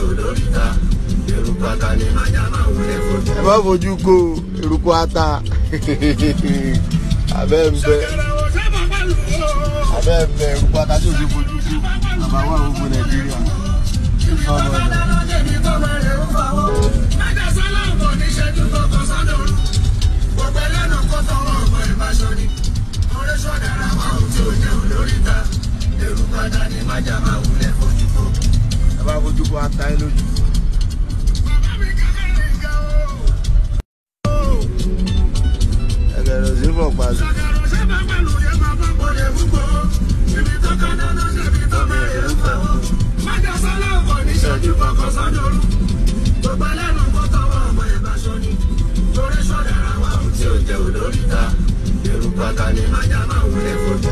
olóríta eruku ata ni ajá máa ń wúlẹ̀ fún. ẹ má fojú ko eruku ata abẹ́ ń bẹ abẹ́ eruku ata tí o ti fojú ko bàbá wà gbogbo nàìjíríà ọmọ rẹ. ọ̀rẹ́ wa ò tí ò jẹun lóríta èrò padà ní májàmá wulẹ̀ fojú ẹ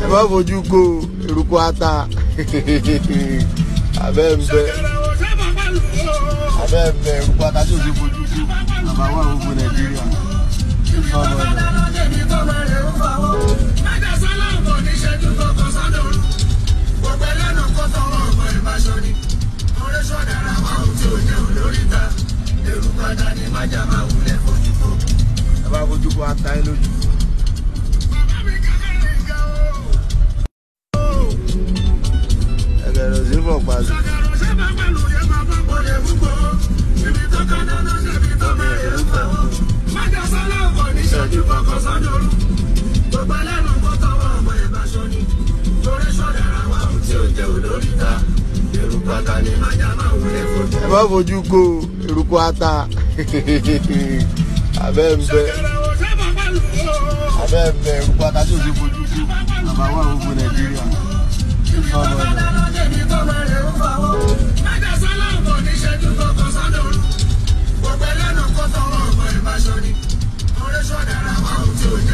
bá fojú ko eruku ata. abẹ́ ń bẹ abẹ́ ń tí o ti fojú sí bàbá wà gbogbo nàìjíríà kí n Ẹ bá fojú kó ata ẹ lójú. bọ̀ pa sí. ẹ má fojú ko eruku ata abẹ́ ń bẹ abẹ́ ń bẹ eruku ata tí ti fojú ko àbáwọ̀ òfin nàìjíríà ẹni tó máa rẹ̀ ń fọwọ́. mẹ́ta sọ́lá ọ̀pọ̀ níṣẹ́jú kọ̀ọ̀kan sọ́dọ̀ ọ̀run. gbogbo ẹlẹ́nu kó tọwọ́ ọ̀pọ̀ ìbáṣọ ni. orí sọ̀dára wa ò tí ò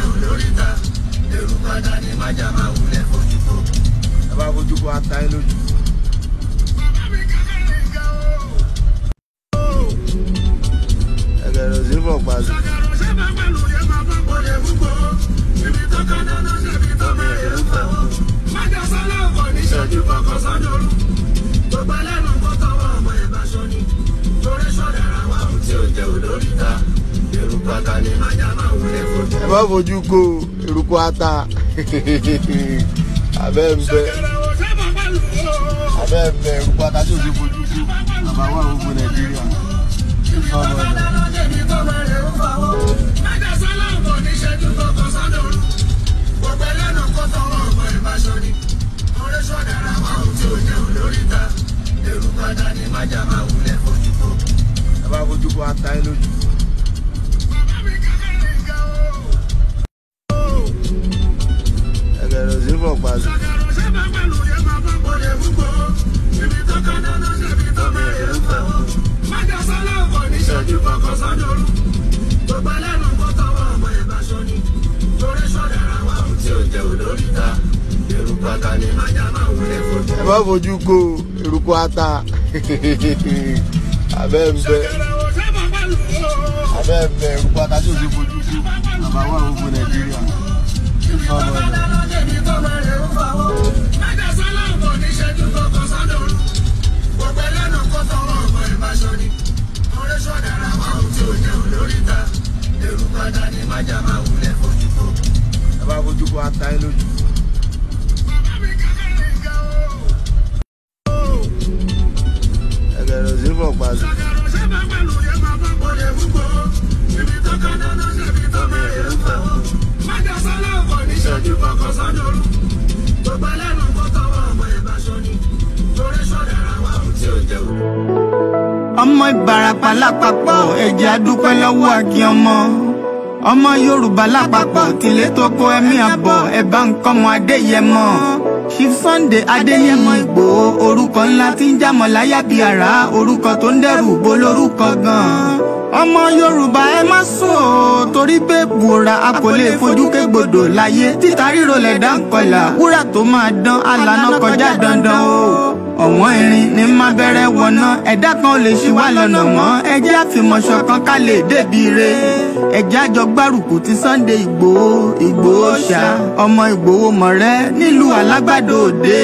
ìṣẹ́jú kọ̀ọ̀kan sọ́dọ̀rú gbogbo ẹlẹ́nu kọ́kọ́ wọn ọmọ ìbáṣọ ni torí sọ̀dà ara wa ohun tí ó jẹ́ olórí ta eruku ata ni májà máa wúlé fojú. ẹ má fojú ko eruku ata abẹ́ ń abẹ́ ń eruku ata tí ò sí fojú ko àbáwọ̀ àwọn ogun nàìjíríà. olùpadà ní májà máa wulẹ̀ fojú bò. ẹ bá fojú bò ata ẹ lójú. ẹgbẹ́ rẹ̀ sí bọ̀ pàṣẹ. Májà sọ́lá ọkọ̀ níṣẹ́jú kọ̀ọ̀kan sọ́dọ̀ ọ̀run. Gbogbo ẹlẹ́nu kọ́tọ̀ wọn ọmọ ìbáṣọ ni. Torí sọ́dọ̀ ara wa ò tí ò jẹ́ olórí ta ẹ má fojú ko eruku ata abẹ́ ń bẹ abẹ́ ń bẹ eruku ata tí o ti fojú ko bàbá wà gbogbo nàìjíríà tí o bá wà lọ. ẹ bá fojú ko ata ẹ lójú. kerosene for pàṣẹ. ọmọ Ìbàràpá lápapọ̀ ẹ̀jẹ̀ adúpẹ́ lọ́wọ́ àgbẹ̀ ọmọ ọmọ Yorùbá lápapọ̀ tìlé tó kó ẹ̀mí àbọ̀ ẹ̀bá nǹkan mọ́ Adéyẹmọ. Chief Sunday Adéyẹmọ Ìgbòho orúkọ ńlá tí ń jámọ̀ láyà bí ara orúkọ tó ń dẹrù bo lórúkọ gan-an ọmọ Yorùbá ẹ má sùn o torí pé bùrà a kò lè fojú kégbodò láyé títa ríro lẹ̀dá ń wúrà tó máa dán alànà kọjá dandan o ọ̀wọ́n irin ní má bẹ̀rẹ̀ wọ̀nà ẹ̀dá kan ò lè ṣí wá lọ́nà mọ́ ẹjẹ́ àfìmọ̀ṣọ kan ká lè débi re ẹjẹ́ àjọ gbárùkù ti Sunday Ìgbòho Ìgbòho ṣá ọmọ Ìgbòho mọ̀rẹ́ nílùú alágbàdo òde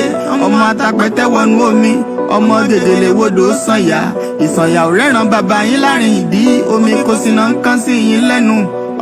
ọmọ atapẹ̀tẹ̀ wọnú omi ọmọ gèdèlè wodò sànyà ìsànyà ò rẹ́ràn bàbá yín láàrin ìdí omi kò sínà ń kán sí yín lẹ́nu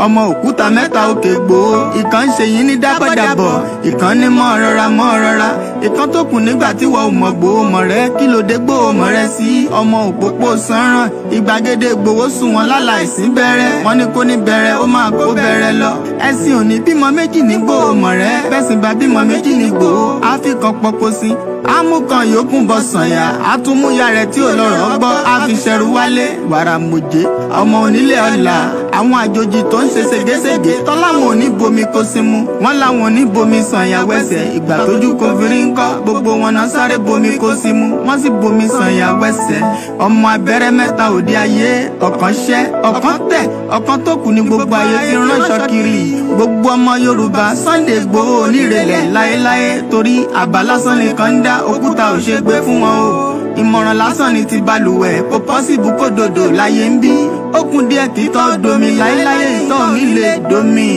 ọmọ òkúta mẹ́ta òkè gbòó ìkan ń ṣe yín ní dábọ̀dàbọ̀ ìkan ní mọ́ rọra mọ́ rọra ìkan tó kù nígbà tí wọ́n mọ̀ gbòó mọ̀ rẹ kí ló dé gbòó mọ̀ rẹ sí ọmọ òpópó sanran ìgbàgede gbowó sùn wọn láláìsí bẹ̀rẹ̀ wọ́n ní kó ní bẹ̀rẹ̀ ó máa kó bẹ̀rẹ̀ lọ ẹ̀sìn òní bímọ méjì ní gbòó mọ̀ rẹ bẹ́sìn bá bímọ méjì ní gbòó àfikàn pọpọ sí amúkan yòókù bọ sànyà àtúmúyà rẹ tí ò lọ́rọ̀ gbọ́ àfiṣẹrù wálé wàrà mòjé ọmọ onílé ọlà àwọn àjòjì tó ń ṣe ségesège tọ́láwọn ò ní bomi kó símú wọ́n láwọn ò ní bomi sànyà wẹsẹ̀ ìgbà tójú kò ń kọ́ gbogbo wọn náà sáré bomi kó sí mu wọ́n sì bomi sànyà wẹ́sẹ̀ ọmọ abẹ́rẹ́ mẹ́ta òde ayé ọ̀kan ṣẹ́ ọ̀kan tẹ̀ ọ̀kan tó kù ní gbogbo ayé ti ránṣọ kiri gbogbo ọmọ Yorùbá Sunday Igboho onírẹ̀lẹ̀ láéláé torí àbá lásán nìkan ń dá òkúta ò fún wọn o ìmọ̀ràn lásán ni ti balùwẹ̀ kò pọ́sìbù kó dòdò láyé ń bí ó kún díẹ̀ títọ́ domi láéláyé ìtọ́ mi domi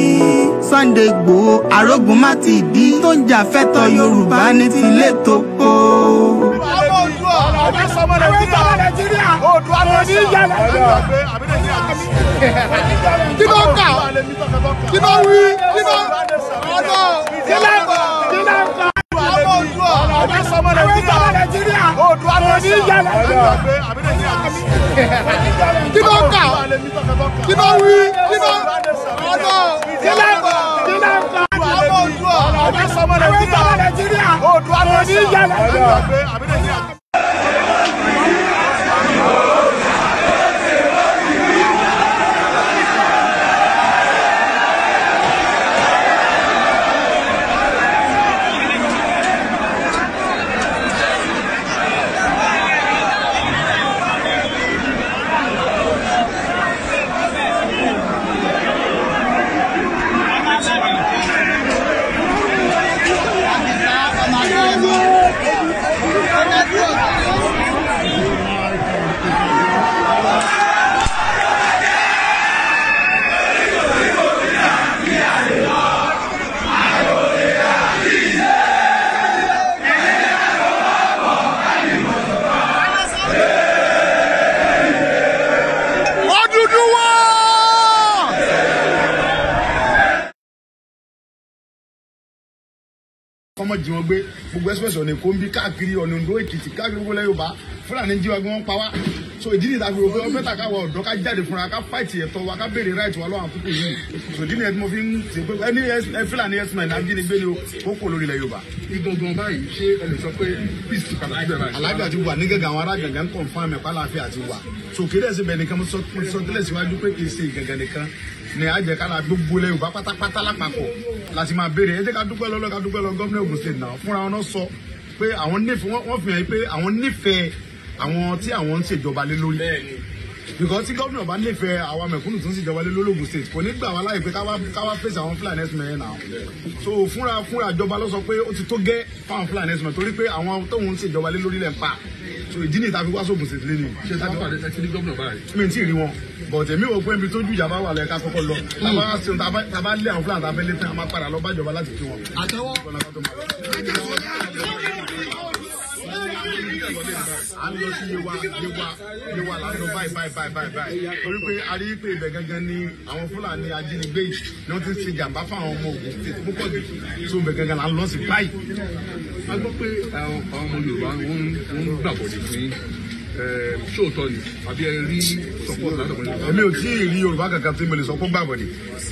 Sunday Igboho arógun má ti dí tó ń jà fẹ́tọ̀ Yorùbá ní tilé tó kó. kí ló kà kí bá sọmọ nàìjíríà oòdùà nation kí ló kà kí ló wí kí ló ọ̀nà kí ló kà kí ló kà ọmọ oòdùà ọ̀nà sọmọ nàìjíríà oòdùà nation. express ọ̀nà èkó ń bí káàkiri ọ̀nà Oǹdó Èkìtì káàkiri gbogbo lẹ́yìn Yorùbá Fúlàní jíwá gbọ́n pa wá so ìdí nìyẹn tàbí òfin ọbẹ̀ tà káwọn ọ̀dọ́ ká jáde fúnra ká fáìtì ẹ̀tọ́ wa ká béèrè ráìtì wa lọ́wọ́ àkókò yìí so ìdí nìyẹn tí mo fi ń ṣe pé ẹni fúlàní herdsmen ajínigbé ni ó kò lórí ilẹ̀ Yorùbá. igangan báyìí ṣé ẹ lè sọ pé peace kàlájà báyìí. alájà ti wà ní gẹ́gẹ́ àwọn ará gàngán confam ẹ̀kọ́ aláàfin àti wà so kéré ẹ̀sìn bẹ̀ nìkan sọ tẹ́lẹ̀ síwájú pé kì í ṣe ìgangan nìkan ni àjẹ kára gbogbo ilẹ̀ Yorùbá pátápátá lápapọ̀ láti máa béèrè ẹ jẹ́ ká dúpẹ́ lọ́lọ́ ká dúpẹ́ lọ gómìnà Ògùn State náà fúnra wọn sọ pé àwọn nífẹ̀ẹ́ wọn fi hàn pé àwọn nífẹ̀ẹ́ àwọn tí àwọn ń ṣèjọba lé lórí because tí gómìnà bá nífẹ̀ẹ́ àwa mẹ̀kúnnù tó ń ṣèjọba lé lólogun state kò ní gbà wá láì pé káwá fèsì àwọn Fulani herdsmen yẹn náà so fúnra fúnra ìjọba ló sọ pé ó ti tó gẹ́ fáwọn Fulani herdsmen torí pé àwọn tóun ń ṣèjọba lé lórí lẹ̀ ń pa so ìdí nìyí tá a fi wá sóògùn state lé ni. ṣé táwọn pàdé tẹ́tí ní gómìnà báyìí. mi ti rí wọn but èmi ò pé ibi tó ju ìjàmbá wà lẹ́ka a máa padà lọ bá ìjọba láti ṣẹ̀ṣẹ̀ lọ lẹ́nu báyìí à ń lọ sí yewa yewa yewa là ń lọ báyìí báyìí báyìí báyìí báyìí torí pé a rí i pé ibẹ̀ gangan ni àwọn fúlàní ajínigbé yìí ni wọ́n ti ń ṣe jàǹbá fáwọn ọmọ ògùn tí ó pọ̀ jù tó ibẹ̀ gangan là ń lọ sí báyìí. a gbọ́ pé eh, àwọn ọmọ Yorùbá wọ́n ń gbàgbọ́dé fún sóòótọ́ ni àbí ẹ rí support látọ̀pọ̀ yorùbá. èmi ò tí ì rí yorùbá kankan tí mo lè sọ kó gbàgbọ́ ni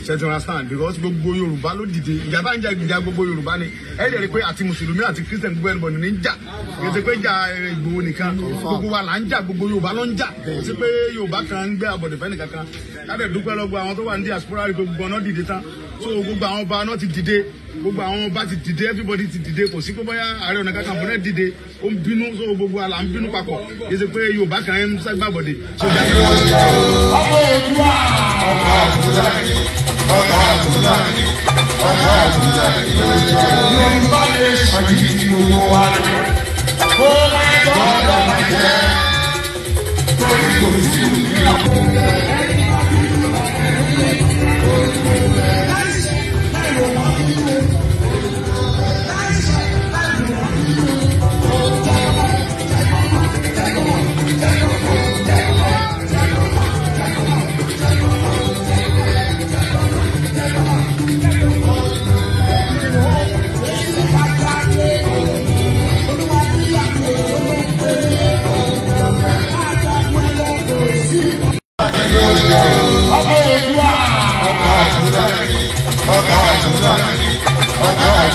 ṣètò understand because gbogbo yorùbá ló dìde ìjà bá ń jà ìjà gbogbo yorùbá ni ẹ jẹ́ rí pé àti mùsùlùmí àti christian gbogbo ẹnubọ̀ ni ń jà kì í ṣe pé jà Ìgbòho nìkan gbogbo wa là ń jà gbogbo yorùbá ló ń jà kì í ṣe pé yorùbá kan ń gbé abọ̀dẹ̀fẹ́ nìkan kan so gbogbo àwọn ọba náà ti dìde gbogbo àwọn ọba ti dìde everybody ti dìde kò sí pé bóyá ààrẹ ọ̀nà kankan fúnẹ̀ dìde ó ń bínú so gbogbo àlà ń bínú papọ̀ kì ṣe pé yorùbá kan ń ságbàbọ̀dé. ọkọ̀ òdùwà Thank you.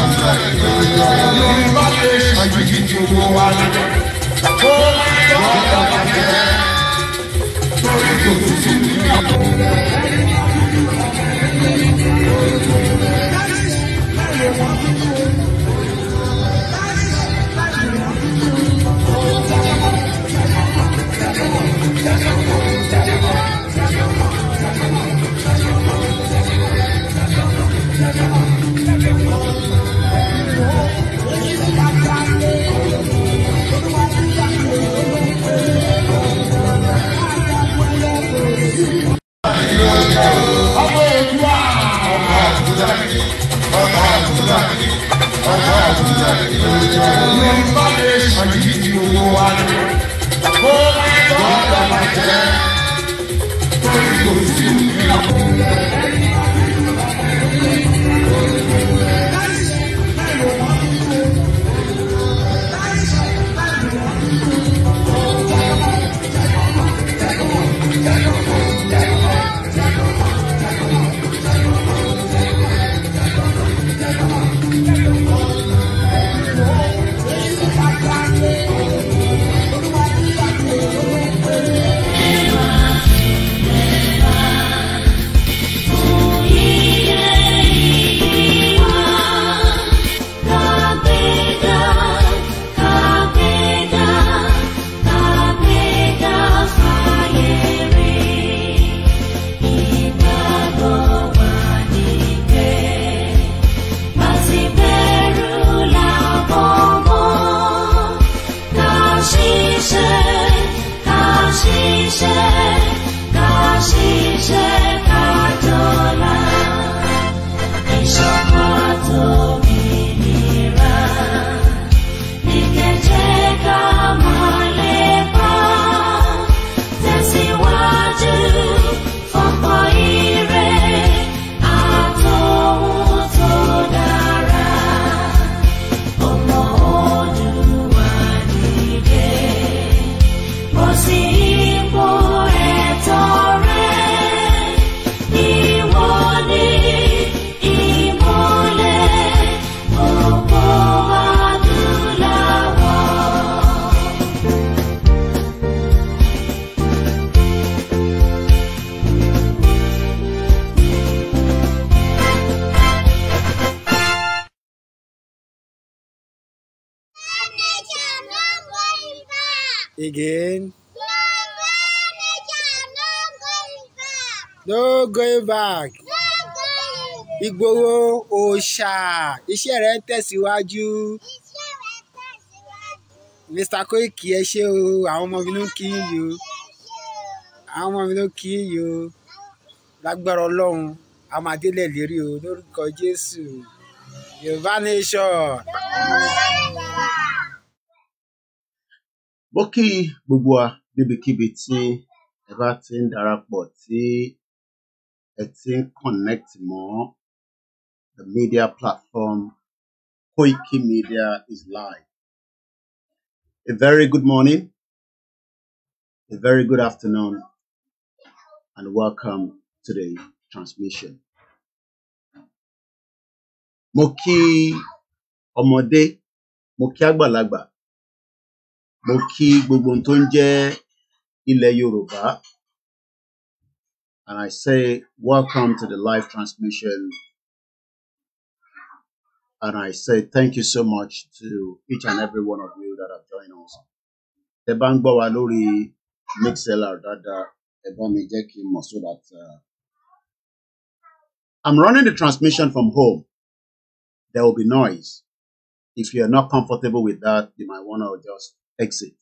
I'm Yorùbá nation gbogbo wa. àbújá ni ọmọ àbújá ni ọmọ àbújá ni yorùbá nation yìí ti owó wa ni ó going back. Ìgbòho òòṣà iṣẹ́ rẹ̀ ń tẹ̀síwájú. Mr. Koiki ẹ ṣé o, àwọn ọmọ mi ló ń kí yìí o. Àwọn ọmọ mi ló ń kí yìí o. Lágbára Ọlọ́run, a máa délẹ̀ lérí o lórúkọ Jésù. Yorùbá nation. Mo kí gbogbo wa níbikíbi tí ẹ bá ti ń darapọ̀ tí ẹ ti ń connect mọ́ the media platform Koiki Media is live. A very good morning, a very good afternoon, and welcome to the transmission. Mo kí ọmọdé, mo kí àgbàlagbà, mo kí gbogbo tó ń jẹ́ ilẹ̀ Yorùbá. and I say, Welcome to the live transmission. And I say thank you so much to each and every one of you that have joined us. The bank bawaluri mixeller wa lori mixlr so that. Uh, I'm running the transmission from home. There will be noise. If you are not comfortable with that, you might want to just exit.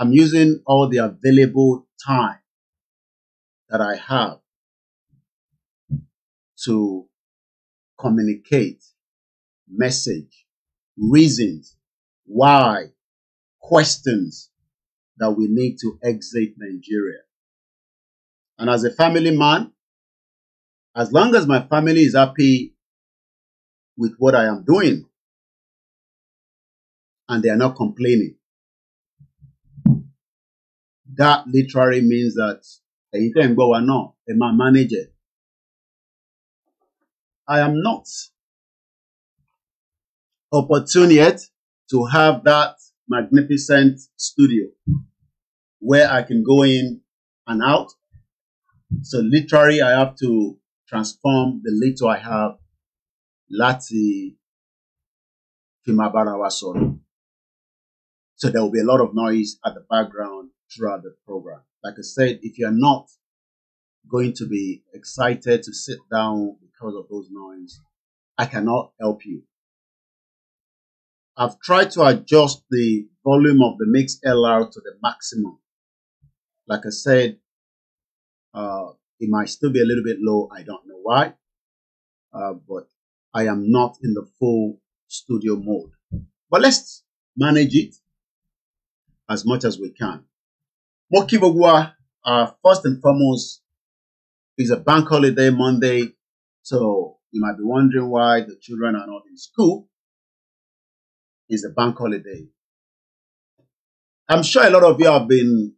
I'm using all the available time that I have to communicate, message, reasons, why, questions that we need to exit Nigeria. And as a family man, as long as my family is happy with what I am doing and they are not complaining, that literally means that ẹ̀yin tẹ́ ń gbọ́ wa náà ẹ máa manage am not opportune yet to have that magnificent studio where I can go in and out. So literally, I have to transform the little I have láti fi máa bára wa sọ̀rọ̀. So there will be a lot of noise at the background throughout the program like I said, if you're not going to be excited to sit down because of those noise, I cannot help you. I've tried to adjust the volume of the mix LR to the maximum. Like I said, uh, it might still be a little bit low. I don't know why, uh, but I am not in the full studio mode. But let's manage it as much as we can. Mokibogwa, uh, first and foremost, is a bank holiday Monday. So you might be wondering why the children are not in school. It's a bank holiday. I'm sure a lot of you have been,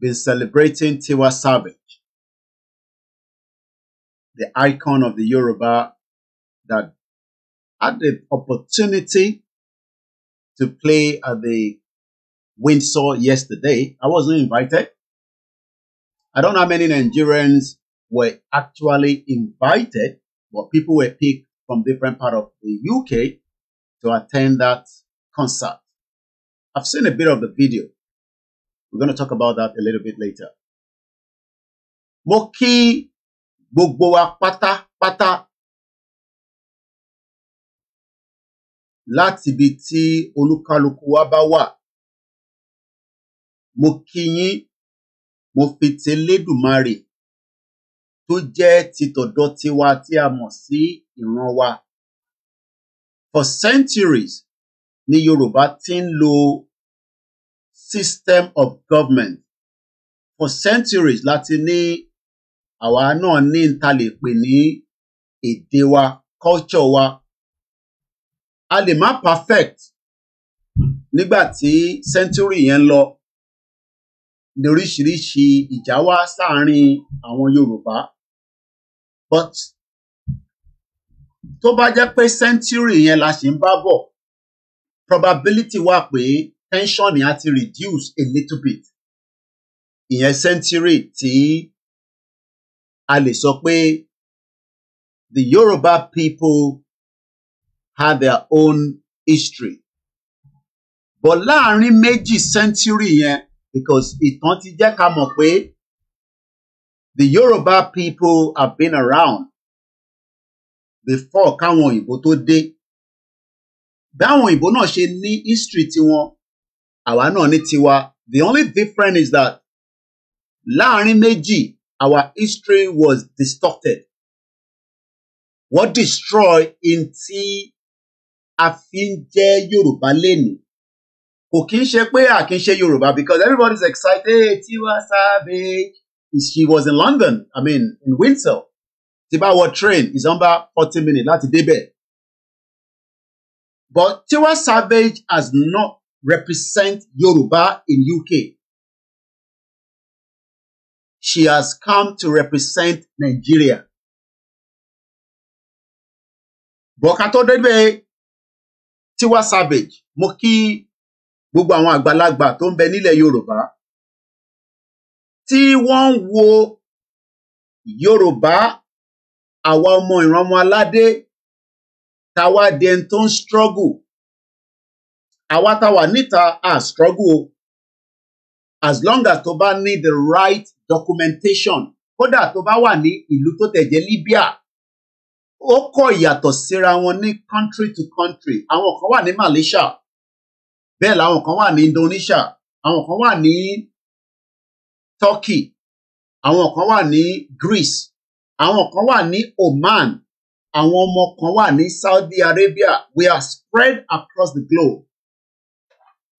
been celebrating Tiwa Savage, the icon of the Yoruba that had the opportunity to play at the Windsor yesterday. I wasn't invited. I don't know how many Nigerians were actually invited, but people were picked from different part of the UK to attend that concert. I've seen a bit of the video. We're going to talk about that a little bit later. Moki kí wa láti ibi olúkálukú wa mo kí yín mo fi tẹlẹdùmarè tó jẹ títọdọ tiwa tí a mọ sí ìran wa for centuries ni yorùbá ti ń lo system of government for centuries láti ní àwa náà ní ta lè pè ní èdè wa culture wa a lè má perfect nígbà tí century yẹn lọ lóríṣiríṣi ìjà wá sáàárín àwọn Yorùbá but tó bá jẹ́ pé century yẹn la ṣì ń bá bọ̀ probability wà pé tension yẹn á ti reduce a little bit ìyẹn century tí a lè sọ pé the Yoruba people have their own history but láàárín méjì century yẹn because ìtàn ti jẹ́ ká mọ̀ pé the Yoruba people have been around before káwọn òyìnbó tó dé báwọn òyìnbó náà ṣe ní history tiwọn àwa náà ní tiwa the only difference is that láàrin méjì our history was distorted wọ́n destroy in tí a fi ń jẹ́ Yorùbá lénìí kò kí ń ṣe pé àkínṣe Yorùbá because everybody is excited Tiwa Savage she was in London I mean in Windsor tí bá wọ train is about forty minutes láti débẹ̀ but Tiwa Savage has not represent Yorùbá in UK she has come to represent Nigeria bọ̀ká tó débẹ̀ Tiwa Savage mo kí gbogbo àwọn àgbàlagbà tó ń bẹ nílẹ̀ Yorùbá tí wọ́n ń wo Yorùbá àwa ọmọ ìran aládé táwa di ẹni tó ń struggle àwa táwa níta a struggle o as long as tó bá ní the right documentation kódà tó bá wà ní ìlú tó tẹ̀jẹ́ Libya ó kọ̀ yàtọ̀ síra wọn ní country to country àwọn kan wà ní Malaysia bẹ́ẹ̀ làwọn kan wà ní Indonesia àwọn kan wà ní Turkey àwọn kan wà ní Greece àwọn kan wà ní Oman àwọn ọmọ kan wà ní Saudi Arabia we are spread across the globe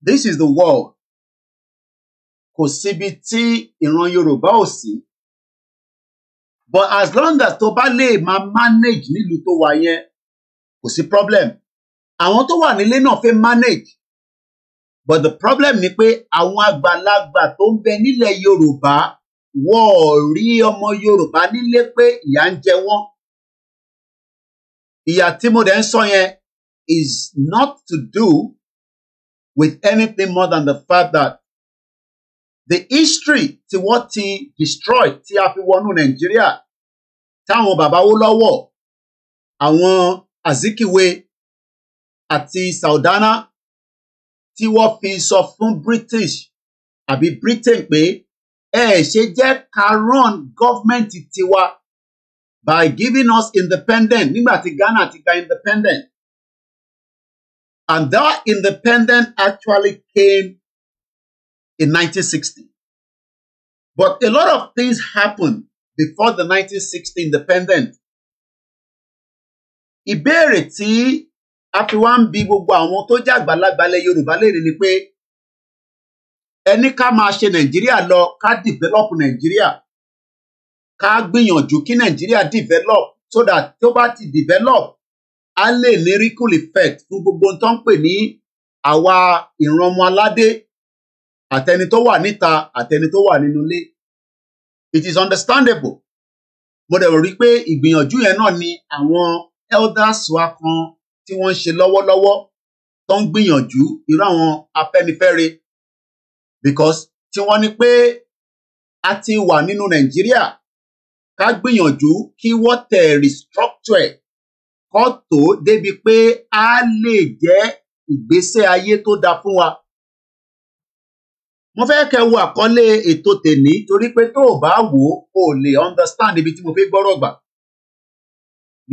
this is the world kò síbi tí ìran Yorùbá ò sí but as long as tó bá lè máa manage nílùú tó wà yẹn kò sí problem àwọn tó wà nílé náà fẹ́ manage but the problem ni pé àwọn àgbàlagbà tó ń bẹ nílẹ̀ Yorùbá wọ́n ò rí ọmọ Yorùbá nílé pé ìyà ń jẹ wọ́n ìyà tí mo dẹ̀ ń sọ yẹn is not to do with anything more than the fact that the history tí wọ́n ti destroy tí a fi wọnú Nàìjíríà táwọn bàbá wó lọ́wọ́ àwọn Azikiwe àti Saudana tí wọ́n fi sọ fún British àbí Britain pé ẹ ṣe jẹ́ ká run gọ́fmẹ̀ntì tiwa by giving us independent nígbà tí Ghana ti gba independent and that independent actually came in 1960 but a lot of things happened before the 1960 independent ìbéèrè tí a fi wá ń bi gbogbo àwọn tó jẹ́ àgbàlagbà ilẹ̀ Yorùbá léèrè ni pé ẹni ká máa ṣe Nàìjíríà lọ ká develop Nàìjíríà ká gbìyànjú kí Nàìjíríà develop so that tó bá ti develop a lè ní ripple effect fún gbogbo tó ń pè ní àwa ìran ọmọ aládé àtẹni tó wà níta àtẹni tó wà nínú ilé it is understandable mo dẹ̀ rò rí pé ìgbìyànjú yẹn náà ni àwọn elders wa kan tí wọ́n ń ṣe lọ́wọ́lọ́wọ́ tó ń gbìyànjú irú àwọn afẹ́nifẹ́re because tí wọ́n ní pé a ti wà nínú nàìjíríà ká gbìyànjú kí wọ́n tẹ̀ restructure kọ́ tó débi pé a lè jẹ́ ìgbésẹ̀ ayé tó dáa fún wa. mo fẹ́ kẹ́ wo àkọlé ètò tèmi torí pé tó o bá wò ó o lè understand ibi tí mo fi gbọ́rọ̀ gbà.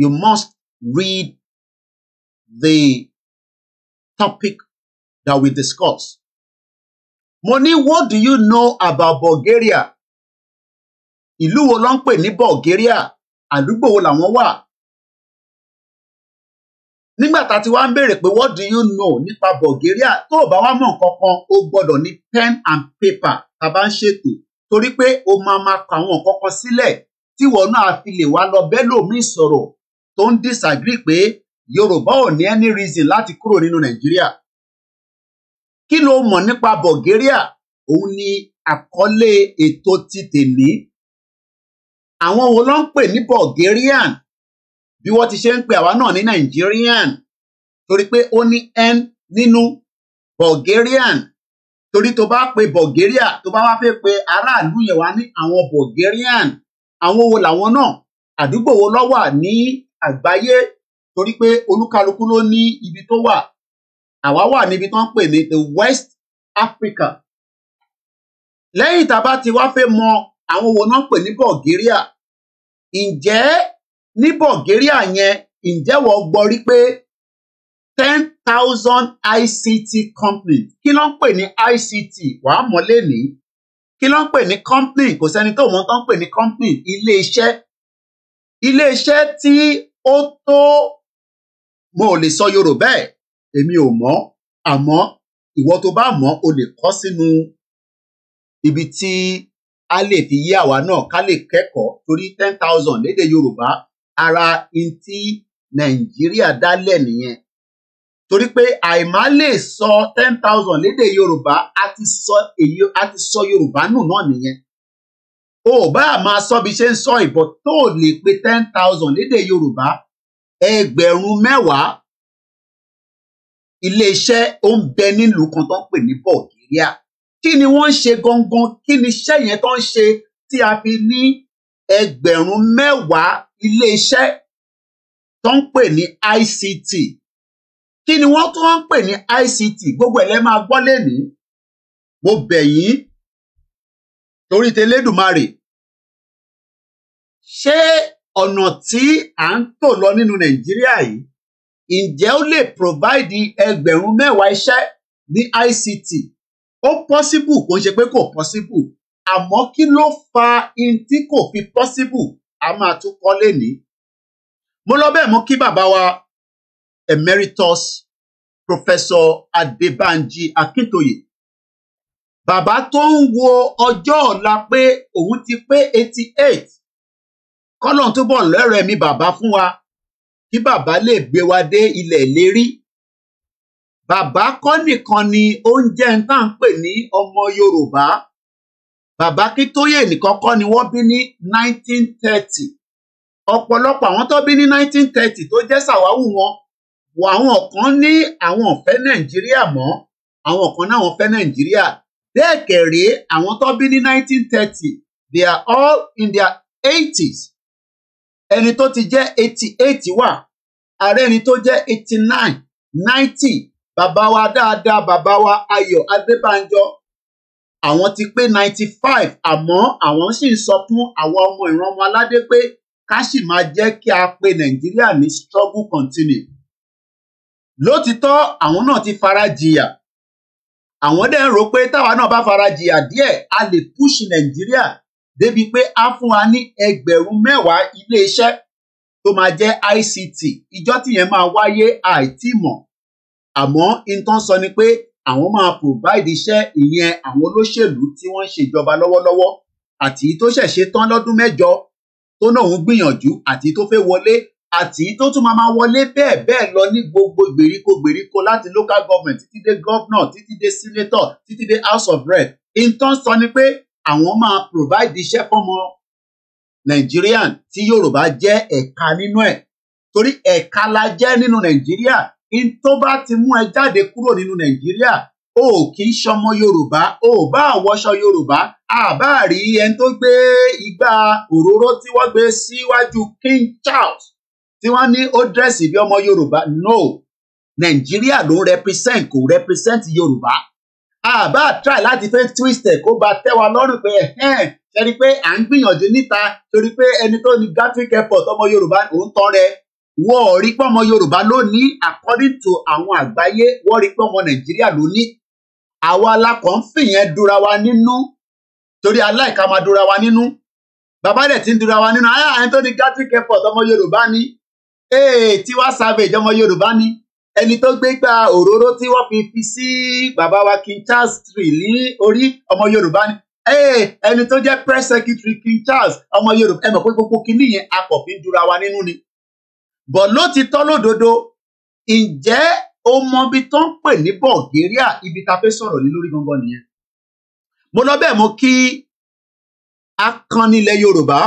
you must read the topic that we discuss. Moni. what do you know about Bulgaria? Ìlú wo ló ń pè ní Bulgaria? Àdúgbò wo làwọn wà? Nígbà tá a ti wá ń béèrè pé what do you know nípa Bulgaria? Tó o bá wá mọ̀ nǹkan kan, o gbọ́dọ̀ ní pen and paper tá a bá ń ṣètò torí pé o máa máa kọ àwọn nǹkan kan sílẹ̀ tíwọ náà fi lè wá lọ bẹ́lòmíì sọ̀rọ̀ tó ń disagree pé yorùbá ò ní any reason láti kúrò nínú nàìjíríà kí ló mọ̀ nípa bulgaria òun ni àkọlé ètò ti tèmí àwọn wo ló ń pè ní bulgarian bí wọ́n ti ṣe ń pè àwa náà ní nigerian torí pé ó ní n nínú bulgarian torí tó bá pe bulgaria tó bá wá fẹ́ pe aráàlú yẹn wá ní àwọn bulgarian àwọn wo làwọn náà àdúgbò wo ló wà ní àgbáyé torí pé olúkálukú ló ní ibi tó wà àwa wà níbi tó ń pè ní the West Africa lẹ́yìn tá a bá ti wá fẹ́ mọ àwọn wo náà ń pè ní Bulgaria ǹjẹ́ ní Bulgaria yẹn ǹjẹ́ wọ́n gbọ́ rí pé ten thousand ICT companies kí ló ń pè ní ICT wàá mọ̀ lénìí kí ló ń pè ní company kò sẹ́ni tó mọ̀ tó ń pè ní company ilé iṣẹ́ ilé iṣẹ́ tí ó tó mo ò lè sọ yorùbá ẹ̀ èmi ò mọ̀ àmọ́ ìwọ tó bá mọ̀ o lè kọ sínú ibi tí a lè fi yé àwa náà ká lè kẹ́kọ̀ọ́ torí ten thousand lédè yorùbá ara in tí nàìjíríà dálẹ̀ nìyẹn torí pé àìmá lè sọ ten thousand lédè yorùbá a ti sọ èyí a ti sọ yorùbá nù náà nìyẹn o ò bá máa sọ bí ṣe ń sọ ìbọn tó lè pe ten thousand lédè yorùbá ẹgbẹ̀rún mẹ́wàá iléeṣẹ́ ó ń bẹ nílùú kan tó ń pè ní Bulgaria kí ni wọ́n ń ṣe gangan kí ni iṣẹ́ yẹn tó ń ṣe tí a fi ní ẹgbẹ̀rún mẹ́wàá iléeṣẹ́ tó ń pè ní ICT kí ni wọ́n tún ń pè ní ICT gbogbo ẹ̀ lẹ́ máa gbọ́ lẹ́ni mo bẹ̀ yín torí tẹlẹ́dùmarè ṣé ọ̀nà tí à ń tò lọ nínú nàìjíríà yìí ǹjẹ́ ó lè provide ẹgbẹ̀rún mẹ́wàá iṣẹ́ ní ICT ó possible kò ṣe pé kò possible àmọ́ kí ló fa in tí kò fi possible a máa tún kọ́ lénìí. mo lọ bẹ́ẹ̀ mú kí bàbá wa emeritus professor Adébánjí Akintoye. bàbá tó ń wo ọjọ́ ọ̀la pé òun ti pé eighty eight kọ́lọ̀ tó bọ̀ lọ́rọ̀ ẹ̀mí bàbá fún wa kí bàbá lè gbé wa dé ilẹ̀ ìlérí bàbá kọ́ nìkan ni oúnjẹ tá à ń pè ní ọmọ Yorùbá bàbá Akíntóyè nìkan kọ́ ni wọ́n bí ní 1930 ọ̀pọ̀lọpọ̀ àwọn tó bí ní 1930 tó jẹ́ sàwáwù wọn wọ àwọn kan ní àwọn ò fẹ́ Nàìjíríà mọ́ àwọn kan náà wọ́n fẹ́ Nàìjíríà bẹ́ẹ̀ kẹ̀rẹ́ àwọn tó bí ní 1930 they are all in their 80s ẹni tó ti jẹ́ eighty eight wà ààrẹ ẹni tó jẹ́ eighty nine ninety bàbá wa dáadáa bàbá wa Ayọ̀ Adébánjọ àwọn ti pé ninety five àmọ́ àwọn sì ń sọ fún àwọn ọmọ ìran ọmọ aládé pé ká sì máa jẹ́ kí a pe Nàìjíríà ní struggle continue lótìtọ́ àwọn náà ti fara jìyà àwọn dẹ̀ ń rò pé táwa náà bá fara jìyà díẹ̀ a lè push Nàìjíríà débi pé á fún wa ní ẹgbẹ̀rún mẹ́wàá iléeṣẹ́ tó máa jẹ́ ICT ìjọ tìyẹn máa wáyé àìtìmọ̀ àmọ́ nǹkan sọ ni pé àwọn máa provide iṣẹ́ ìyẹn àwọn olóṣèlú tí wọ́n ń ṣèjọba lọ́wọ́lọ́wọ́ àti tó ṣẹ̀ṣẹ̀ tán lọ́dún mẹ́jọ tó náà ń gbìyànjú àti tó fẹ́ wọlé àti tó tún máa wọlé bẹ́ẹ̀ bẹ́ẹ̀ lọ ní gbogbo gbèríko gbèríko láti local government títí dé governor títí dé senator títí dé house of rep Intan sọ ni pé àwọn máa provide iṣẹ́ fọ́mọ Nigerian tí Yorùbá jẹ́ ẹ̀ka nínú ẹ̀ torí ẹ̀ka la jẹ́ nínú Nàìjíríà in tó bá ti mú ẹ jáde kúrò nínú Nàìjíríà o kì í ṣọmọ Yorùbá o bá àwọṣọ Yorùbá àbá rí ẹni tó gbé igbá òróró tí wọ́n gbé síwájú King Charles tí wọ́n ní ó dírẹ́sì bí ọmọ Yorùbá no Nàìjíríà ló ń represent kò represent Yorùbá àbá try láti fẹ́ twist ẹ̀ kó ba tẹ́ wa lọ́rùn pé ẹ̀hẹ́n ṣẹ́ni pé à ń gbìyànjú níta torí pé ẹni tó ní Gatwick airport ọmọ Yorùbá òun tán rẹ wọ́n rí pé ọmọ Yorùbá ló according to àwọn àgbáyé wọ́n rí pé ọmọ Nàìjíríà ló ní àwa alákọ̀ọ́ ń fìyẹn dura wa nínú torí aláìka máa dura wa nínú bàbá rẹ̀ ti ń dura wa nínú ayé àyẹ̀ntó ní Gatwick airport ọmọ Yorùbá ni ee Savage ọmọ Yorùbá ni ẹni tó gbé gba òróró tí wọ́n fi fi sí bàbá wa King Charles III. ní orí ọmọ Yorùbá ni eh, ẹni tó jẹ́ press secretary King Charles ọmọ Yorùbá ẹ mọ̀ pé gbogbo kinní yẹn a kò fi ń dura wa nínú ni bọ̀ ló ti tọ́ lódodo ǹjẹ́ o mọ ibi tó ń pè ní Bulgaria ibi ta fẹ́ sọ̀rọ̀ lé lórí gangan nìyẹn mo lọ bẹ́ẹ̀ mo kí akànnilẹ̀ Yorùbá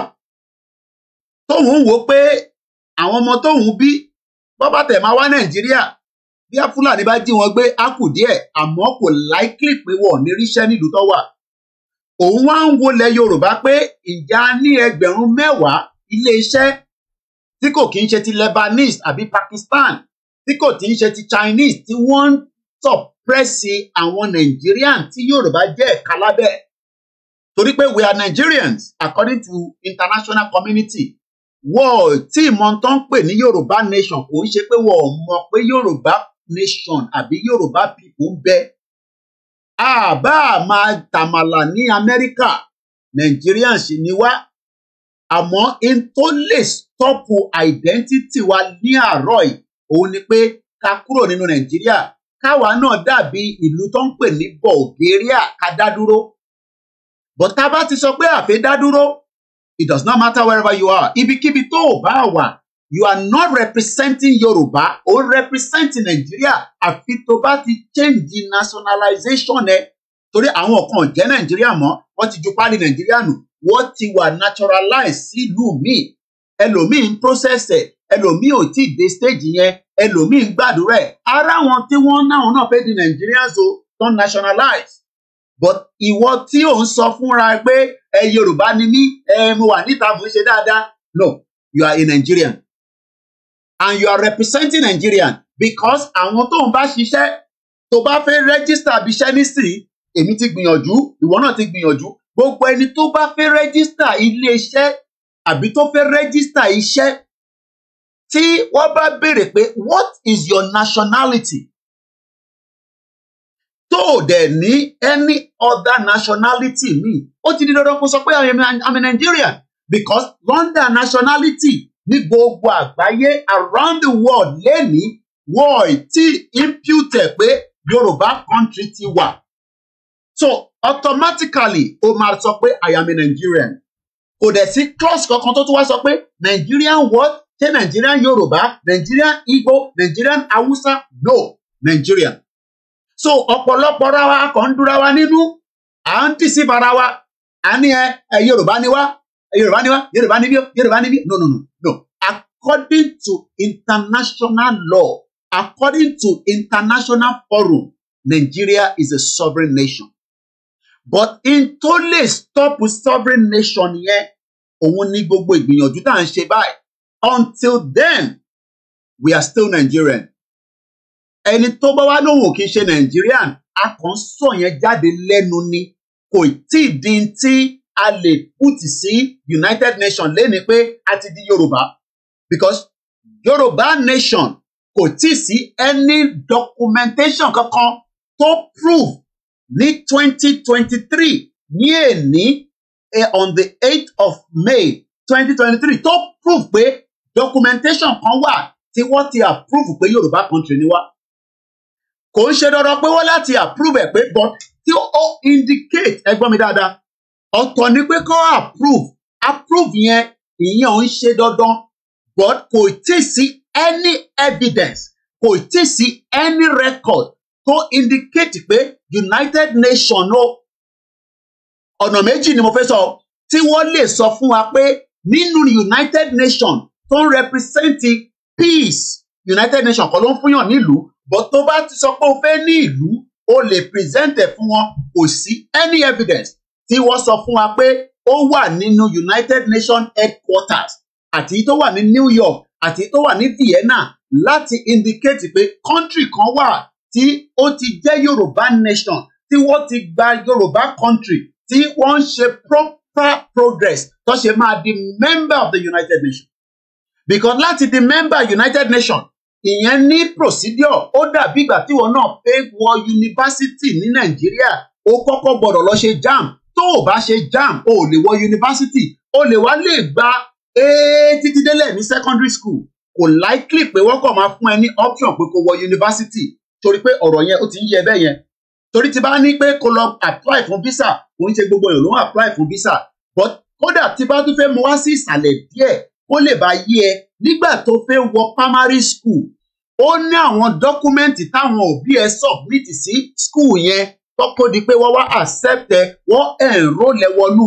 tóun wò pé àwọn ọmọ tóun bí bọ́bá tẹ̀ máa wá nàìjíríà bí a fúlàní bá jí wọn gbé á kù díẹ̀ àmọ́ kò láìkìlì pé wọ́n ní ríṣẹ́ nílùú tó wà òun wá ń wọlé yorùbá pé ìjà ní ẹgbẹ̀rún mẹ́wàá iléeṣẹ́ tí kò kí ń ṣe ti lebanese àbí pakistan tí kò tí ń ṣe ti chinese tí wọ́n ń sọ̀pẹ́sì àwọn nigerian tí yorùbá jẹ́ ẹ̀ka lábẹ́ torí pé we are nigerians according to international community wọ́n ò tí ì mọ ń pè ní yorùbá nation kò ń ṣe pé wọ́n ò pé yorùbá nation àbí yorùbá people ń bẹ àbá máa tàmàlà ní amẹ́ríkà nigerians ni wá àmọ́ in tó lè stọ́pù identity wa ní àárọ̀ yìí òun ni pé ká kúrò nínú nàìjíríà káwa náà dàbí ìlú tó ń pè ní bulgaria ká dá dúró bọ̀tá bá ti sọ pé àfẹ́ dá dúró It does not matter wherever you are. Ibikíbi tó o bá you are not representing Yorùbá or representing Nigeria àfi tó ti change the nationalization ẹ. Torí àwọn kan jẹ́ Nigeria, mo. wọ́n ti ju páálí Nàìjíríà nù, wọ́n ti wà naturalized sílùú mi. Ẹlòmíì ń process eh. ẹlòmíì ò tí ì dé stage yẹn, ẹlòmíì ń gbàdúrà ẹ̀. Ara wọn tí wọ́n náà náà fẹ́ di Nigerians o, don nationalize but ìwọ tí ò ń sọ fúnra pé ẹ Yorùbá ni mí ẹ mo wà níta mo ń ṣe dáadáa no you are a Nigerian and you are representing Nigerian because àwọn tó ń bá ṣiṣẹ́ tó bá fẹ́ rẹ́gísítà abiṣẹ́ nísìnyí èmi ti gbìyànjú ìwọ náà ti gbìyànjú gbogbo ẹni tó bá fẹ́ rẹ́gísítà iléeṣẹ́ àbí tó fẹ́ rẹ́gísítà iṣẹ́ tí wọ́n bá béèrè pé what is your nationality tó ò dẹ̀ ní any other nationality mi ó ti di dandan kó sọ pé i'm a Nigerian because London nationality ní gbogbo àgbáyé around the world lẹ́ni wọ́ọ̀ tí impute pé Yorùbá country ti wà so automatically o máa sọ pé I am a Nigerian kò dẹ̀ sí cross kankan tó tún wá sọ pé Nigerian word, ṣé Nigerian Yorùbá Nigerian Igbo Nigerian Hausa no Nigerian so ọ̀pọ̀lọpọ̀ ra wa kàn ń dúra wa nínú à ń dì sí wa à ní ẹ ẹ yorùbá ni wá yorùbá ni wá yorùbá ni bí yorùbá ni bí no no no no according to international law according to international forum Nigeria is a sovereign nation but in tó lè stop sovereign nation yẹn òun ní gbogbo ìgbìyànjú tá à ń ṣe báyìí until then we are still Nigerian ẹni tó bá wá lóhùn kì í ṣe Nàìjíríàn a kàn sọ yẹn jáde lẹ́nu ni kò tí ì dín tí a lè pùtì sí United Nations lẹ́ni pé a ti di Yorùbá because Yorùbá nation kò tí ì sí any documentation kankan tó prove ní twenty twenty three ní èní eh, on the eight of May twenty twenty three tó prove pé documentation kan wà tí wọ́n ti approve pé Yorùbá country ni wá kò ń ṣe dandan pé wọ́n láti approve ẹ̀ pé bọ́ tí ó indicate ẹ gbọ́ mi dáadáa ọ̀tọ̀ ni pé kọ́ approve approve yẹn ìyẹn ò ń ṣe dandan but kò tí sí any evidence kò tí sí any record tó indicate pé United Nations no ọ̀nà méjì ni mo fẹ́ sọ tí wọ́n lè sọ fún wa pé nínú United Nations tó ń represent peace United Nations kọ́ ló ń fúnyàn nílùú bọ́ tó bá ti sọ pé o fẹ́ ní ìlú o lè present ẹ̀ fún wọn kò sí any evidence tí wọ́n sọ fún wa pé ó wà nínú United Nations headquarters àti tó wà ní New York àti tó wà ní Vienna láti indicate pé country kan wà tí ó ti jẹ́ Yorùbá nation tí wọ́n ti gba Yorùbá country tí wọ́n ń ṣe proper progress tó ṣe máa di member of the United Nations because láti di member United Nations ìyẹn ní procedure ó dàbí ìgbà tí wọn náà fẹ́ wọ yunifásitì ní nàìjíríà ó kọ́kọ́ gbọ́dọ̀ lọ ṣe jam tó o bá ṣe jam o lè wọ yunifásitì o lè wá lè gba títí délẹ̀ ní secondary school kò likely pé wọ́n kàn máa fún ẹ ní option pé kó wọ yunifásitì torí pé ọ̀rọ̀ yẹn ó ti ń yẹ bẹ́ẹ̀ yẹn torí ti bá ní pé kó lọ apply fún visa kò ń ṣe gbogbo èèyàn ló ń apply fún visa but kódà tí bá tún fẹ́ mu wá sí ìsàlẹ̀ díẹ̀ kó lè bá yé ẹ nígbà tó fẹ́ wọ primary school ó ní àwọn dọ́kúmẹ́ǹtì táwọn òbí ẹ submit sí school yẹn tọ́kọ di pé wọ́n wá accept ẹ wọ́n enroll ẹ wọnú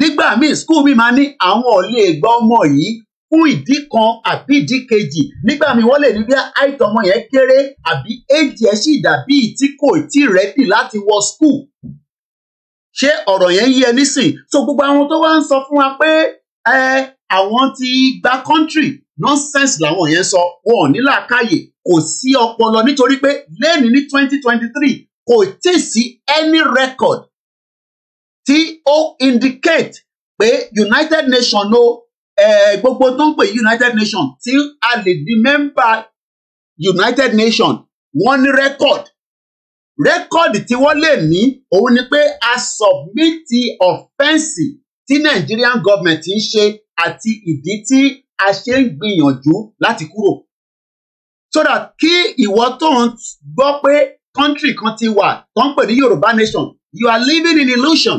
nígbà míì school mi máa ní àwọn ò lè gba ọmọ yìí fún ìdí kan àbí ìdí kejì nígbà míì wọ́n lè ní bí àìtọ́ ọmọ yẹn kéré àbí èjì ẹ̀ sì dàbí tí kò tí rẹ́dì láti wọ school ṣé ọ̀rọ̀ yẹn yí ẹ nísìn so gbogbo àwọn tó wá ń sọ fún wa pé ẹ àwọn ti gba country nonsense làwọn yẹn sọ wọn ò ní làákàyè kò sí ọpọlọ nítorí pé lẹ́ẹ̀ni ní twenty twenty three kò tí sí any record tí ó indicate pé United Nations no eh, gbogbo tó ń pè United Nations tí a lè di mẹ́mbà United Nations wọ́n ní record record tí wọ́n lè ní òun ni pé a submit offence tí Nigerian government ń ṣe àti ìdí tí a ṣe ń gbìyànjú láti kúrò so that kí ìwọ tó ń gbọ́ pé country kan ti wà tó ń pè ní Yorùbá nation you are living in illusion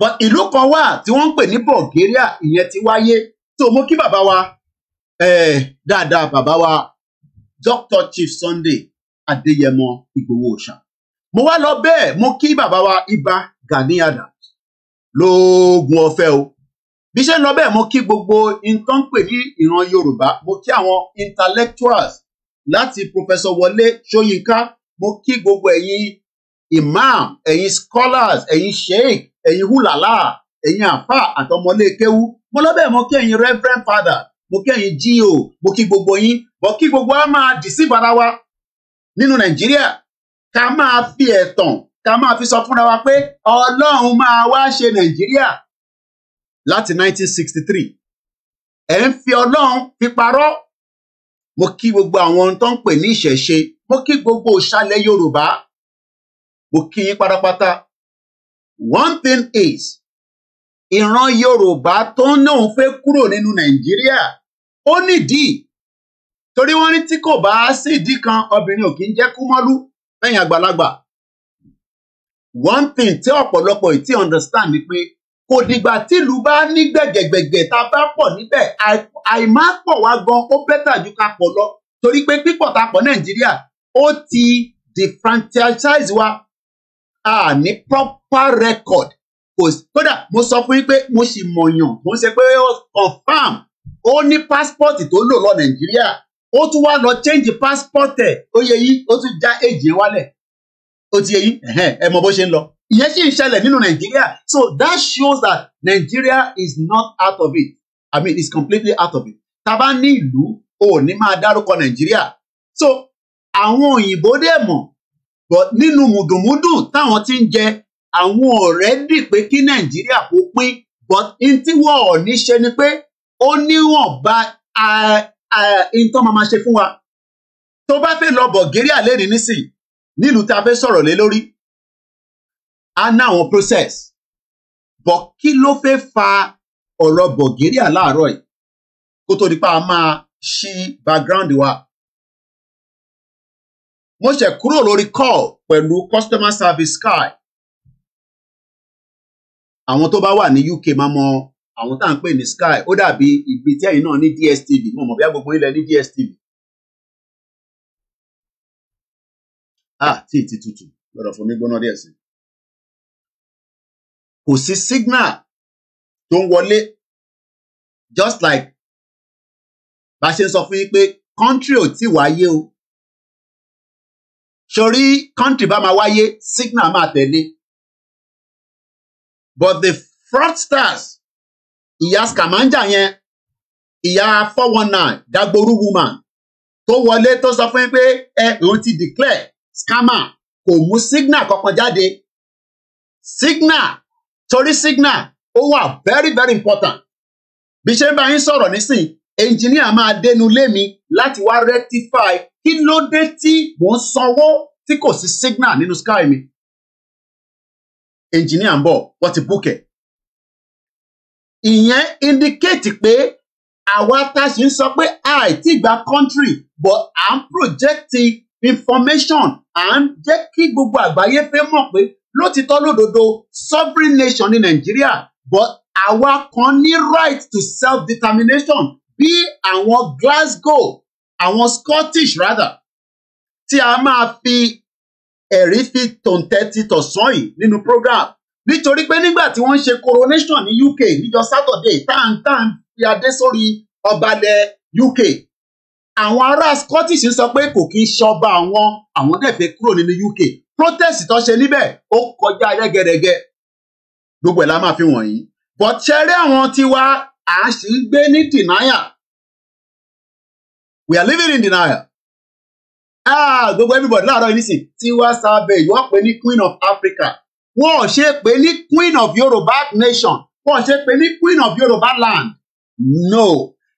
but ìlú kan wà tí wọ́n ń pè ní Bulgaria ìyẹn ti wáyé tó mú kí bàbá wa eh, dáadáa bàbá wa Dr. Chief Sunday Adéyẹmọ Ìgbòho Òòṣà mo wá lọ bẹ́ẹ̀ mo kí bàbá wa Ìbà Gani Adams lóògùn ọ̀fẹ́ o bí ṣe ń lọ bẹ́ẹ̀ mo kí gbogbo nǹkan pè ní ìran yorùbá mo kí àwọn intellectuals láti professor wọlé ṣóyínká mo kí gbogbo ẹ̀yin imam ẹ̀yin scholars ẹ̀yin sheikh ẹ̀yin hulala ẹ̀yin àfà àtọmọlé kéwú mo lọ bẹ́ẹ̀ mo kí ẹ̀yin reverend father mo kí ẹ̀yin gio mo kí gbogbo yín mo kí gbogbo wa máa dì sí bara wa nínú nàìjíríà ká máa fi ẹ̀tàn ká máa fi sọ fúnra wa pé ọlọ́run máa wá ṣe nàìjíríà láti 1963 ẹ̀ ń fi ọlọ́run fi parọ́ mo kí gbogbo àwọn tó ń pè ní ìṣẹ̀ṣe mo kí gbogbo òṣàlẹ̀ yorùbá mo kí yín pátápátá one thing is ìran yorùbá tó ń náà fẹ́ kúrò nínú nàìjíríà ó nídìí torí wọ́n ní tí kò bá sídìí kan obìnrin ò kí ń jẹ́ kú mọ́lú lẹ́yìn àgbàlagbà one thing tí ọ̀pọ̀lọpọ̀ yìí ti understand ni pé kò dìgbà tílùú bá ní gbẹ̀gẹ̀gbẹ̀gẹ̀ tá a bá pọ̀ níbẹ̀ àìmá pọ̀ wá gan ó bẹ́tà ju ká pọ̀ lọ torí pé pípọ̀ tá a pọ̀ Nàìjíríà ó ti di franchise wa a ní proper record kò kódà mo sọ fún yín pé mo sì mọ̀yàn mo ṣe pé ó confam ó ní passport tó lò lọ Nàìjíríà ó tún wá lọ change passport ẹ̀ ó yẹ yí ó tún já èjì wálẹ̀ ó ti yẹyí ẹ mọ bó ṣe ń lọ ìyẹn sì ń ṣẹlẹ̀ nínú nàìjíríà so that shows that Nigeria is not out of it I mean it's completely out of it tá a bá ní ìlú o ò ní máa dárúkọ nàìjíríà so àwọn òyìnbó dẹ̀ mọ̀ but nínú mùdùmúdù táwọn ti ń jẹ àwọn ọ̀rẹ́ dì pé kí nàìjíríà kó pín but n tí wọ́n ò ní ṣe ni pé ó níwọ̀nba n tó máa ma ṣe fún wa tó bá fẹ́ lọ Bulgaria lẹ́ni nísìnyí nílùú tá a fẹ́ sọ̀rọ̀ lé lórí á ná àwọn process bọ̀ kí ló fẹ́ fa ọ̀rọ̀ Bulgaria láàárọ̀ yìí kó tó di pa máa ṣí background wa. mo ṣe kúrò lórí call pẹ̀lú customer service Sky àwọn tó bá wà ní UK máa mọ àwọn tá à ń pè ní Sky ó dàbí ìgbìtẹ́yìn náà ní DSTV mo mọ̀ bí agbègbè ilẹ̀ ní DSTV Ah, tí ì ti tutù gbọ́dọ̀ fomi gbóná díẹ̀ sí. kò sí signal tó ń wọlé just like bá a ṣe ń sọ fún yín pé country ò tí wáyé o sórí country bá máa wáyé signal máa tẹ̀lé but the fraudsters ìyá scamanja yẹn ìyá four one nine dagboru woman tó wọlé tó sọ fún yín pé ẹ òun ti declare scammer kò mú signal kankan jáde signal torí signal ó wà very very important bí ṣe ń bá yín sọ̀rọ̀ nísìn engineer máa dénú lé mi láti wá rectify kí ló dé tí mò ń sanwó tí kò sí signal nínú sky mi engineer ń bọ̀ wọ́n ti book ẹ̀ ìyẹn indicate pé àwa tá a ṣe ń sọ pé àìtí gba country but I'm projecting information à ń jẹ́ kí gbogbo àgbáyé fẹ́ mọ̀ pé lótìtọ́ lódodo sovereign nation ní nàìjíríà but àwa kan ní right to self determination bí àwọn glasgow àwọn scottish rather tí a máa fi ẹ̀rí fi tòǹtẹ́tì tọ̀sán yìí nínú program nítorí pé nígbà tí wọ́n ń ṣe coronation ní uk níjọ́ saturday tá à ń tá à ń fi adé sórí ọbalẹ̀ uk àwọn ará Scottish sọ pé kò kí ń ṣọba àwọn àwọn dẹ̀ fẹ́ kúrò nínú UK protest tó ṣe níbẹ̀ ó kọjá rẹ́gẹ́rẹ́gẹ́ gbogbo ẹ̀ la máa fi wọ̀nyí but ṣẹ́rí àwọn tiwa à ń sì ń gbé ní denial we are living in denial ah gbogbo everybody láàárọ̀ yìí nísìn tiwa Savage wọ́n pè ní Queen of Africa wọ́n ò ṣe pè ní Queen of Yorùbá nation wọ́n ò ṣe pè ní Queen of Yorùbá land no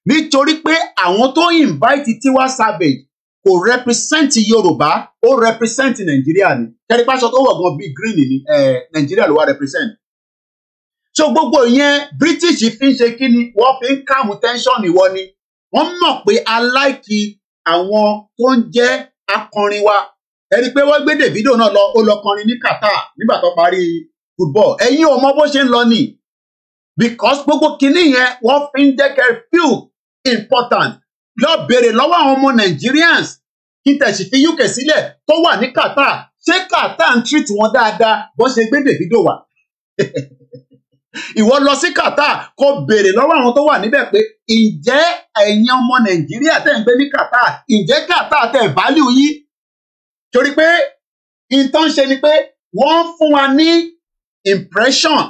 nítorí pé àwọn tó invite Tiwa Savage kò represent Yorùbá ó represent Nàìjíríà ni kẹrí pásọ tó wọ̀ gan bíi green ni Nàìjíríà ló wá represent so gbogbo ìyẹn British fi ń ṣe kí ni wọ́n fi ń calm tension ìwọ ni wọ́n mọ̀ pé aláìkí àwọn tó ń jẹ́ akọrin wa ẹni pé wọ́n gbé Davido náà lọ ó lọ kọrin ní Qatar nígbà tó parí football ẹ̀yin ò mọ bó ṣe ń lọ ni because gbogbo kinní yẹn wọ́n fi ń jẹ́ kẹ́ important lọ béèrè lọ́wọ́ àwọn ọmọ Nigerians kí tẹ̀sí fi UK sílẹ̀ tó wà ní Qatar ṣé Qatar ń treat wọn dáadáa bó ṣe gbé Davido wá ìwọ lọ sí Qatar kó béèrè lọ́wọ́ àwọn tó wà níbẹ̀ pé ǹjẹ́ ẹ̀yin ọmọ Nàìjíríà tẹ́ ń gbé ní Qatar ǹjẹ́ Qatar tẹ́ value yín torí pé nǹkan ṣe ni pé wọ́n ń fún wa ní impression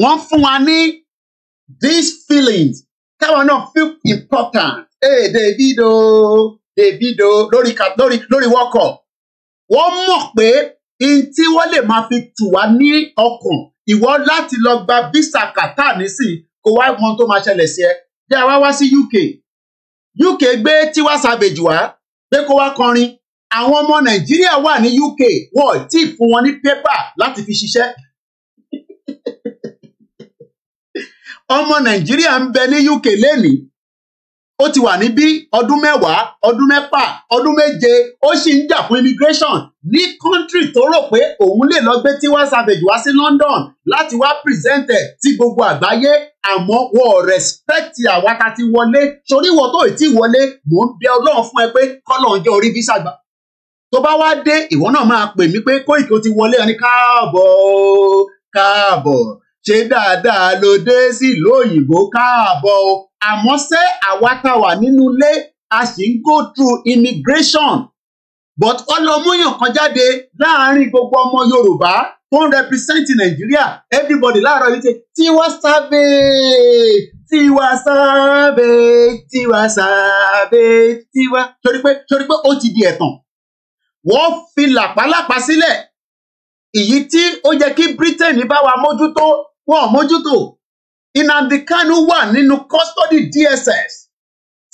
wọ́n ń fún wa ní these feelings káwọn náà feel important hey Davido Davido lórí lórí lórí wọ́kọ̀ wọ́n mọ̀ pé in tí wọ́n lè máa fi tù wá ní ọkàn ìwọ láti lọ gba visa Qatar nísìn kó wá mọ tó máa ṣẹlẹ̀ sí ẹ jẹ́ àwa wá sí UK UK gbé Tiwa Savage wá pé kó wá kọrin àwọn ọmọ Nàìjíríà wà ní UK wọn ò tí ì fún wọn ní pépà láti fi ṣiṣẹ́ ọmọ nàìjíríà ń bẹ ní uk lénìí ó ti wà níbí ọdún mẹ́wàá ọdún mẹ́fà ọdún méje ó sì ń jà fún immigration ní kọ́ńtírì tó rò pé òun lè lọ gbé Tiwa Savage wá sí London láti wá pírẹsẹ̀ǹtẹ̀ tí gbogbo àgbáyé àmọ́ wọ́n rẹ̀spẹ̀tì àwa ta ti wọlé torí wọ́n tó ti wọlé mò ń bẹ ọlọ́run fún ẹ pé kọ́lọ́n jẹ́ orí bísà gbà tó bá wá dé ìwọ náà máa pè mí pé Kóìkì ó ti wọlé ẹni káàbọ̀ káàbọ̀ ṣe dáadáa ló dé sílùú òyìnbó káàbọ̀ o àmọ́ ṣé àwa tá wà nínú ilé a sì ń go through immigration but ọlọmúyàn kan jáde láàárín gbogbo ọmọ Yorùbá tó ń represent Nàìjíríà everybody láàárọ̀ yìí ṣe tiwa savage tiwa savage tiwa savage tiwa torí pé torí pé ó ti di ẹ̀tàn wọ́n fi làpálàpá sílẹ̀ èyí tí ó yẹ kí Britain bá wa mójútó wọn ò mójútó Nnamdi Kanu wà nínú custody DSS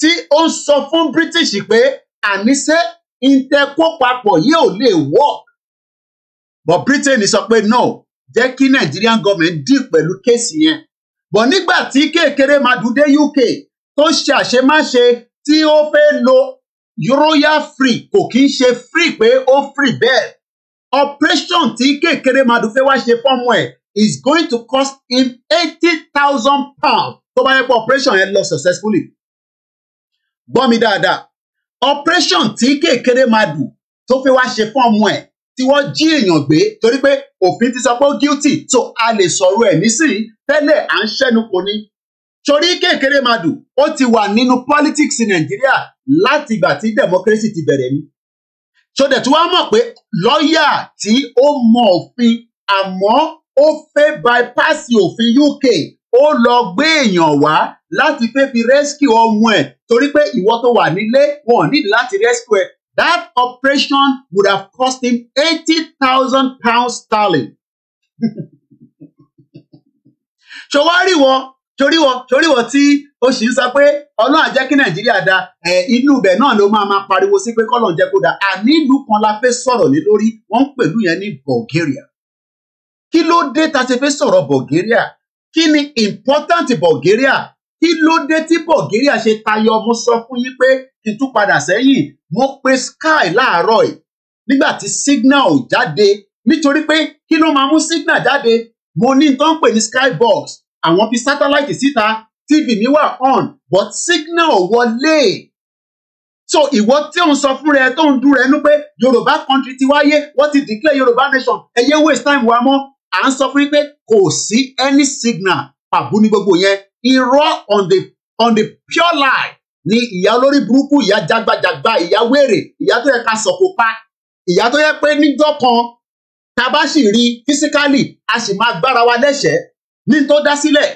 tí ó ń sọ fún British pé àníṣe ìtẹkó yìí ò lè work but Britain sọ pé no jẹ́ kí Nigerian government deal pẹ̀lú kéèsì yẹn but nígbà tí kékeré Madude UK tó ṣe àṣemáṣe tí ó fẹ́ lo royal free kò kí ń ṣe free pé ó free bẹ́ẹ̀ operation tí kékeré Madude wá ṣe fọ́mọ ẹ̀ is going to cost him eighty thousand pounds tó bá yẹ pé operation yẹn lọ successfully. gbọ́ mi dáadáa operation tí kékeré máa dùn tó fi wá ṣe fún ọmọ ẹ̀ tí wọ́n jí èèyàn gbé torí pé òfin ti sọ pé ó guilty so a lè sọ̀rọ̀ ẹ̀ nísìnyí tẹ́lẹ̀ à ń ṣẹ́nukò ni. torí kékeré máa dùn ó ti wà nínú politics nàìjíríà láti ìgbà tí democracy ti bẹ̀rẹ̀ ni. so dẹ̀ tí wọ́n mọ̀ pé lọ́ọ̀yà tí ó mọ òfin àmọ́ ó fẹ́ bypassì òfin UK ó lọ gbé èèyàn wá láti fẹ́ fi rescue ọmọ ẹ̀ torí pé ìwọ tó wà nílé wọn ò nídìí láti rescue ẹ̀ that operation would have cost him eighty thousand pounds sterling. ṣọwárì wọ torí wọ torí wọ tí ó sì ń sọ pé ọlọ́run àjẹ́ kí nàìjíríà da ẹ̀ inú ibẹ̀ náà ló máa máa pariwo sí pé kọ́lọ̀ ń jẹ́ kó da àní ìlú kan la fẹ́ sọ̀rọ̀ lé lórí wọ́n ń pẹ̀lú yẹn ní Bulgaria kí ló dé tá a ṣe fẹ́ sọ̀rọ̀ Bulgaria kí ni important Bulgaria kí ló dé tí Bulgaria ṣe tayọ mo sọ fún yín pé kí n tún padà sẹ́yìn mo pe sky láàárọ̀ ẹ̀ nígbà tí signal ò jáde nítorí pé kí ló máa mú signal jáde mo ní tó ń pè ní skybox àwọn fi satellite síta tv mi wà on but signal ò wọlé so ìwọ tí òun sọ fún rẹ tó ń dún rẹ pé yorùbá country ti wáyé wọ́n ti declare yorùbá nation ẹ̀yẹ́ waste time wa mọ́ à ń sọ fún yín pé kò sí any signal pàbó ní gbogbo yẹn irọ́ on the on the pure lie ni ìyá olórí burúkú ìyá jagbajagba ìyá wèrè ìyá tó yẹ ká sọ̀kò pa ìyá tó yẹ pé níjọ́ kan tá a bá sì rí físíkálì a sì máa gbára wa lẹ́sẹ̀ẹ́ ní tó dá sílẹ̀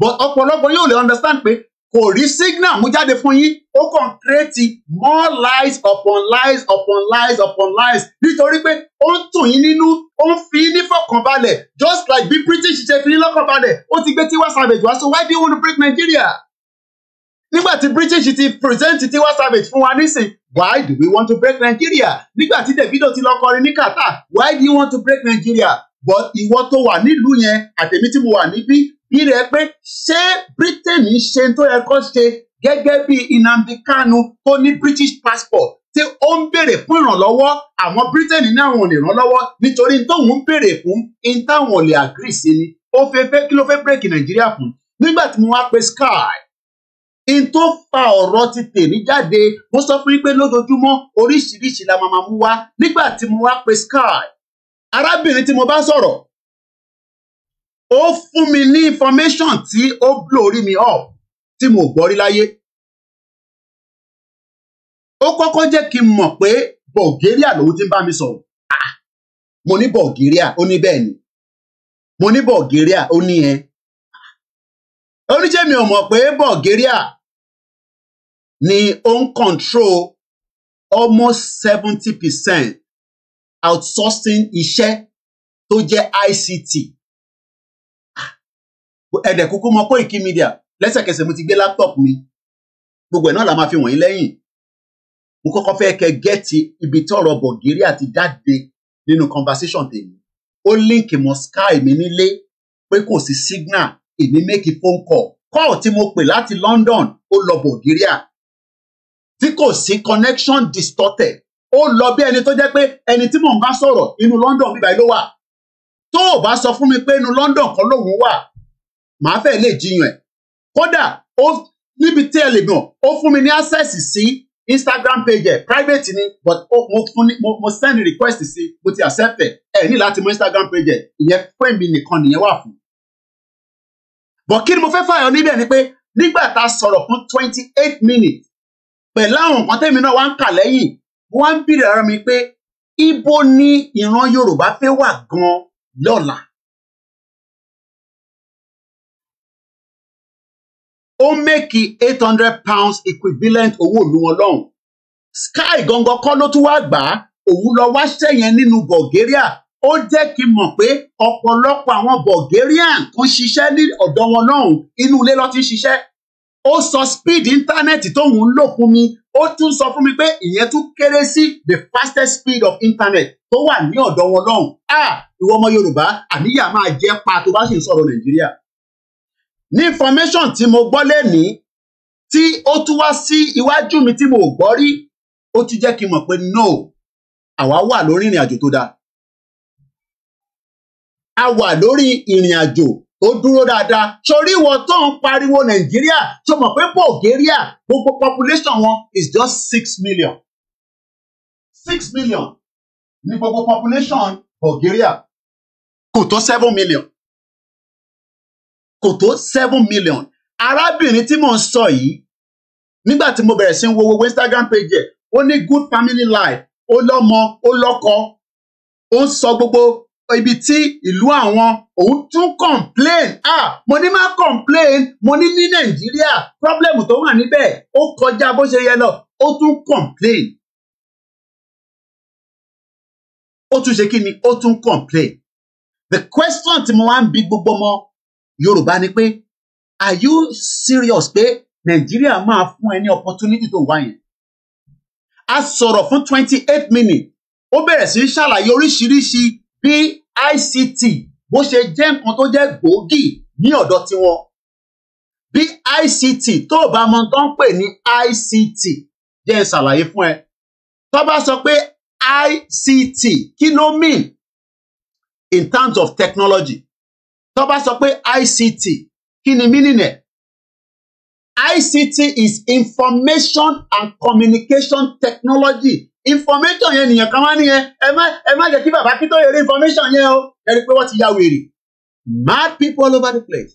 but ọ̀pọ̀lọpọ̀ yóò lè understand pé kò rí signal mú jáde fún yín ó kàn create more lies upon lies upon lies upon lies nítorí pé ó ń tù yín nínú ó ń fi ní fọkànbalẹ̀ just like bí British ṣe fi ní lọ́kànbalẹ̀ ó ti gbé Tiwa Savage wá so why do you want to break Nigeria nígbà tí British ti present Tiwa Savage fún wa nísìn why do we want to break Nigeria nígbà tí Davido ti lọ kọrin ní Qatar why do you want to break Nigeria but ìwọ tó wà nílùú yẹn àtẹ̀mí tí mo wà níbí ìrẹ̀ pé ṣé Britain ṣe tó yẹ kó ṣe gẹ́gẹ́ bí Nnamdi Kanu tó ní British passport tí ó ń béèrè fún ìrànlọ́wọ́ àwọn Britain ní àwọn ò lè ràn lọ́wọ́ nítorí tóun ń béèrè fún in táwọn ò lè agree sí ni ó fẹ́ fẹ́ kí ló fẹ́ bírèkì Nàìjíríà fún nígbà tí mo wá pe Sky in tó fa ọ̀rọ̀ ti tèmi jáde mo sọ fún yín pé lójoojúmọ́ oríṣiríṣi la màmá mú wá nígbà tí mo wá pe Sky arábìnrin tí mo bá sọ̀rọ̀ ó fún mi ní information tí ó blow mi up tí mo gbọ́ rí láyé ó kọ́kọ́ jẹ́ kí n mọ̀ pé Bulgaria lòun ti ń bá mi sọ̀rọ̀ ah! mo ní Bulgaria ó ní bẹ́ẹ̀ ni mo ní Bulgaria ó ní ẹ oníṣẹ́ ò mọ̀ pé Bulgaria ni ó ń control almost seventy percent outsourcing iṣẹ́ tó jẹ́ ICT ẹ̀dẹ̀ kúkú mọ Koiki Media lẹ́sẹ̀kẹsẹ̀ mo ti gbé laptop mi gbogbo ẹ̀ náà la máa fi wọ̀nyí lẹ́yìn mo kọ́kọ́ fẹ́ kẹ́ gẹ́ẹ̀tì ibi tí ọ̀rọ̀ bọ̀gírí àti jáde nínú conversation tèmi ó líǹkì mọ́ sky mi nílé pé kò sí signal èmi méèkì phone call call tí mo pè láti London ó lọ bọ̀gírí à tí kò sí connection distorted ó lọ bí ẹni tó jẹ́ pé ẹni tí mò ń bá sọ̀rọ̀ inú London bíbá ló wà tó o bá sọ fún mi pé inú London kan lòun wà màá fẹ́ lè jiyàn ẹ̀ kódà ó níbi tí ẹ lè gbọ̀n ó fún mi ní access sí Instagram page ẹ̀ private ni but ó mo fún mo mo send request sí mo ti accept ẹ̀ ẹ̀ ní láti mọ Instagram page ẹ̀ ìyẹn fún èmi nìkan nìyẹn wà fún. but kí ni mo fẹ́ fààyàn níbẹ̀ ni pé nígbà tá a sọ̀rọ̀ fún twenty eight minutes pẹ̀lú àwọn nǹkan tẹ́mi náà wá ń kà lẹ́yìn mo wá ń bèrè ara mi pé ibo ni ìran Yorùbá fẹ́ wà gan lọ́la ó mẹ́kì eight hundred pounds equivalent owó ìlú wọn lọ́hùn sky gangan kọ́ ló tún wá gbà á òun lọ wá ṣẹ̀yẹn nínú Bulgaria ó jẹ́ kí n mọ̀ pé ọ̀pọ̀lọpọ̀ àwọn Bulgarian kan ṣiṣẹ́ ní ọ̀dọ̀ wọn lọ́hùn inú ilé ló ti ṣiṣẹ́ ó sọ speed íńtánẹ́ẹ̀tì tóun ń lò fún mi ó tún sọ fún mi pé ìyẹn tún kéré sí the fastest speed of internet tó wà ní ọ̀dọ̀ wọn lọ́hùn ah ìwọ ọmọ Yorùbá àníyàn máa jẹ́ pa tó bá sì ń sọ̀rọ̀ Nàìjíríà ní information tí mo gbọ́ lénìí tí ó tún wá sí iwájú mi tí mo gbọ́ rí ó tún jẹ́ kí n mọ̀ pé no àwa wà lórí ìrìn àjò tó dáa a wà lórí ìrìn àjò tó dúró dáadáa torí ìwọ tó ń pariwo Nàìjíríà tó mọ̀ pé Bulgaria gbogbo population wọn is just six million six million ni gbogbo population Bulgaria kò tó seven million kò tó seven million arábìnrin tí mò ń sọ yìí nígbà tí mo bẹ̀rẹ̀ sí ń wo Instagram page ẹ̀ ó ní good family life ó lọ́mọ ó lọ́kọ ó ń sọ gbogbo ibi tí ìlú àwọn òun tún complain ah mo ní má complain mo ní ní Nàìjíríà problem tó wà níbẹ̀ ó kọjá bó ṣe yẹ lọ ó tún complain ó tún ṣe kí ni ó tún complain the question tí mo wá ń bi gbogbo ọmọ yorùbá ni pé are you serious pé nàìjíríà máa fún ẹ ní opportunity tó wá yẹn a sọ̀rọ̀ fún twenty eight minutes ó bẹ̀rẹ̀ sí í ṣàlàyé oríṣiríṣi bí ICT bó ṣe jẹ́ nǹkan tó jẹ́ gbòógì ní ọ̀dọ̀ tiwọn bí ICT tó bá mọ tó ń pè ní ICT jẹ́ ṣàlàyé fún ẹ tó bá sọ pé ICT kí ló mean in terms of technology tó bá sọ pé ICT kí ni mínìnẹ̀ ICT is information and communication technology information yẹn nìyẹn kan wá nìyẹn ẹ má ẹ má jẹ́ kí bàbá kí tó yẹrẹ information yẹn o ẹ pé wọ́n ti ya wèrè mad people all over the place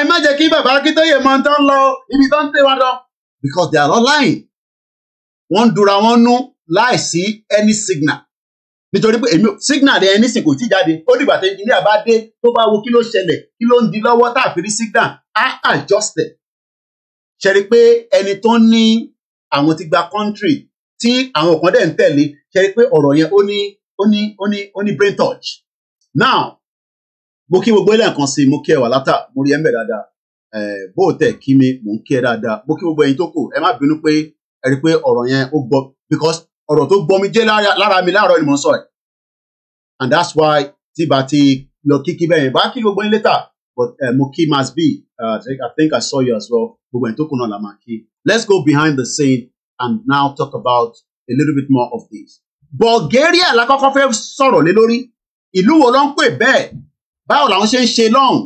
ẹ má jẹ́ kí bàbá kí tó yẹ máa tán lọ ibi tó ń tẹ wọn lọ because they are online wọ́n ń dura wọn nú láì any signal nítorí pé èmi signal rẹ nísìn kò tí jáde ó dìgbà tó engineer bá dé tó bá wo kí ló ṣẹlẹ̀ kí ló ń di lọ́wọ́ tá signal á adjust ẹ̀ ṣe rí pé ẹni tó ní àwọn ti gba country tí àwọn kan dẹ̀ ń tẹ̀lé ṣe rí pé ọ̀rọ̀ yẹn ó ní ó ní ó ní ó ní brain touch now mo kí gbogbo ẹlẹ́ẹ̀kan sí i mo kí ẹ wà látà mo rí ẹ ń bẹ̀ dáadáa bó o tẹ̀ kí mi mò ń kí ẹ dáadáa mo kí gbogbo ẹyin tó kù ẹ má bínú pé ẹ rí pé ọ̀rọ̀ yẹn ó gbọ́ because ọ̀rọ̀ tó gbọmi jẹ́ lára mi láàárọ̀ ni mò and that's why tí bá ti lọ kíkí bẹ́ẹ̀ yẹn bá kí gbogbo yín later but uh, mo kí must be uh, I think I saw you as well gbogbo yẹn tó kùnà là máa kí let's go behind the scene and now talk about a little bit more of this. Bulgaria la kọ́kọ́ fẹ́ sọ̀rọ̀ lé lórí ìlú wo ló ń pè bẹ́ẹ̀ báwo làwọn ṣe ń ṣe lọ́hùn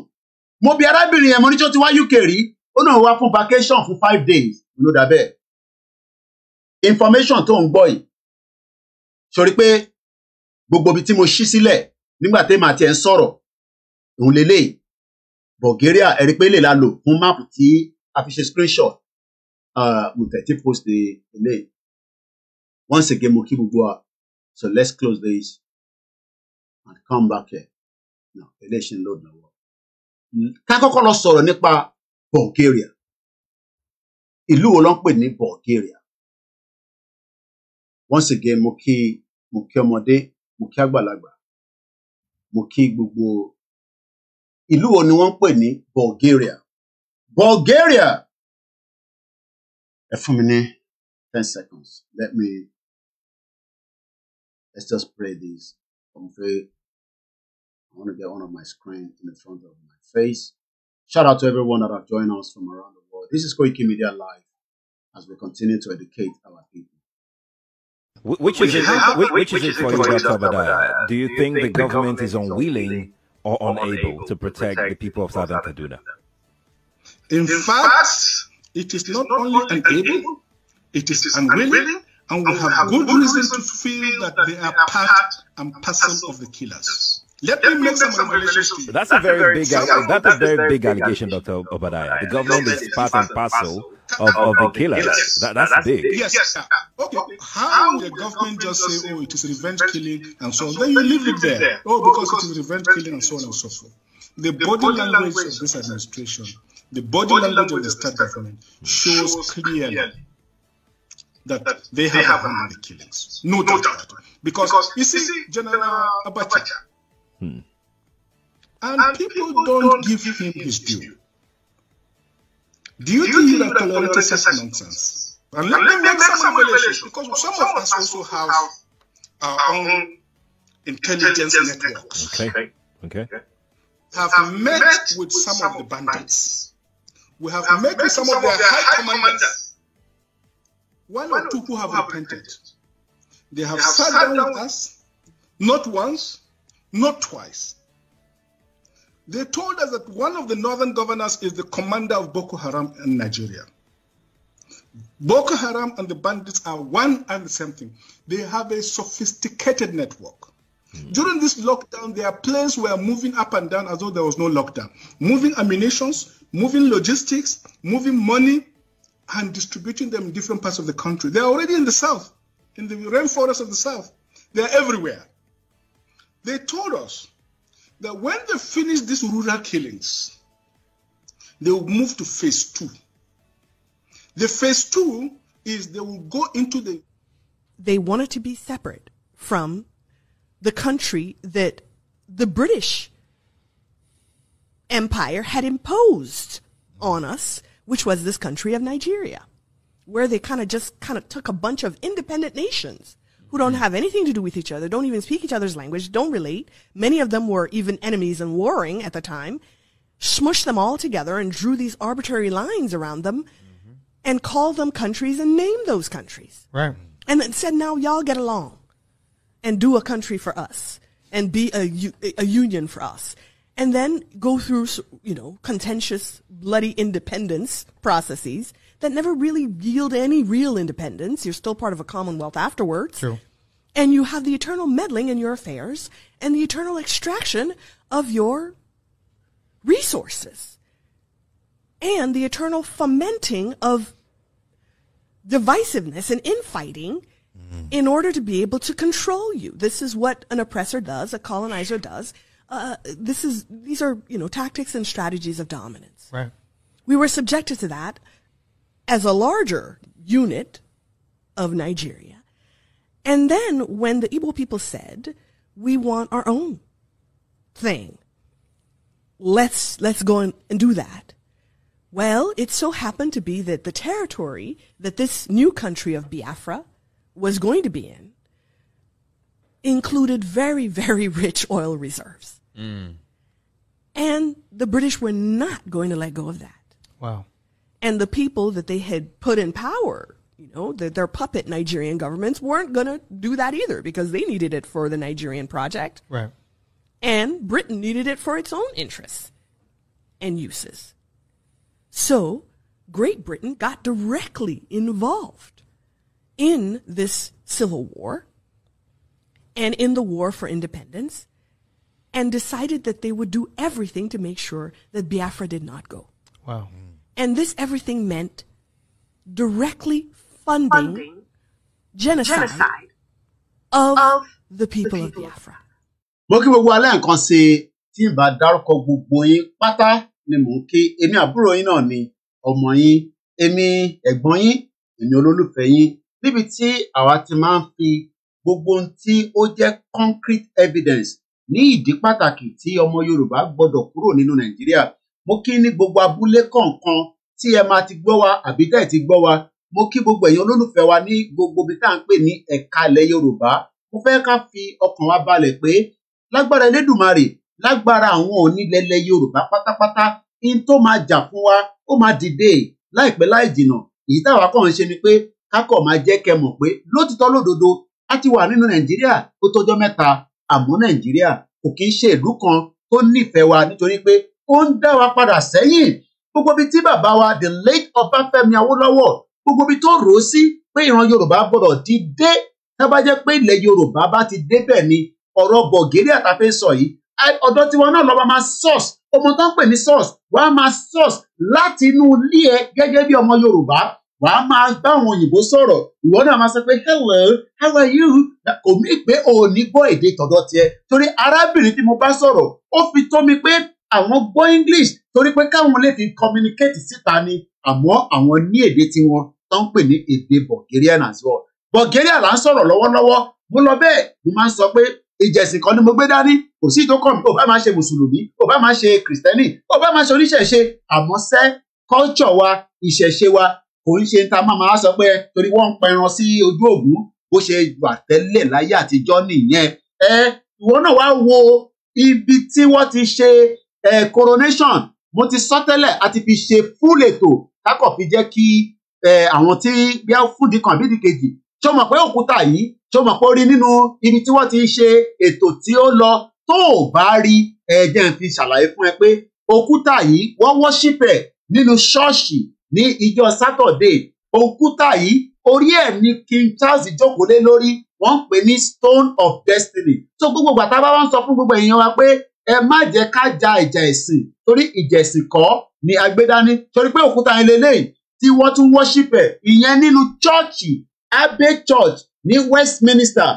mo bi arábìnrin yẹn mo ní tí ó ti wá UK rí ó náà wá fún vacation fún five days ló dà bẹ́ẹ̀ information tó ń gbọ́ yìí sori pé gbogbo ibi tí mo ṣí sílẹ̀ nígbà tí màá tiẹ̀ ń sọ̀rọ̀ òun lélẹ́yìí Bulgaria ẹ̀rí pé lè la lò fún máàpù tí a fi ṣe screenshot mo tẹ̀ tí post eléyìí once again mo kí gbogbo wa so let's close this and come back here now eléyìí ṣe ń lò lọ́wọ́ ká kọ́kọ́ lọ sọ̀rọ̀ nípa Bulgaria ìlú wo ló ń pè ní Bulgaria once again mo kí mo kí ọmọdé mo kí àgbàlagbà mo kí gbogbo ìlú wo ni wọ́n ń pè ní Bulgaria Bulgaria ẹ fún mi ní ten seconds let me let's just pray this i'm very i want to get one of my screen in the front of my face shout out to everyone that have joined us from around the world this is Koiki Media Live as we continue to educate our people. Which, which, is, how, which, which, which, is it Dr. Obadiah? Do you, do you think, think, the government, government is unwilling or unable to protect, protect the people of Southern Kaduna? In, fact, it is, not only unable, it is unwilling, and we have, good reason to feel that they are part and parcel of the killers. Let, Let me make some, allegations. revelations. That's, a very big, that's a very big allegation, Dr. Obadiah. The government is part and parcel of, of, the killers. That, that's, that's big. Yes. yes. Okay. How the government just say, oh, it is oh, revenge killing and so on? Then you leave it there. Oh, because it is revenge killing and so on and so forth. The body language of this administration, the body language of the state government shows clearly that they have many the killings. No doubt. Because you see, General Abacha, hmm. and people don't give him his due. Do you, do you think, think that politics is nonsense? And let, let me make some revelations because some of us also have our own intelligence networks. Okay. Okay. Have met with some of the bandits. We have met with some of their high commanders. One or two who have repented. They have sat down with us, not once, not twice, they told us that one of the northern governors is the commander of Boko Haram in Nigeria. Boko Haram and the bandits are one and the same thing. They have a sophisticated network. Hmm. During this lockdown, their planes were moving up and down as though there was no lockdown, moving ammunitions, moving logistics, moving money, and distributing them in different parts of the country. They are already in the south, in the rainforests of the south. They are everywhere. They told us that when they finish these rural killings, they will move to phase two. The phase two is they will go into the. They wanted to be separate from the country that the British Empire had imposed on us, which was this country of Nigeria, where they kind of just kind of took a bunch of independent nations who don't have anything to do with each other, don't even speak each other's language, don't relate. Many of them were even enemies and warring at the time. Smushed them all together and drew these arbitrary lines around them mm-hmm. and called them countries and named those countries. Right. And then said, now y'all get along and do a country for us and be a, a union for us. And then go through, you know, contentious, bloody independence processes that never really yield any real independence. You're still part of a commonwealth afterwards. True. And you have the eternal meddling in your affairs and the eternal extraction of your resources and the eternal fomenting of divisiveness and infighting mm in order to be able to control you. This is what an oppressor does, a colonizer does. Uh, this is these are you know tactics and strategies of dominance. Right. We were subjected to that as a larger unit of Nigeria. And then when the Igbo people said, we want our own thing, let's, let's go and do that. Well, it so happened to be that the territory that this new country of Biafra was going to be in included very, very rich oil reserves. Mm. And the British were not going to let go of that. Wow and the people that they had put in power, you know, the, their puppet Nigerian governments weren't going to do that either because they needed it for the Nigerian project. Right. And Britain needed it for its own interests and uses. So Great Britain got directly involved in this civil war and in the war for independence and decided that they would do everything to make sure that Biafra did not go. Wow. And this everything meant directly funding, funding genocide, genocide of, of the people, of Biafra. Mo kí gbogbo alẹ́ nǹkan ṣe tí ìbá dárúkọ gbogbo yín pátá ni mò ń kí èmi àbúrò yín náà ni ọmọ yín èmi ẹ̀gbọ́n yín èmi olólùfẹ́ yín níbi tí àwa ti máa ń fi gbogbo ohun tí ó jẹ́ concrete evidence ní ìdí pàtàkì tí ọmọ Yorùbá gbọ́dọ̀ kúrò nínú Nàìjíríà mo kí ní gbogbo abúlé kọ̀ọ̀kan tí ẹ máa ti gbọ́ wa àbí tẹ́ ẹ̀ ti gbọ́ wa mo kí gbogbo ẹ̀yin olólùfẹ́ wa ní gbogbo ibi tá à ń pè ní ẹ̀ka ilẹ̀ yorùbá mo fẹ́ ká fi ọkàn wa balẹ̀ pé lágbára elédùnmarè lágbára àwọn onílẹ̀lẹ̀ yorùbá pátápátá in tó máa jà fún wa ó máa dìde láìpẹ́ láì jìnà èyí táwa kàn ń ṣe ni pé kákọ̀ máa jẹ́ kẹ́ mọ̀ pé lótìtọ́ lódodo a ti wà nínú nàìjíríà tó tọ́jọ́ mẹ́ta àmọ́ nàìjíríà kò kí ń ṣe ìlú kan tó nífẹ̀ẹ́ wa nítorí pé ó ń dá wa padà sẹ́yìn gbogbo ibi tí bàbá wa the late Ọbáfẹ́mi Awólọ́wọ̀ gbogbo ibi tó rò ó sí pé ìran Yorùbá gbọ́dọ̀ ti dé tá bá jẹ́ pé ilẹ̀ Yorùbá bá ti débẹ̀ ni ọ̀rọ̀ bọ̀gẹ́rẹ́ àtàfẹ́ sọ yìí ọ̀dọ̀ tiwọn náà lọ́ba máa source ọmọ tó ń pè ní source wàá máa source láti inú ilé ẹ gẹ́gẹ́ bí ọmọ Yorùbá wàá máa bá àwọn òyìnbó sọ̀rọ̀ ìwọ náà máa sọ pé hello how are you kò mí pé o ò ní gbọ́ èdè tọ̀dọ̀ tiẹ̀ torí arábìnrin tí mo bá sọ̀rọ̀ ó fi tó mi pé àwọn gbọ́ english torí pé káwọn lè fi communicate síta ni àmọ́ àwọn ní èdè tiwọn tó ń pè ní èdè bulgarian as well bulgarian là ń sọ̀rọ̀ lọ́wọ́lọ́wọ́ mo lọ bẹ́ẹ̀ mo máa ń sọ pé ìjẹ̀sìn kan ni mo gbé dání kò sí ìdókọ̀ mi ò máa ṣe mùsùlùmí ò máa ṣe kìrìsìtẹ́nì ò máa ṣe oníṣẹ̀ṣe àmọ́ sẹ́ culture wa ìṣẹ̀ṣe wa kò ń ṣe ta máa sọ pé torí wọ́n ń pẹran sí ojú ògún bó ṣe wà tẹ́lẹ̀ láyé àtijọ́ nìyẹn ẹ ìwọ náà wá wo ibi tí wọ́n ti ṣe coronation mo ti sọ tẹ́lẹ̀ a ti fi ṣe full ètò kákọ̀ fi jẹ́ kí àwọn tí bí a fún di kan bí di kejì ṣó mọ̀ pé òkúta yìí ṣó mọ̀ pé ó rí nínú ibi tí wọ́n ti ṣe ètò tí ó lọ tó o bá rí ẹ̀jẹ̀ ń fi ṣàlàyé fún ẹ pé òkúta yìí wọ́n wọ́ṣípẹ̀ nínú ṣọ́ọ̀ṣì ní ìjọ sátọ̀dé òkúta yìí orí ẹ̀ ní King Charles jókòó lé lórí wọ́n ń pè ní stone of destiny so gbogbo gbàtà bá wọ́n sọ fún gbogbo èèyàn wa pé ẹ má jẹ́ ká ja ìjà ẹ̀sìn torí ìjà ẹ̀sìn kọ́ ni agbédání torí pé òkúta eléyìí tí wọ́n tún wọ́ṣípẹ̀ ìyẹn nínú chọ́ọ̀chì Abbey Church ní Westminster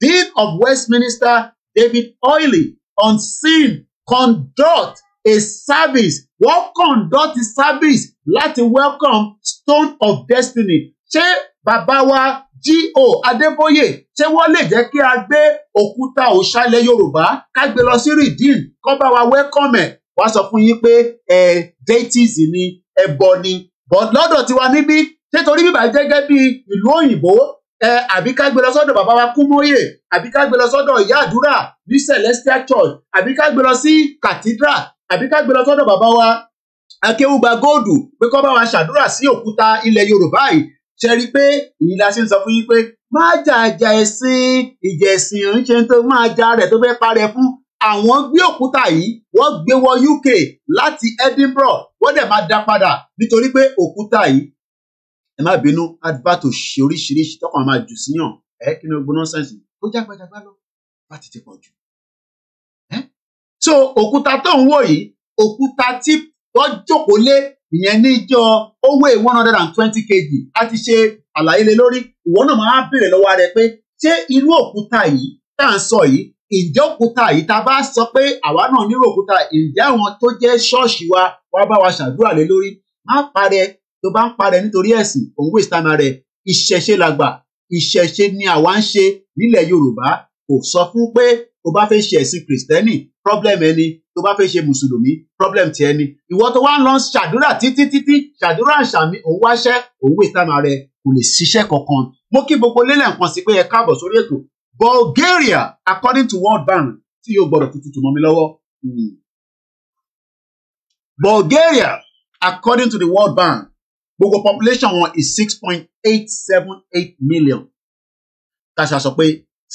Dean of Westminster David Oily on sin conduct a service wọ́n conduct a service láti welcome Stone of Destiny ṣé bàbá wa G.O. Adébóyè ṣé wọ́n lè jẹ́ kí a gbé òkúta òṣàlẹ̀ Yorùbá ká gbé lọ sí Redeem kọ́ bá wa welcome ẹ̀ wá sọ fún yín pé ẹ deities ni ẹbọ ni but lọ́dọ̀ tiwa níbí ṣé torí bíbá gẹ́gẹ́ bí ìlú òyìnbó ẹ àbí ká gbé lọ sọ́dọ̀ bàbá wa Kúmóyè àbí ká gbé lọ sọ́dọ̀ ìyá àdúrà ní Celestial Church àbí ká gbé lọ sí cathedral àbí ká gbé lọ sọ́dọ̀ bàbá wa akéwùgbà góòdù pé kọ́ bá wa ṣàdúrà sí òkúta ilẹ̀ Yorùbá yìí ṣe rí i pé èyí la ṣe ń sọ fún yín pé má jàjà ẹ̀sìn ìjà ẹ̀sìn ń ṣe tó máa ja rẹ̀ tó fẹ́ parẹ́ fún àwọn gbé òkúta yìí wọ́n gbé wọ UK láti Edinburgh wọ́n dẹ̀ máa dá padà nítorí pé òkúta yìí ẹ má bínú advert òṣìṣẹ́ oríṣiríṣi tọkàn máa jù síyàn ẹ kí ni gbóná sẹ́ǹsì ó jágbàjàgbà lọ bá ti ti pọ̀ jù. so òkúta tó ń wò yìí òkúta tí wọ́n jókòó lé ìyẹn níjọ́ owó one hundred and twenty kg a ti ṣe àlàyé lé lórí ìwọ náà máa béèrè lọ́wọ́ rẹ pé ṣé irú òkúta yìí tá à ń sọ yìí ìjẹ́ òkúta yìí tá a bá sọ pé àwa náà nírú òkúta ìjẹ́ àwọn tó jẹ́ ṣọ́ọ̀ṣì wa wá bá wa ṣàdúrà lé lórí má parẹ́ tó bá ń parẹ́ nítorí ẹ̀sìn òun wíṣ tàmà rẹ̀ ìṣẹ̀ṣe làgbà ìṣẹ̀ṣe ni àwa ń ṣe nílẹ̀ Yorùbá kò sọ fún pé o bá fẹ́ ṣe ẹ̀sìn kìrìsìtẹ́nì problem ẹni tó bá fẹ́ ṣe mùsùlùmí problem tiẹ̀ ni ìwọ tó wá ń lọ ṣàdúrà títí títí ṣàdúrà ṣàmì òun wáṣẹ́ òun wé tánà rẹ kò lè ṣiṣẹ́ kankan mo kí gbogbo lélẹ̀ nǹkan sí pé ẹ káàbọ̀ sórí ètò Bulgaria according to World Bank tí yóò gbọdọ̀ tuntun tù mọ́ mi lọ́wọ́ hmm. Bulgaria according to the World Bank gbogbo population wọn is six point eight seven eight million ká ṣàṣọ pé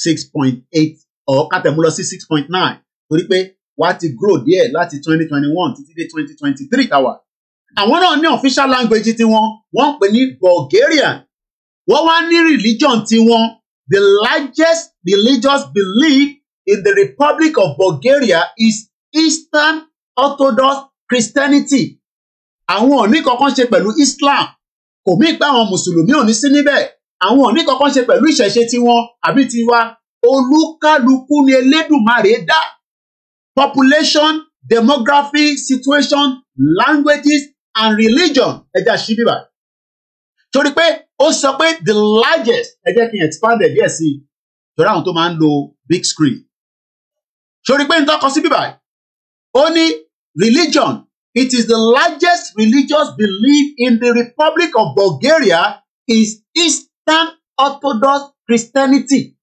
six point eight or ká tẹ̀ lọ sí six point nine torí pé wá ti grow díẹ̀ láti twenty twenty one títí dé twenty twenty three tàwa. àwọn náà ní official language tiwọn wọ́n pè ní Bulgarian wọ́n wá ní religion tiwọn the largest religious belief in the Republic of Bulgaria is Eastern Orthodox Christianity àwọn ò ní kankan ṣe pẹ̀lú Islam kò mí pé àwọn mùsùlùmí ò ní sí níbẹ̀ àwọn ò ní kankan ṣe pẹ̀lú ìṣẹ̀ṣe tiwọn àbí tiwa olúkálukú ni Elédùmarè dá population demography situation languages and religion ẹja ṣí bíbá torí pé ó sọ pé the largest ẹ jẹ́ kí n expand ẹ̀ díẹ̀ sí i torí àwọn tó máa ń lo big screen torí pé n tọ́kọ sí bíbá ó ní religion it is the largest religious belief in the Republic of Bulgaria is Eastern Orthodox Christianity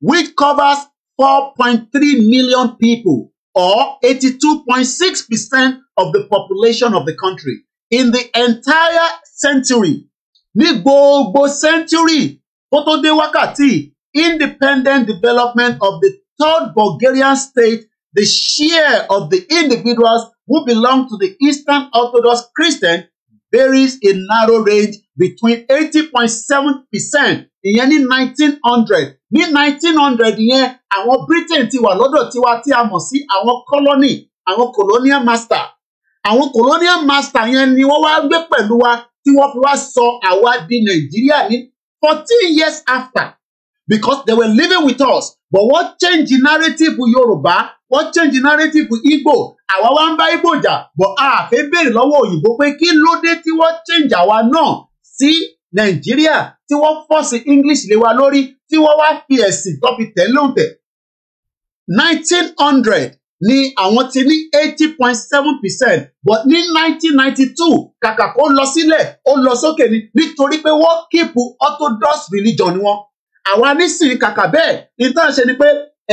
which covers 4.3 million people, or 82.6% of the population of the country, in the entire century. Ní gbogbo century tó tó dé wákàtí, independent development of the third Bulgarian state, the share of the individuals who belong to the Eastern Orthodox Christian varies in narrow range between 80.7% ìyẹn ní nineteen hundred ní nineteen hundred yẹn àwọn Britain ti wà lọ́dọ̀ tiwa tí a mọ̀ sí àwọn colony àwọn colonial master àwọn colonial master yẹn ni wọ́n wá gbé pẹ̀lú wa tí wọ́n fi wá sọ àwa di Nàìjíríà ní fourteen years after because they were living with us but wọ́n change the narrative Yorùbá wọ́n change narrative Igbo àwa wa ń bá Igbo jà bọ̀ a fẹ́ béèrè lọ́wọ́ òyìnbó pé kí ló tí wọ́n change àwa náà sí nàìjíríà tí wọ́n fọ́ọ̀sì english lewa wa lórí tí wọ́n wá fi ẹ̀sìn tó fi tẹ̀ lóǹtẹ̀. nineteen hundred ni àwọn ti ní eighty point seven percent but ní nineteen ninety two kàkà kó lọ sílẹ̀ ó lọ sókè ni nítorí pé wọ́n kíìpù orthodox religion ni wọ́n. àwa nísìnyí kàkà bẹ́ẹ̀ ní tán ṣe ni pé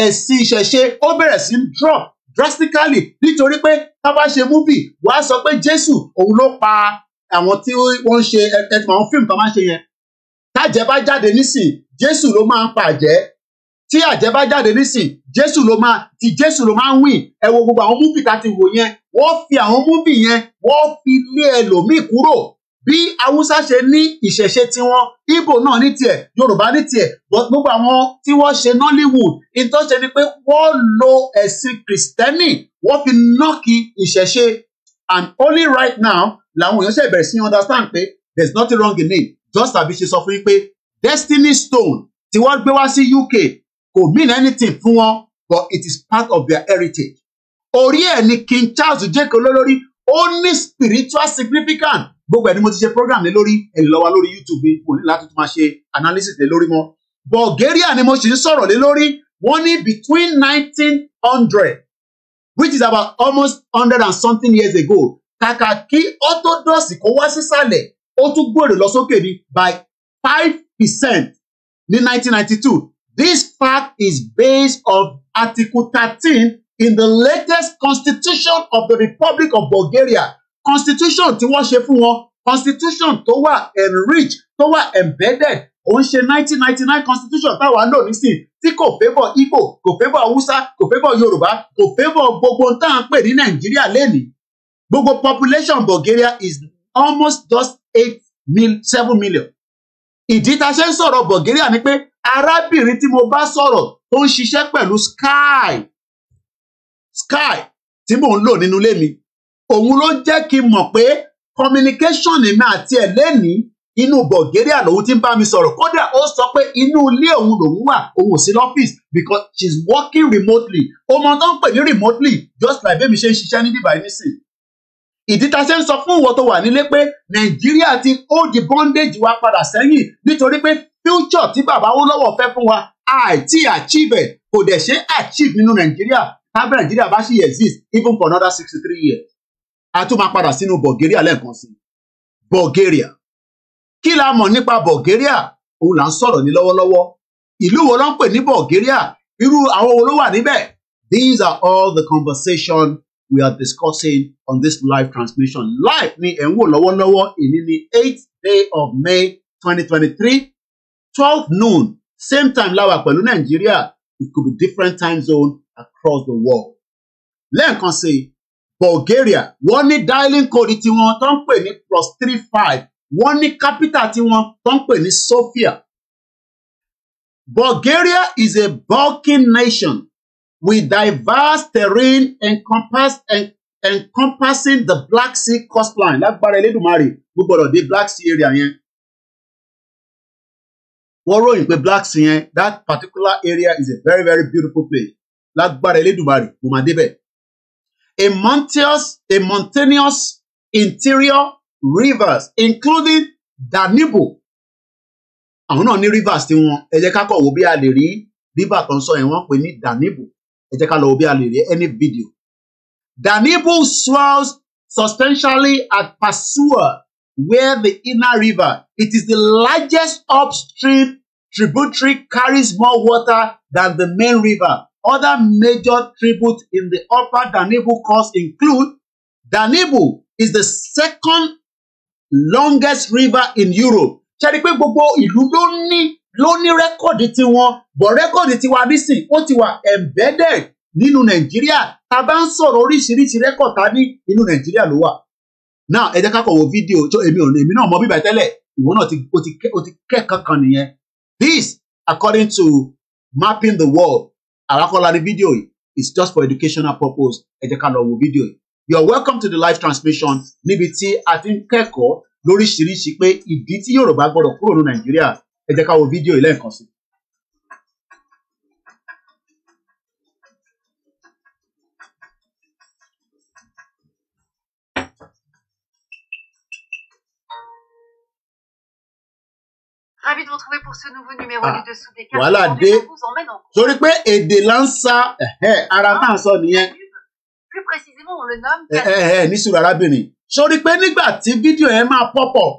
ẹ̀sìn ìṣẹ̀ṣe ó bẹ̀rẹ̀ sí í drop drastically nítorí pé tá a bá ṣe múbì wàá sọ pé jésù òun ló pa àwọn tí wọ́n ń ṣe ẹtùmọ̀ àwọn fíìmù tó máa ń ṣe yẹn tájẹ́ bá jáde nísìn Jésù ló máa ń pa àjẹ́ tí àjẹ́ bá jáde nísìn Jésù ló máa ti Jésù ló máa ń wìn ẹ wo gbogbo àwọn múfì tá ti wò yẹn wọ́n fi àwọn múfì yẹn wọ́n fi lé ẹlòmíì kúrò bí Haúsá ṣe ní ìṣẹ̀ṣe tiwọn Ìgbò náà ní tiẹ̀ Yorùbá ní tiẹ̀ gbogbo àwọn tí wọ́n ṣe Nollywood ìtọ́ṣe ni pé wọ́n lo ẹ̀sìn Kristẹni wọ́n fi nọ́ọ̀kì ìṣẹ̀ṣe and only right now làwọn èèyàn ṣe bẹ̀rẹ̀ sí understand pé there is nothing wrong in it just àbí ṣe sọ fún yín pé destiny stone tí wọ́n gbé wá sí UK kò mean anything fún wọn but it is part of their heritage orí ẹ̀ ni King Charles jẹ́kọ̀ olólórí ó ní spiritual significance gbogbo ẹ̀ ni mo ti ṣe program lé lórí ẹ̀ lọ́wọ́ lórí YouTube mi mo ní láti tún máa ṣe analysis lé lórí mọ́ Bulgaria ni mo sì ń sọ̀rọ̀ lé lórí wọ́n ní between nineteen hundred which is about almost hundred and something years ago kàkà kí orthodoxy kó wá sísàlẹ̀ ó tún gbòòrò lọ sókè ní by five percent ní nineteen ninety two this fact is based on article thirteen in the latest constitution of the republic of bulgaria constitution tí wọ́n ṣe fún wọn constitution tó wà enriched tó wà embedded ó ń ṣe nineteen ninety nine constitution táwa lò nísìn tí kò fẹ́bọ̀ Igbo kò fẹ́bọ̀ Hausa kò fẹ́bọ̀ Yorùbá kò fẹ́bọ̀ gbogbo tá à ń pè ní Nàìjíríà lénìí gbogbo population Bulgaria is almost just eight mil seven million ìdí tá a ṣe ń sọ̀rọ̀ Bulgaria ni pé arábìnrin tí mo bá sọ̀rọ̀ tó ń ṣiṣẹ́ pẹ̀lú sky sky tí mò ń lò nínú ilé mi òun ló jẹ́ kí n mọ̀ pé communication èmi àti ẹ̀ lẹ́nìí inú Bulgaria lòun ti ń bá mi sọ̀rọ̀ kódà ó sọ pé inú ilé òun lòun wà òun ò sí lọ́fíìsì because she is working remotely ó mọ tó ń pè ní remotely just like bẹ́ẹ̀ mi ṣe ń ṣiṣẹ́ ní bíbá yìí ìdí ta ṣe ń sọ fún ìwọ tó wà nílé pé nàìjíríà ti hold the bondage wa padà sẹ́yìn nítorí pé future tí bàbá Awólọ́wọ̀ fẹ́ fún wa àìtí achieve ẹ̀ kò dẹ̀ ṣe achieve nínú nàìjíríà tábí nàìjíríà bá ṣì exist even for another sixty three years a tún máa padà sínú Bulgaria lẹ́ẹ̀kan sí Bulgaria kí la mọ̀ nípa Bulgaria òun là ń sọ̀rọ̀ ní lọ́wọ́lọ́wọ́ ìlú wo ló ń pè ní Bulgaria irú àwọn wo ló wà níbẹ̀ these are all the conversation we are discussing on this live transmission. Live ni ẹ̀ ń wò lọ́wọ́lọ́wọ́ in the eighth day of May 2023, 12 noon same time láwa pẹ̀lú Nàìjíríà it could be different time zone across the world. Lẹ́ẹ̀kan sí Bulgaria wọ́n ní dialing code tiwọn tó ń pè ní plus three five wọ́n ní capital tiwọn tó ń pè ní Sofia. Bulgaria is a Balkan nation with diverse terrain encompass, encompassing the Black Sea coastline lágbára Elédùmarè mo gbọ́dọ̀ dé Black Sea area yẹn wọ́n ròyìn pé Black Sea yẹn that particular area is a very very beautiful place lágbára Elédùmarè mo máa débẹ̀ a mountainous a mountainous interior rivers including Danube àwọn náà ní rivers tiwọn ẹ jẹ́ ká kọ wo bí a lè rí river tó ń sọ yẹn wọ́n pè ní Danube ẹ ká lọ wo bí any video Danebo swells substantially at Pasua where the Inner River it is the largest upstream tributary carries more water than the main river other major tributes in the upper Danebo course include Danebo is the second longest river in Europe ṣe é pé gbogbo ìlú ló ní ló ní rẹ́kọ̀dì tiwọn bọ̀ rẹ́kọ̀dì tiwa bísìn ó ti wà embedded nínú nàìjíríà tá a bá ń sọ̀rọ̀ oríṣiríṣi rẹ́kọ̀dì tá a ní inú nàìjíríà ló wà. náà ẹ jẹ́ ká kọ̀ wo fídíò tó èmi ò èmi náà mọ bíbá tẹ́lẹ̀ ìwọ náà ó ti kẹ́kọ̀ọ́ kan nìyẹn. this according to mapping the world àràkọ́lárí fídíò yìí is just for educational purpose ẹ jẹ́ ká lọ wo fídíò yìí. you are welcome to the live transmission níbi tí a ti ń kẹ́kọ̀ọ́ lóríṣiríṣi pé ìdí tí yorùbá gbọ́dọ̀ kúrò ní nàìjíríà ẹ jẹ́ ká wo fídíò yìí lẹ́ẹ̀kan sí. Ravi de vous retrouver pour ce nouveau numéro Voilà, ah, des. Torí pé èdè là ara tá à ń sọ nìyẹn. Ah, Plus précisément, on le nomme. Ẹ ẹ ẹ ní sùúrù arábìnrin. Sori pé nígbà tí fídíò yẹn máa pọ̀pọ̀,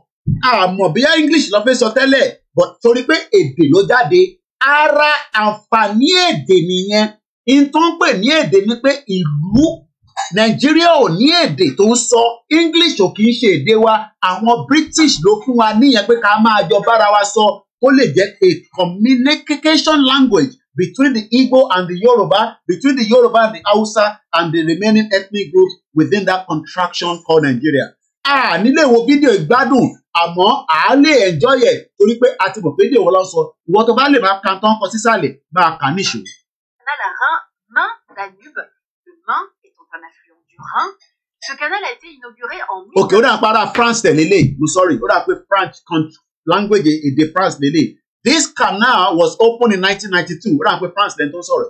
àmọ̀ bíyá English lọ fẹ́ sọ tẹ́lẹ̀, but torí pé èdè ló jáde ara àǹfààní èdè nìyẹn in tó ń pè ní èdè ni pé ìlú nàìjíríà ò ní èdè tó ń sọ english ò kì í ṣe èdè wa àwọn british ló fún wa níyẹn pé ká máa jọ bára wa sọ ó lè jẹ́ a communication language between the igbo and the yoruba between the yoruba and the hausa and the remaining ethnic groups within that contraction called nigeria a nílé wo fídíò ìgbádùn àmọ́ à lè enjoy ẹ̀ torí pé a ti mọ̀ pé èdè wọn lọ sọ ìwọ tó bá lè máa ka tán kọ sísàlẹ̀ máa kà níṣó. Nalarin main Danube le Main étant un affluent du Rhin ce canal a été inauguré en. ok ó dà para France tẹ̀lélé mo sorry ó dà pé French country language èdè France lélé this canal was opened in 1992 ó dà pé France lẹ́nu tó sọ̀rọ̀.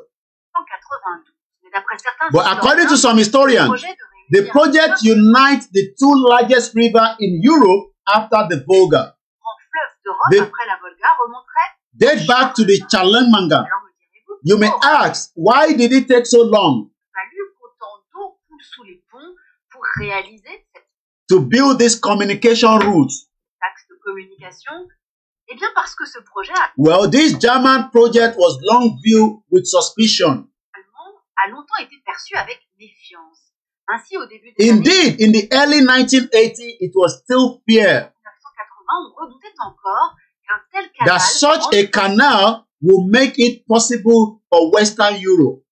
1992 according to some historians. The yeah. project unites the two largest rivers in Europe after the Volga. They date back to the Challenge You may ask, why did it take so long to build this communication route? Eh bien, parce que ce projet a... Well, this German project was long viewed with suspicion. a longtemps été perçu avec méfiance. Ah, Indeed, in the early 1980s, it was still fear that such a canal would make it possible for Western Europe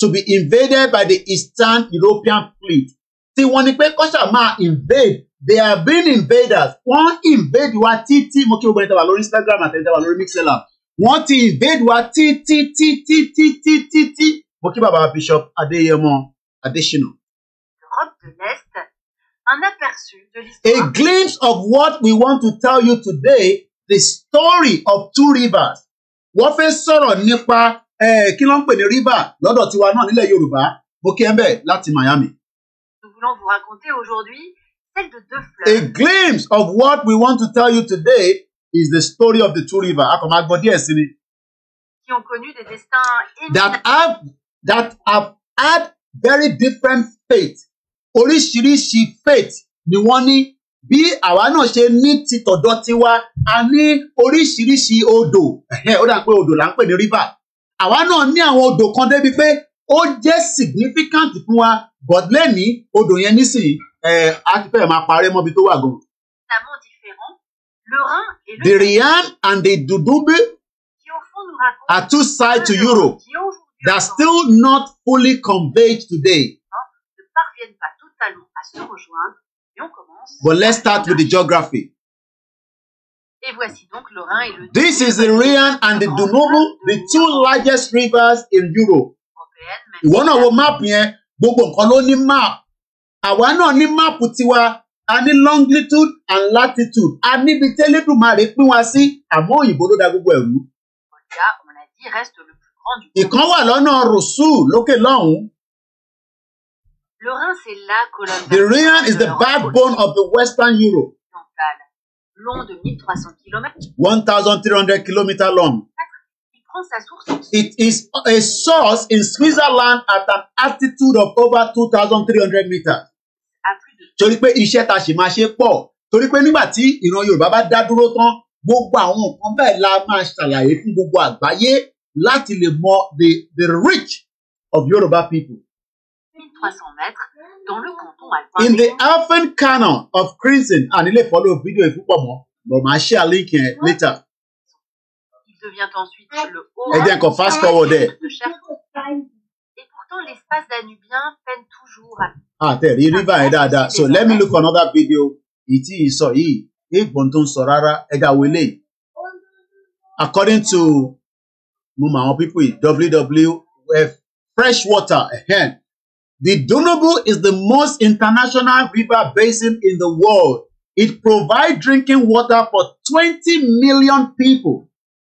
to be invaded by the Eastern European fleet. Tí wọ́n ní pé kọ́sà máa invade, they have been invaders. Wọ́n invade wa títí mo kí gbogbo ẹni tàbá lórí Instagram àtẹ̀yìn tàbá lórí Mixeller wọ́n ti invade wa títí títí títí títí mo kí bàbá bishop adéyẹmọ adésínà. A glimpse of what we want to tell you today, the story of two rivers. Wọ́n fẹ́ sọ̀rọ̀ nípa kí ló ń pè ní river lọ́dọ̀ tiwa náà nílẹ̀ Yorùbá, mo kí láti Miami. A glimpse of what we want to tell you today, is the story of the two rivers. A kò máa gbọ́ díẹ̀ sí Qui ont connu des destins that have that have had very different fate. Oríṣiríṣi faith ni wọ́n ní. Bí àwa náà ṣe ní ti tọ̀dọ̀ tiwa, a ní oríṣiríṣi odò. Ó dà pé odò là ń pè ní river. Àwa náà ní àwọn odò kan débi pé ó jẹ́ significant fún wa. But lẹ́ni odò yẹn nísìnyí, a ti fẹ́ máa parẹ́ mọ́bi tó wà gan-an le Rhin et le the Rhine and the Dudube are two sides to Europe that still not fully converged today. Ah, But let's start with the geography. Et voici donc le Rhin et le This is the Rhine and the Danube, the two largest rivers in Europe. One of our map here, gbogbo nǹkan ló ní máàpù. Àwa náà ní máàpù tiwa a ní longitude and latitude a níbi tẹ́lẹ́dùmarè pín wa sí àmọ́ òyìnbó ló da gbogbo ẹ̀rú. ìkan wà lọ́nà rùsù lókè lọ́hùn-ún. The Rhine is the backbone of the Western Europe. Long de 1300 km. 1300 km long. It is a source in Switzerland at an altitude of over 2,300 meters torí pé iṣẹ́ ta ṣì máa ṣe pọ̀ torí pé nígbà tí ìran Yorùbá bá dá dúró tán gbogbo àwọn nǹkan bẹ́ẹ̀ la máa ṣàlàyé fún gbogbo àgbáyé láti lè mọ the the rich of Yorùbá people. In the Afan canon of Crimson, and il follow video et pourquoi moi. Bon, ma chère link later. Il devient ensuite le forward there. Pourtant, l'espace danubien peine toujours. Ah, the river and that, So let me look another video. Iti sorara ẹja wele. According to mo people WWF Freshwater, Again. Eh, eh. The Danube is the most international river basin in the world. It provides drinking water for 20 million people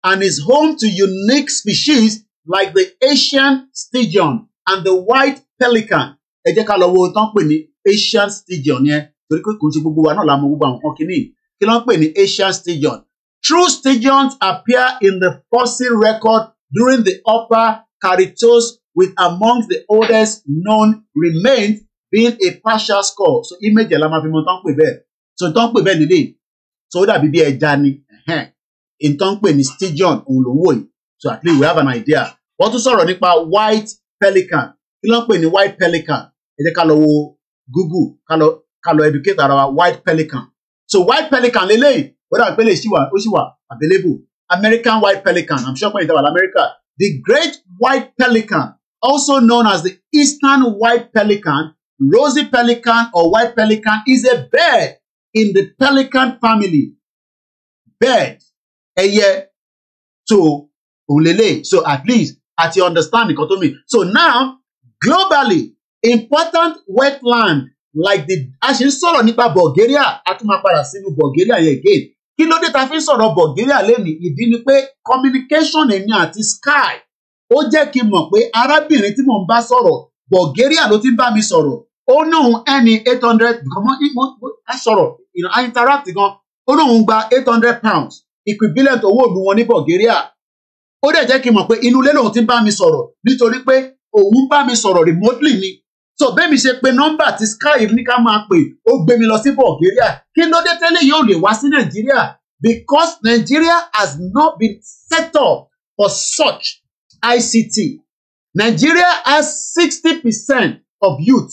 and is home to unique species like the Asian sturgeon, and the white pelican ẹ jẹ́ ká lọ wo tán pè ní asian sturgeon yẹn torí pé kò ń ṣe gbogbo wa náà la mọ gbogbo àwọn kan kìíní kí ló ń pè ní asian sturgeon true sturgeons appear in the fossil record during the upper Caritos with among the oldest known remains being a partial skull so image ẹ̀ la máa fi mọ tán pè bẹ́ẹ̀ so tán pè bẹ́ẹ̀ nílé so ó dàbí bí ẹja ni ìtàn pè ní sturgeon òun ló wò yìí so at least we have an idea wọ́n tún sọ̀rọ̀ nípa white pelican kí ló ń pè ní white pelican ẹ jẹ́ ká lọ wo google ká lọ ká lọ educate ara wa white pelican so white pelican lélẹ́yìí whether àpẹẹlẹ ṣì wà ó ṣì wà available american white pelican i'm sure pé ìtawà America. the great white pelican also known as the eastern white pelican rosy pelican or white pelican is a bird in the pelican family bird ẹyẹ so òun lélẹ́yìí so at least àti understand nǹkan tó mean so now globally important wetland like the a ṣe ń sọ̀rọ̀ nípa Bulgaria a tún máa padà sínú Bulgaria yẹn again kí ló dé ta fi ń sọ̀rọ̀ Bulgaria lẹ́nu ìdí ni pé communication èmi àti Sky ó jẹ́ kí n mọ̀ pé arábìnrin tí mò ń bá sọ̀rọ̀ Bulgaria ló ti ń bá mi sọ̀rọ̀ ó lóun ẹni eight hundred gbọmọ ìmọ sọ̀rọ̀ ìrìn interact gan ó lóun gba eight hundred pounds equivalent owó ìlú wọn ní Bulgaria ó dẹ̀ jẹ́ kí n mọ̀ pé inú ilé lòun ti ń bá mi sọ̀rọ̀ nítorí pé òun bá mi sọ̀rọ̀ remotely ni so bẹ́ẹ̀ mi ṣe pé nọ́mbà tí sky ní ká máa pè ó gbé mi lọ sí Bulgaria kí ló dé tẹ́lẹ̀ yóò lè wá sí Nàìjíríà because Nigeria has not been set up for such ICT Nigeria has sixty percent of youth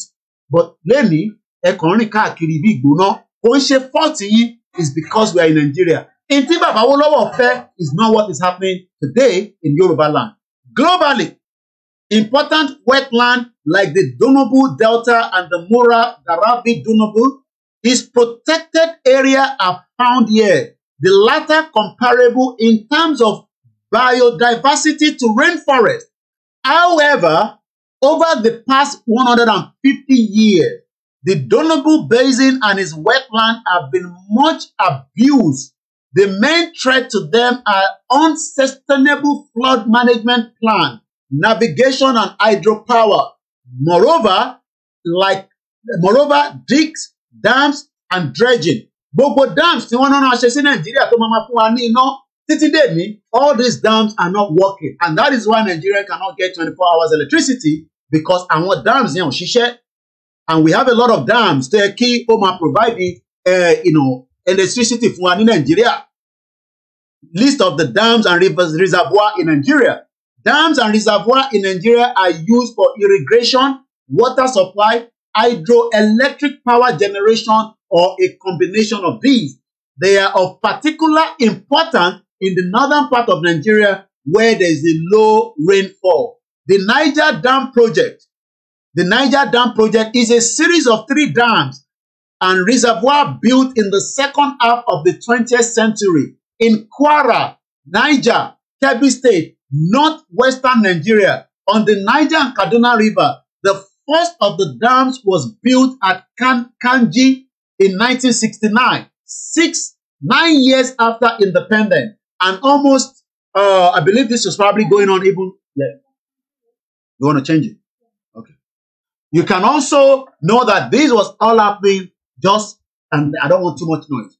but lẹ́ni ẹ̀kan rìn káàkiri bí ìgbóná kò ń ṣe fọ́ọ̀tì yín is because we are in Nigeria in tí bàbá Awólọ́wọ̀ fẹ́ is not what is happening today in Yoruba land globally important wetland like the Donobu Delta and the Mora Darabi Donobu is protected area are found here the latter comparable in terms of biodiversity to rainforest however over the past 150 years the Donobu Basin and its wetland have been much abused The main threat to them are unsustainable flood management plan, navigation and hydropower. Moreover, like moreover, digs, dams and dredging. Gbogbo dams tí wọ́n náà ṣe sí Nàìjíríà tó máa ma fún wa ní iná títí dé ní all these dams are not working and that is why Nigeria cannot get twenty-four hours electricity because àwọn dams yẹn ò ṣiṣẹ́ and we have a lot of dams tó yẹ kí ó máa provide uh, you know, electricity fún wa ní Nàìjíríà list of the dams and rivers reservoir in Nigeria. Dams and reservoir in Nigeria are used for irrigation, water supply, hydroelectric power generation, or a combination of these. They are of particular importance in the northern part of Nigeria where there is a low rainfall. The Niger Dam Project. The Niger Dam Project is a series of three dams and reservoirs built in the second half of the 20th century in Kwara, Niger, Kebbi State, northwestern Nigeria, on the Niger and Kaduna River, the first of the dams was built at kan Kanji in 1969, six, nine years after independence, and almost, uh, I believe this was probably going on even, yeah. You want to change it? Okay. You can also know that this was all happening just, and I don't want too much noise.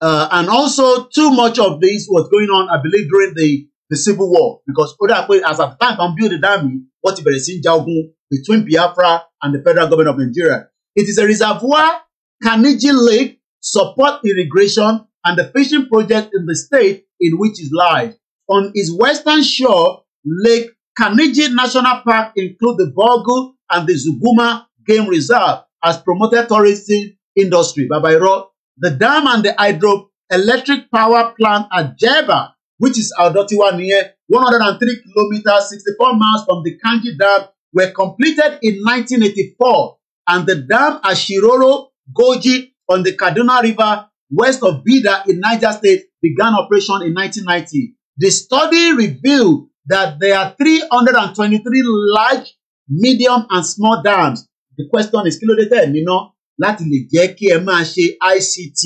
Uh, and also, too much of this was going on, I believe, during the, the Civil War, because Odape, as a time, can build the dam, what he in Jaogun between Biafra and the federal government of Nigeria. It is a reservoir, Kaniji Lake, support irrigation and the fishing project in the state in which it lies. On its western shore, Lake Kaniji National Park includes the Borgu and the Zuguma Game Reserve as promoted tourism industry. Babairo the dam and the hydroelectric power plant at Jeba, which is Adotiwa near 103 kilometers, 64 miles from the Kanji Dam, were completed in 1984, and the dam at Shiroro Goji on the Kaduna River west of Bida in Niger State began operation in 1990. The study revealed that there are 323 large, medium, and small dams. The question is, kí ló dé tẹ̀ níná láti lè jẹ́ kí ẹ máa ṣe ICT.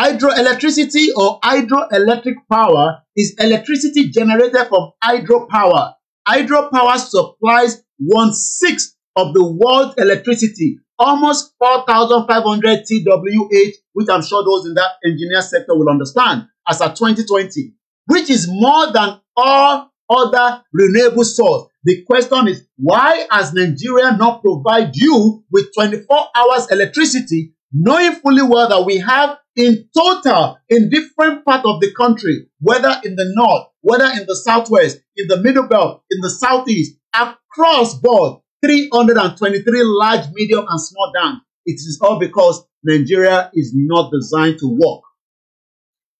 Hydroelectricity or hydroelectric power is electricity generated from hydropower. Hydropower supplies one-sixth of the world's electricity, almost 4,500 TWh, which I'm sure those in that engineer sector will understand as at 2020, which is more than all other renewable source The question is, why has Nigeria not provide you with 24 hours electricity, knowing fully well that we have in total in different parts of the country, whether in the north, whether in the southwest, in the middle belt, in the southeast, across board, 323 large, medium, and small dams. It is all because Nigeria is not designed to work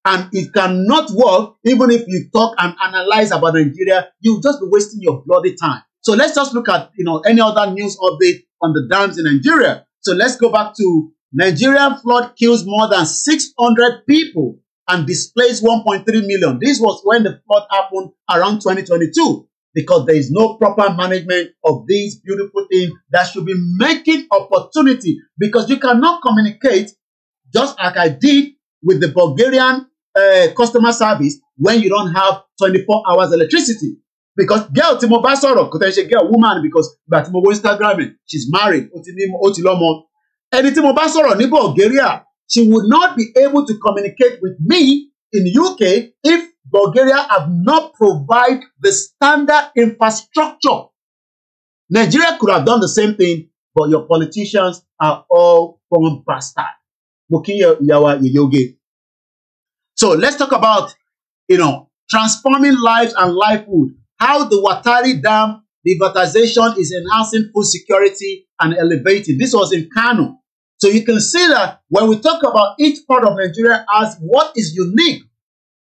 and it cannot work even if you talk and analyze about Nigeria, you'll just be wasting your bloody time. So let's just look at you know any other news update on the dams in Nigeria. So let's go back to Nigerian flood kills more than 600 people and displaced 1.3 million. This was when the flood happened around 2022 because there is no proper management of these beautiful things that should be making opportunity because you cannot communicate just like I did with the Bulgarian uh, customer service when you don't have twenty-four hours electricity because girl tí mo bá sọ̀rọ̀ kò tẹ́ ṣe girl woman because ìgbà tí mo wo Instagram it she's married ó ti ní ó ti lọ́mọ ẹni tí mo bá sọ̀rọ̀ ní Bulgaria she would not be able to communicate with me in UK if Bulgaria have not provide the standard infrastructure Nigeria could have done the same thing but your politicians are all born bastard mo kí ìyàwó yèyé oge So let's talk about, you know, transforming lives and livelihood. How the Watari Dam privatization is enhancing food security and elevating. This was in Kano. So you can see that when we talk about each part of Nigeria as what is unique,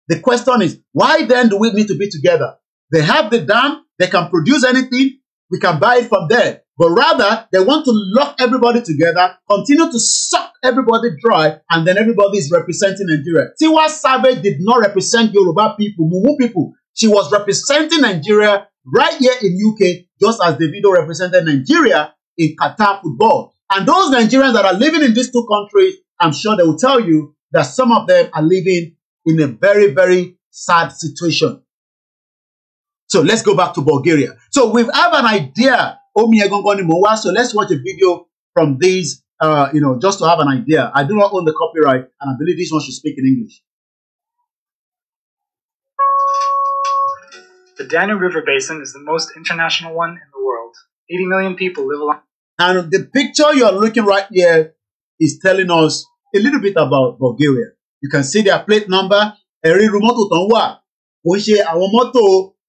the question is, why then do we need to be together? They have the dam, they can produce anything, we can buy it from there. But rather, they want to lock everybody together, continue to suck everybody dry, and then everybody is representing Nigeria. Tiwa Savage did not represent Yoruba people, Mumu people. She was representing Nigeria right here in UK, just as Davido represented Nigeria in Qatar football. And those Nigerians that are living in these two countries, I'm sure they will tell you that some of them are living in a very, very sad situation. So let's go back to Bulgaria. So we have an idea. So let's watch a video from these, uh, you know, just to have an idea. I do not own the copyright, and I believe this one should speak in English. The Danube River Basin is the most international one in the world. 80 million people live along. And the picture you are looking right here is telling us a little bit about Bulgaria. You can see their plate number,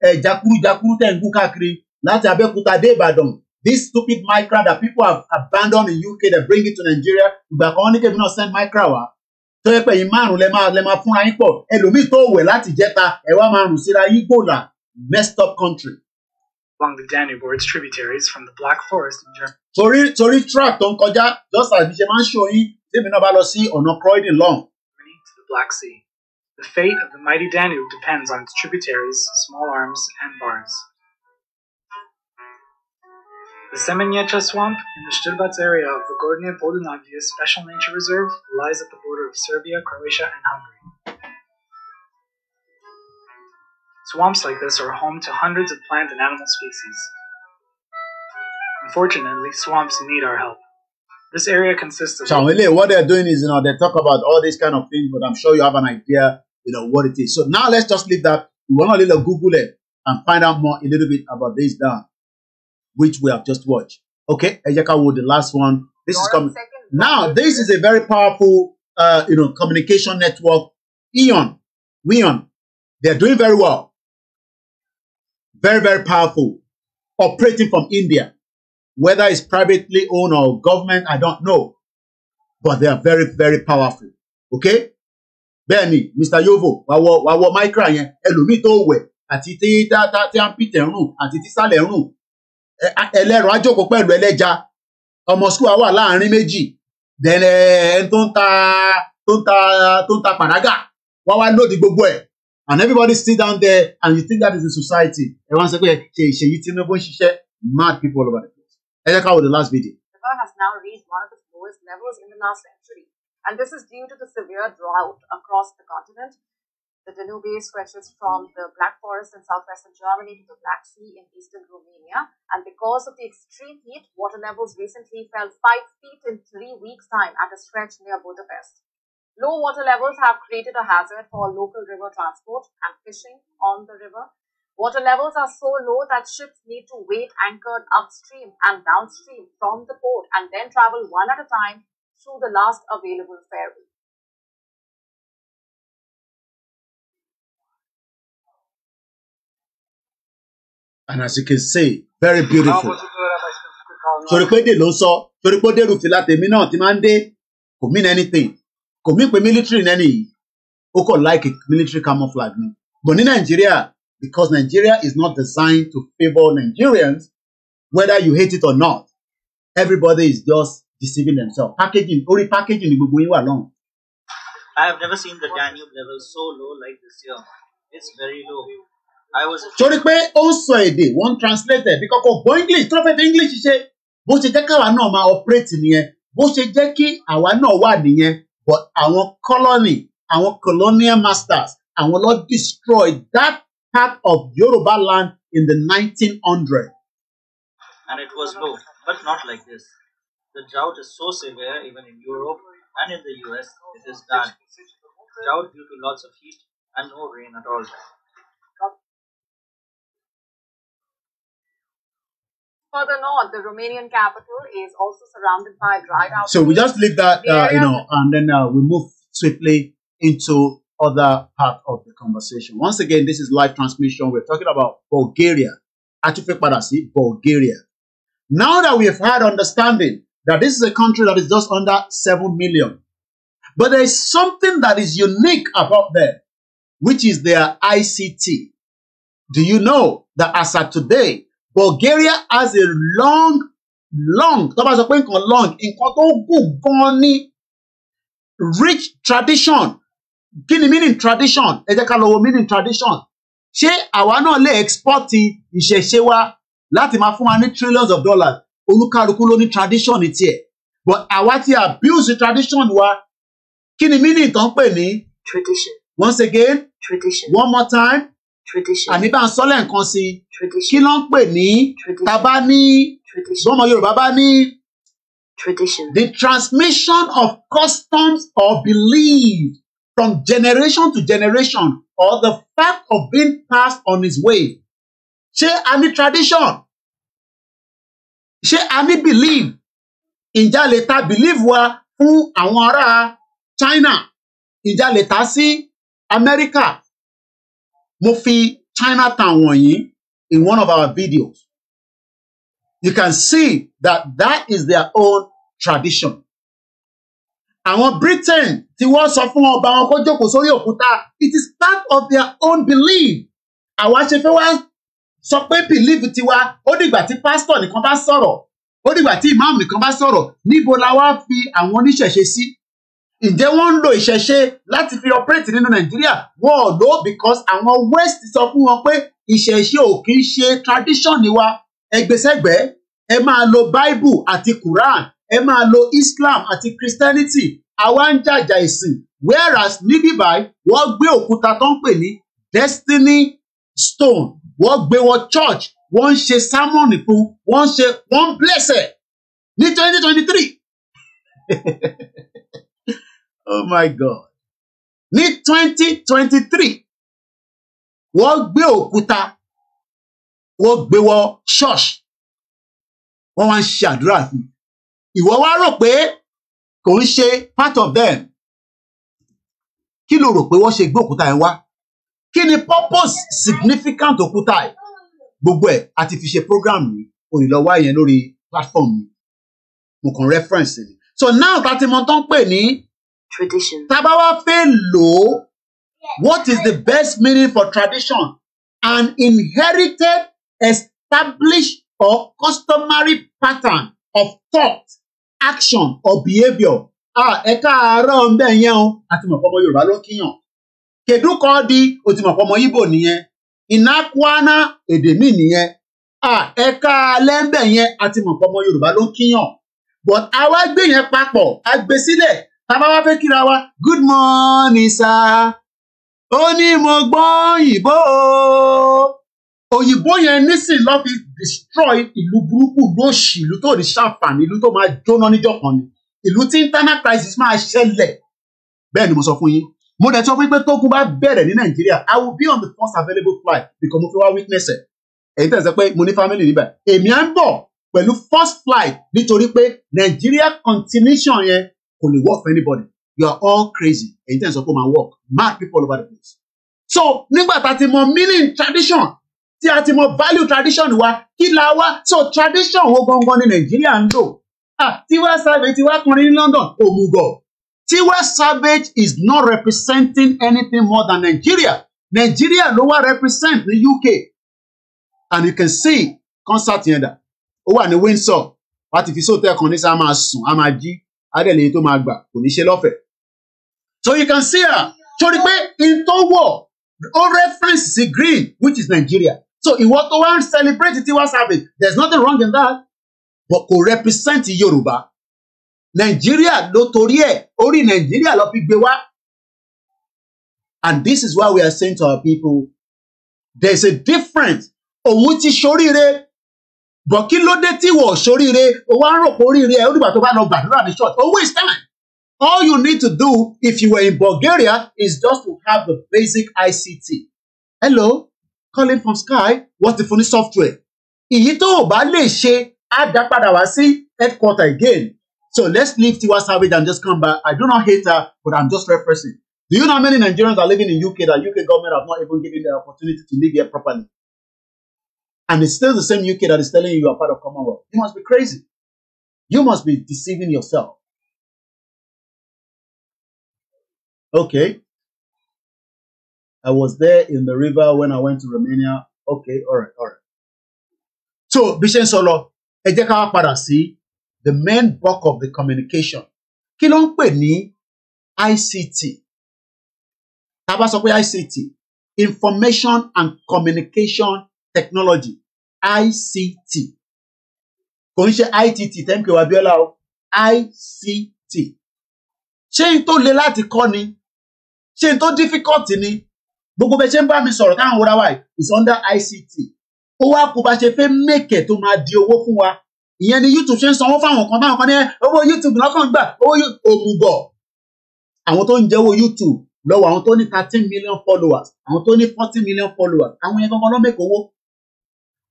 ẹ̀ jakuru jakuru tẹ̀ ń kú káàkiri láti Abẹ́òkúta dé Ìbàdàn this stupid micra that people have abandoned in UK they bring it to Nigeria ìgbà kan wọn ní kébí náà send micra wá tó yẹ pé yín márùn lẹ máa lẹ máa fúnra yín pọ̀ ẹlòmíì tó wẹ̀ láti jẹta ẹ márùn síra yín gbòòlà messed up country. along the Danube or its tributaries from the Black Forest in Germany. torí torí track tó ń kọjá just as bí ṣe máa ń ṣòyìn tèmi náà bá lọ sí ọ̀nà Croydon long. to the Black Sea. The fate of the mighty Danube depends on its tributaries, small arms, and bars. The Semenyecha swamp in the Stirbac area of the Gornje Podunavlje Special Nature Reserve lies at the border of Serbia, Croatia, and Hungary. Swamps like this are home to hundreds of plant and animal species. Unfortunately, swamps need our help. This area consists of. what they're doing is, you know, they talk about all these kind of things, but I'm sure you have an idea you know, what it is. So now let's just leave that. We want to little Google it and find out more a little bit about this down, which we have just watched. Okay, Ejaka Wood, the last one. This Your is coming. Now, this is a very powerful, uh, you know, communication network. Eon, Weon, they're doing very well. Very, very powerful. Operating from India. Whether it's privately owned or government, I don't know. But they are very, very powerful. Okay? bẹ́ẹ̀ ni Mr Yovo wàwọ wàwọ micra yẹn ẹlòmíì tó wẹ̀ àti tí tí ampitẹ̀ ń rùn àti tí sálẹ̀ ń rùn ẹlẹ́rọ ajókòó pẹ̀lú ẹlẹ́ja ọmọ skul wa wà láàrin méjì dẹ̀nẹ̀ ẹni tó ń ta tó ń ta tó ń ta pàdágà wọ́n wá lòdì gbogbo ẹ̀ and everybody sit down there and you think that is the society ẹ wá ń sọ pé ṣe ìṣèyí Tinubu ń ṣiṣẹ́ mad people all over the place ẹ jẹ́ ká wo the last video. The government has now reached one of the lowest levels in the last century. and this is due to the severe drought across the continent. The Danube stretches from the Black Forest in southwestern Germany to the Black Sea in eastern Romania. And because of the extreme heat, water levels recently fell five feet in three weeks' time at a stretch near Budapest. Low water levels have created a hazard for local river transport and fishing on the river. Water levels are so low that ships need to wait anchored upstream and downstream from the port and then travel one at a time through the last available ferry. And as you can see, very beautiful. So pé dè ló sọ torí pé dèrò fìlà tèmi náà ti máa ń dé mean anything kò mean pé military in any, ó kọ̀ like a military camouflage ni but in Nigeria, because Nigeria is not designed to favour Nigerians whether you hate it or not everybody is just deceiving themselves packaging orí packaging ni gbogbo yín I have never seen the Danube level so low like this year it's very low. I was. pé ó ń sọ èdè wọ́n translate bí kọ́kọ́ gbọ́ English tó fẹ́ fi English ṣe bó ṣe jẹ́ káwa náà máa operate nìyẹn bó ṣe jẹ́ kí àwa náà wà nìyẹn but àwọn colony àwọn colonial masters àwọn ló destroy that part of Yorùbá land in the 1900. and it was low but not like this. The drought is so severe even in Europe and in the US it is done. Drought due to lots of heat and no rain at all. Further north, the Romanian capital is also surrounded by dry out. So we just leave that, uh, you know, and then uh, we move swiftly into other part of the conversation. Once again, this is live transmission. We're talking about Bulgaria. Atife Parasi, Bulgaria. Now that we have had understanding that this is a country that is just under 7 million. But there is something that is unique about them, which is their ICT. Do you know that as of today, Bulgaria has a long, long, tó bá sọ pé nǹkan long, nǹkan tó rich tradition. Kini meaning tradition? Ẹ jẹ́ meaning tradition. She, àwa náà lè export ìṣẹ̀ṣe wa láti máa fún wa trillions of dollars? olúkálukú ló ní tradition tiẹ̀ but àwa ti abuse tradition wa kí ni mini tán pè ní. tradition. once again. tradition. one more time. tradition. àní bá ń sọ́lẹ̀ nǹkan sí i. tradition. kí ló ń pè ní. tradition. tá a bá ní. tradition. bọ́mọ Yorùbá bá ní. tradition. the transmission of customs or belief from generation to generation or the fact of being passed on its way. ṣé a ní tradition ṣé a ní believe ìjà lè ta believe wa fún àwọn ará China ìjà lè ta sí America. mo fi Chinatown wọ̀nyí in one of our videos you can see that that is their own tradition àwọn Britain tí wọ́n sọ fún ọba wọn kó jókòó sórí òkúta it is part of their own belief àwa ṣe fẹ́ wá sọ pé bìlíìfù tiwa ó dìgbà tí pásítọ̀ nìkan bá sọ̀rọ̀ ó dìgbà tí ìmáàmù nìkan bá sọ̀rọ̀ níbo la wá fi àwọn oníṣẹ̀ṣe sí ǹjẹ́ wọ́n ń lo ìṣẹ̀ṣe láti fi operate nínú nàìjíríà wọn ò lò because àwọn west sọ fún wọn pé ìṣẹ̀ṣe ò kì í ṣe tradition ni wa ẹgbẹ́sẹ̀gbẹ́ ẹ máa lo bible àti quran ẹ máa lo islam àti christianity àwa ń jàjà ìsìn whereas níbí báyìí wọ́n gbé òkúta tó ń pè ní destiny stone wọ́n gbé wọ church wọ́n ń ṣe sermon fún wọ́n ń ṣe wọ́n ń blẹ̀sẹ̀ ní twenty twenty three oh my god ní twenty twenty three wọ́n gbé òkúta wọ́n gbé wọ church wọ́n wá ń ṣe àdúrà fún ìwọ wá rò pé kò ń ṣe part of them kí ló rò pé wọ́n ṣe gbé òkúta yẹn wá kí ni purpose significant òkúta ẹ̀ gbogbo ẹ̀ àti fi ṣe program yìí o yẹn lórí platform mi mo kàn reference ni so now tá a ti mọ tán tradition tá a bá what is the best meaning for tradition an inherited established or customary pattern of thought action or behaviour ah ẹ̀ka àárọ̀ ń bẹ̀ yẹn o àti mọ̀kọ́ ọmọ Yorùbá ló kíyàn kedu ka ọ dị otimọpọ ọmọ Igbo nìyẹn ìnákúáná èdè míì nìyẹn ẹ̀ka lẹ́ńbẹ̀ yẹn àti mọ̀pọ̀ ọmọ Yorùbá ló ń kíyàn but àwa gbé yẹn papọ̀ a gbé sílẹ̀ tàbá wá fẹ́ kíra wa good morning sir ó ní mo gbọ́ òyìnbó òyìnbó yẹn nísìnyí lọ́ fi destroy ìlú burúkú lóṣì ìlú tó rí ṣàǹfààní ìlú tó máa jóná níjọ́ kan ni ìlú tí internal crisis máa ṣẹlẹ̀ bẹ́ẹ̀ ni mo sọ fún yín mo dẹ̀ sọ wípé tógun bá bẹ̀rẹ̀ ní nàìjíríà i will be on the first available flight because mo fi wá witness ẹ̀ èyí tẹ̀ sọ pé mo ní family níbẹ̀ èmi à ń bọ̀ pẹ̀lú first flight nítorí pé nàìjíríà continuation yẹn kò lè work for anybody you are all crazy èyí tẹ̀ sọ pé ó work mad people all over the place. so nígbà tá a ti mọ meaning tradition tí a ti mọ value tradition wa kí la wá so tradition wo gangan ni nàìjíríà ń lò ah tiwa savage tiwa kọrin ní london òmùgọ̀ Tiwa Savage is not representing anything more than Nigeria. Nigeria ló wá represent ní UK. And you can see concert yẹn dà. Ó wà ní Windsor. Wọ́n ti fi sóòtẹ́ kan ní sá máa sùn, á máa jí, á dẹ̀ tó máa gbà, kò ní ṣe lọ́fẹ̀ẹ́. So you can see ah, Torí pé in tó wọ̀, ó reference sí green which is Nigeria. So ìwọ tó wá ń celebrate Tiwa Savage, there is nothing wrong in that. But kò represent Yorùbá. Nigeria, ló torí ẹ̀ orí nàìjíríà ló fi gbé wá and this is why we are saying to our people there is a difference òun ti ṣoríire bọ̀ kí ló dé tí wọ́n ṣoríire o wá ń rò pé oríire ẹ̀ ó dìgbà tó bá lọ gbàdúrà ní church o time all you need to do if you were in Bulgaria is just to have the basic ICT hello calling from sky What's the funny software èyí tó o bá lè ṣe á dá padà wá sí headquarter again So let's leave Tiwa Savage and just come back. I do not hate her, but I'm just referencing. Do you know how many Nigerians are living in UK that UK government have not even given the opportunity to live here properly? And it's still the same UK that is telling you you are part of Commonwealth. You must be crazy. You must be deceiving yourself. Okay. I was there in the river when I went to Romania. Okay, all right, all right. So, Vision Solo, ẹ jẹ́ the main bulk of the communication kí ló ń pè ní ICT tá a bá sọ pé ICT information and communication technology ICT kò ń ṣe ITT thank you Abiola o ICT ṣé n tó le láti kọ́ ni ṣé n tó difficult ni gbogbo bẹ ṣe ń bá mi sọ̀rọ̀ táwọn wúra wa is under ICT ó wá kó bá ṣe fẹ́ mẹ́kẹ̀ tó máa di owó fún wa ìyẹn ni YouTube ṣe ń sanwó fáwọn kan táwọn kan ní owó YouTube lọ́kàn gbà owó òmùgọ̀ àwọn tó ń jẹ́wọ́ YouTube lọ́wọ́ àwọn tó ní thirteen million followers àwọn tó ní fourteen million followers àwọn yẹn gangan ló mẹ́kọ̀ owó.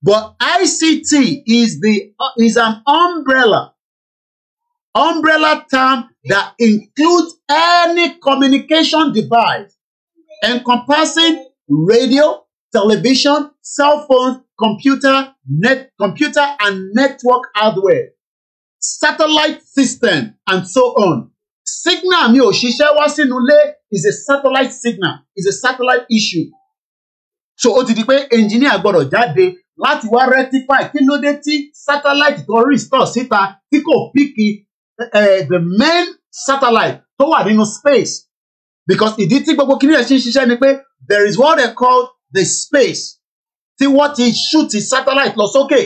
But ICT is the uh, is an umbrella umbrella term that includes any communication device encompassing radio, television, cell phones, computer, net, computer and network hardware, satellite system, and so on. Signal mi o ṣiṣẹ́ wá sínú ilé is a satellite signal is a satellite issue. So o ti di pé engineer gbọ́dọ̀ jade lati wa rectify kí ló dé tí satellite tó restore síta tí kò píkì eh, the main satellite tó wà nínú space because ìdí tí gbogbo kìnìyàn ṣe ń ṣiṣẹ́ ni pé there is what they call the space tí wọ́n ti ṣúùtì satellite lọ sókè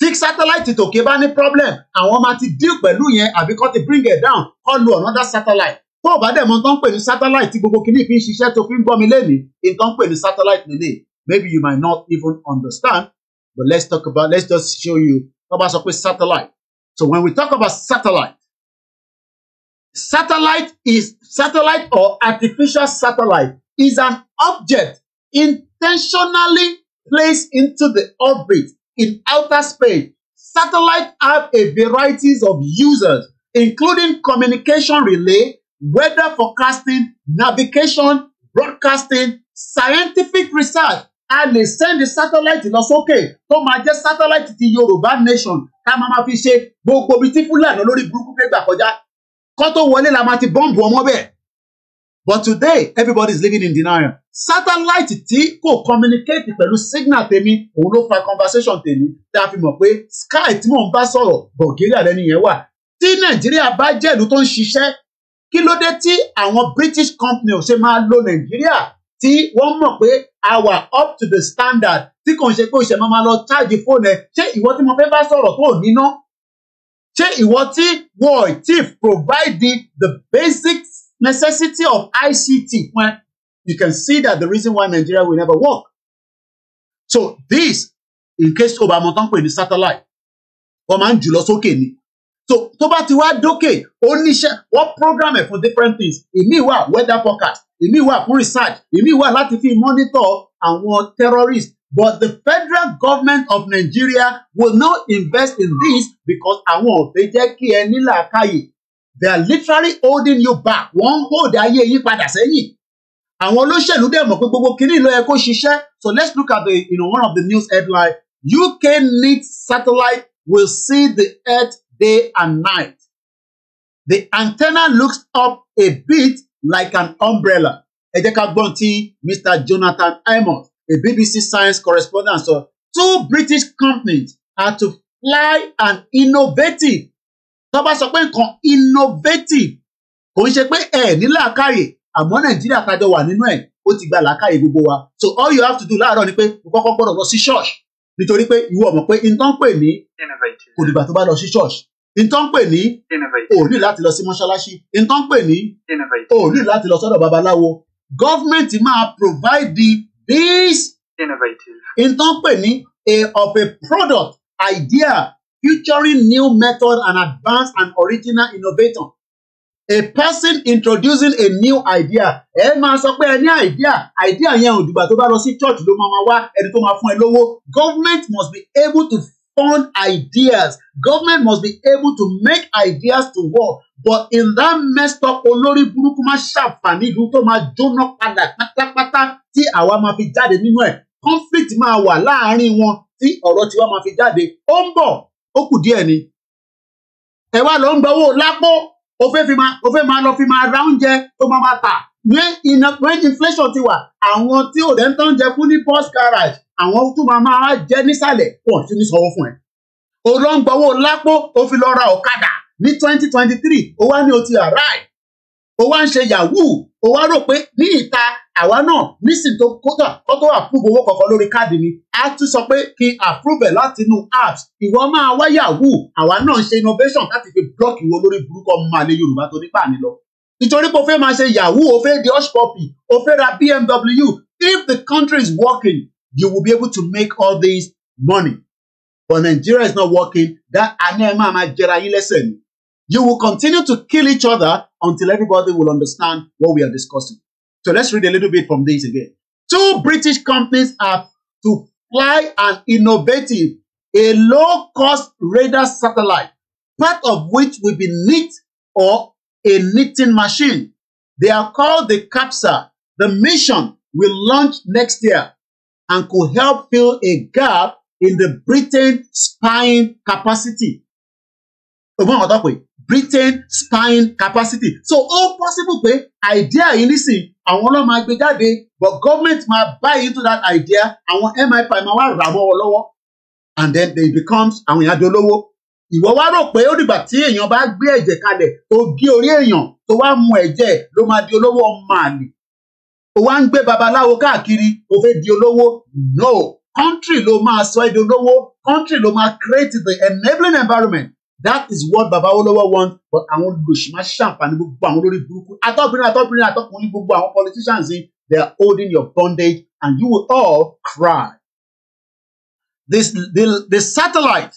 tí satellite tòkè bá ní problem àwọn máa ti deal pẹ̀lú yẹn àbí kọ́ ti bring it down kọ́ lu another satellite tó o bá dẹ̀ mọ̀ tó ń pè ní satellite tí gbogbo kìíní fi ń ṣiṣẹ́ tó fi ń gbọ́ mi lẹ́nu nǹkan ń pè ní satellite lélẹ̀ maybe you might not even understand but let's talk about let's just show you tó bá sọ pé satellite so when we talk about satellite satellite is satellite or artificial satellite is an object intentionally placed into the orbit in outer space, satellites have a variety of users, including communication relay, weather forecasting, navigation, broadcasting, scientific research. A lè sẹ́ndì sátáláìtì lọ sókè tó máa jẹ́ sátáláìtì ti Yorùbá nation ká máa ma fi ṣe gbogbo ibi tí Fúlàní olórí burúkú fẹ́ gbà kọjá. Kọ́ tó wọlé la máa ti bọ́ǹbù ọmọ But today everybody is living in denial sátáláìtì tí kò communicate pẹ̀lú signal tèmi òun ló fa conversation tèmi tá a fi mọ̀ pé sky tí mò ń bá sọ̀rọ̀ Bulgaria lẹ́nu yẹn wà tí nàìjíríà bá jẹ́ ìlú tó ń ṣiṣẹ́ kí ló dé tí àwọn British company ò ṣe máa lo nàìjíríà tí wọ́n mọ̀ pé a wà up to the standard tí kò ń ṣe pé o ṣe máa lọ ṣáàjì fóònù ẹ ṣé ìwọ tí mo fẹ́ bá sọ̀rọ̀ tó níná ṣé ìwọ tí wọ́n ti provide the basic necessity of ICT fún ẹ you can see that the reason why Nigeria will never work. So this, in case tó bá in the satellite, wọ́n máa ń ni. So Toba Tiwa doke only share what níṣẹ́, wọ́n program ẹ̀ different things. Ìmí wà weather forecast, ìmí wà fún research, ìmí wà láti fi monitor àwọn terrorists. But the federal government of Nigeria will not invest in this because I ò fẹ́ take kí ẹ ní They are literally holding you back. Wọ́n hold ayé yín padà sẹ́yìn àwọn olóṣèlú dẹ̀ mọ̀ pé gbogbo kínní ló yẹ ṣiṣẹ́ so let's look at the you know one of the news headlines. UK needs satellite will see the earth day and night the antenna looks up a bit like an umbrella ẹ jẹ́ ká gbọ́n ti Mr Jonathan Amos a BBC science correspondent sọ so, two British companies had to fly an innovative tó bá sọ pé nǹkan innovative kò ń ṣe pé ẹ ní làákàyè àmọ́ nàìjíríà kájọ wà nínú ẹ̀ ó ti gba làákàyè gbogbo wa so all you have to do láàárọ̀ ni pé o kọ́kọ́ gbọ́dọ̀ lọ sí church nítorí pé ìwọ mọ̀ pé nǹkan pè ní kò dìgbà tó bá lọ sí church nǹkan pè ní o ní láti lọ sí mọ́ṣáláṣí nǹkan pè ní o ní láti lọ sọ́dọ̀ babaláwo government máa provide the this nǹkan pè ní a of a product idea featuring new method and advanced and original innovator a person introducing a new idea ẹ máa sọ pé ẹ ní idea idea yẹn ò dìgbà tó bá lọ sí church ló máa wá ẹni tó máa fún ẹ lówó government must be able to fund ideas government must be able to make ideas to work but in that messed up olórí burúkú máa ṣàǹfààní ìlú tó máa jóná padà pátápátá tí àwa máa fi jáde nínú ẹ̀ conflict máa wà láàárín wọn tí ọ̀rọ̀ tiwa máa fi jáde ó ń bọ̀ ó kù díẹ̀ ni ẹ wá lọ ń gbowó lápò o fẹ́ fi máa o fẹ́ máa lọ fi máa ra oúnjẹ tó máa máa tà ní when inflation ti wà àwọn tí ò dẹ́ tán jẹ fún ní bus garage àwọn tó máa máa jẹ nísàlẹ̀ pọ̀ sí ní sanwó fún ẹ. o lọ ń gbọ́wọ́ lápò o fi lọ ra ọ̀kadà ní twenty twenty three o wá ní o ti arrive o wá ń ṣe yahoo o wá rò pé ní ìta àwa náà nísìnyí tó kódà kó tó approve owó kankan lórí káàdì mi a tún sọ pé kí n approve ẹ láti inú apps ìwọ máa wá yahoo àwa náà ṣe innovation láti fi block ìwọ lórí burúkọ máa lé yorùbá tó nípa àní lọ nítorí pé o fẹ́ máa ṣe yahoo o fẹ́ di hush puppy o fẹ́ ra bmw if the country is working you will be able to make all this money but Nigeria is not working that ane ẹ máa máa jẹra yín lẹ́sẹ̀ ni You will continue to kill each other until everybody will understand what we are discussing. So let's read a little bit from this again. Two British companies are to fly an innovative, a low-cost radar satellite, part of which will be knit or a knitting machine. They are called the CAPSA. The mission will launch next year and could help fill a gap in the Britain spying capacity ògbọ́n àwọn tó Britain spying capacity so ó possible pé idea yìí nísìn àwọn ọlọ́mọ agbé jáde but government máa buy into that idea àwọn MI5 máa wá rà mọ́ ọ lọ́wọ́ and then it becomes àwọn èèyàn di olówó ìwọ wá rò pé ó dìgbà tí èèyàn bá gbé ẹ̀jẹ̀ kalẹ̀ tó gé orí èèyàn tó wá mu ẹ̀jẹ̀ ló máa di olówó ọmọ àlè ó wá ń gbé babaláwo káàkiri ó fẹ́ di olówó no country ló máa sọ ẹ́ di olówó country ló máa create the enabling environment that is what baba olówó want but àwọn olùsìmá ṣàǹfààní gbogbo àwọn olórí burúkú atọ́bìnrin atọ́bìnrin atọ́kùnrin gbogbo àwọn politicians in they are holding your bondage and you will all cry. This, the, the satellite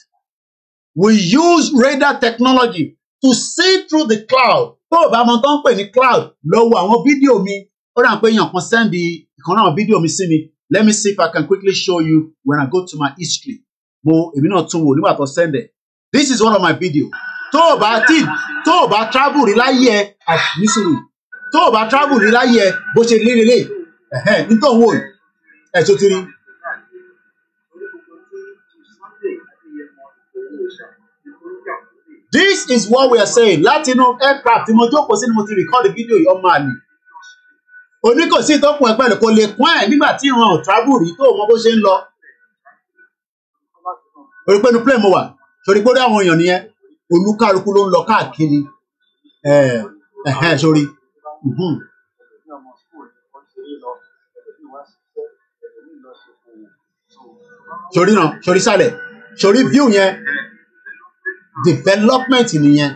will use radar technology to see through the cloud tó o bá mọ tó ń pè ní cloud lọ wo àwọn fídíò mi ó dà pé èèyàn kan sẹ́ndì ìkan náà fídíò mi sí mi let me see if I can quickly show you when I go to my history mo èmi náà tún wò nígbà tó sẹ́ndẹ̀ this is one of my video tó o bá tí tó o bá travel rí láyé ẹ àníṣòro tó o bá travel rí láyé ẹ bó ṣe lé lélẹ nítorí òun wò ti rí. this is what we are saying láti inú aircraft tí mo jókòó sí ni mo ti record the video yìí ọmọ àlè oníkòsí tó kún ẹ pẹ̀lú kò lè kún ẹ nígbà tí ìran ò travel rí tó o mọ bó ṣe ń lọ. orí pé nu plane mo wà torí gbórí àwọn èèyàn nìyẹn olúkálukú ló ń lọ káàkiri sórí. sórí náà sórí sálẹ̀ sórí view yẹn development nìyẹn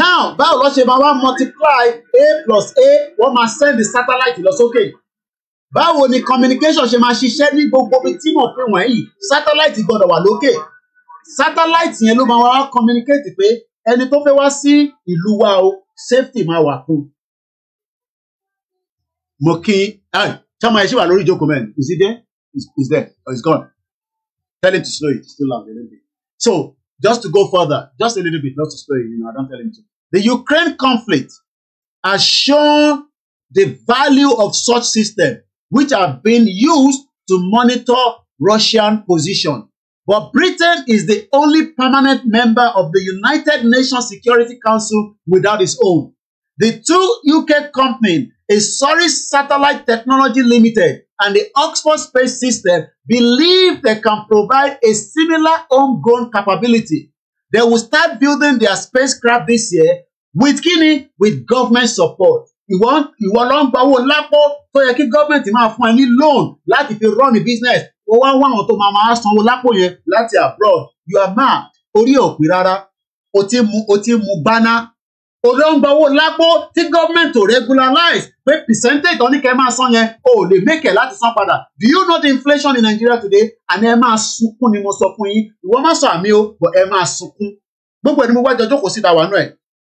now báwo ló ṣe máa wá multiply a plus a wọ́n máa send the satellite lọ sókè. Okay báwo ni communication ṣe máa ṣiṣẹ́ ní gbogbo ibi tí mo fi wọ̀nyí satellite gbọ́dọ̀ wà lókè sátáláìtì yẹn ló máa wá communicate pé ẹni tó fẹ́ wá sí ìlú wa o safety máa wà fún un. mo kí chama ẹ ṣì wà lórí ìjókòó mẹ́rin is he there is, is there or oh, is gone tell him to slow it still loud a little bit so just to go further just a little bit not to slow it you know I don't tell him to the Ukraine conflict has shown the value of such systems which have been used to monitor Russian position But Britain is the only permanent member of the United Nations Security Council without its own. The two UK companies, Sorry Satellite Technology Limited and the Oxford Space System, believe they can provide a similar homegrown capability. They will start building their spacecraft this year with Guinea with government support. Ìwọ ìwọ ló ń gba owó lápò tó yẹ kí gọ́ọ̀mẹ̀ntì máa fún ẹ ní loan láti fi run a business ó wá wá àwọn tó máa máa sanwó lápò yẹn láti abroad you are mad orí ò pé rárá o ti mu o ti mu gbaná olóńgbòwò lápò tí gọ́ọ̀mẹ̀ntì ò regularize pé percentage tó ní kẹ́ máa san yẹn o ò lè make ẹ̀ láti san padà do you know the inflation in Nigeria today and ẹ máa sunkún ni mo sọ fún yín ìwọ má sọ àmì o but ẹ máa sunkún gbogbo ẹni mo wá jọ jókòó síta wà nù ẹ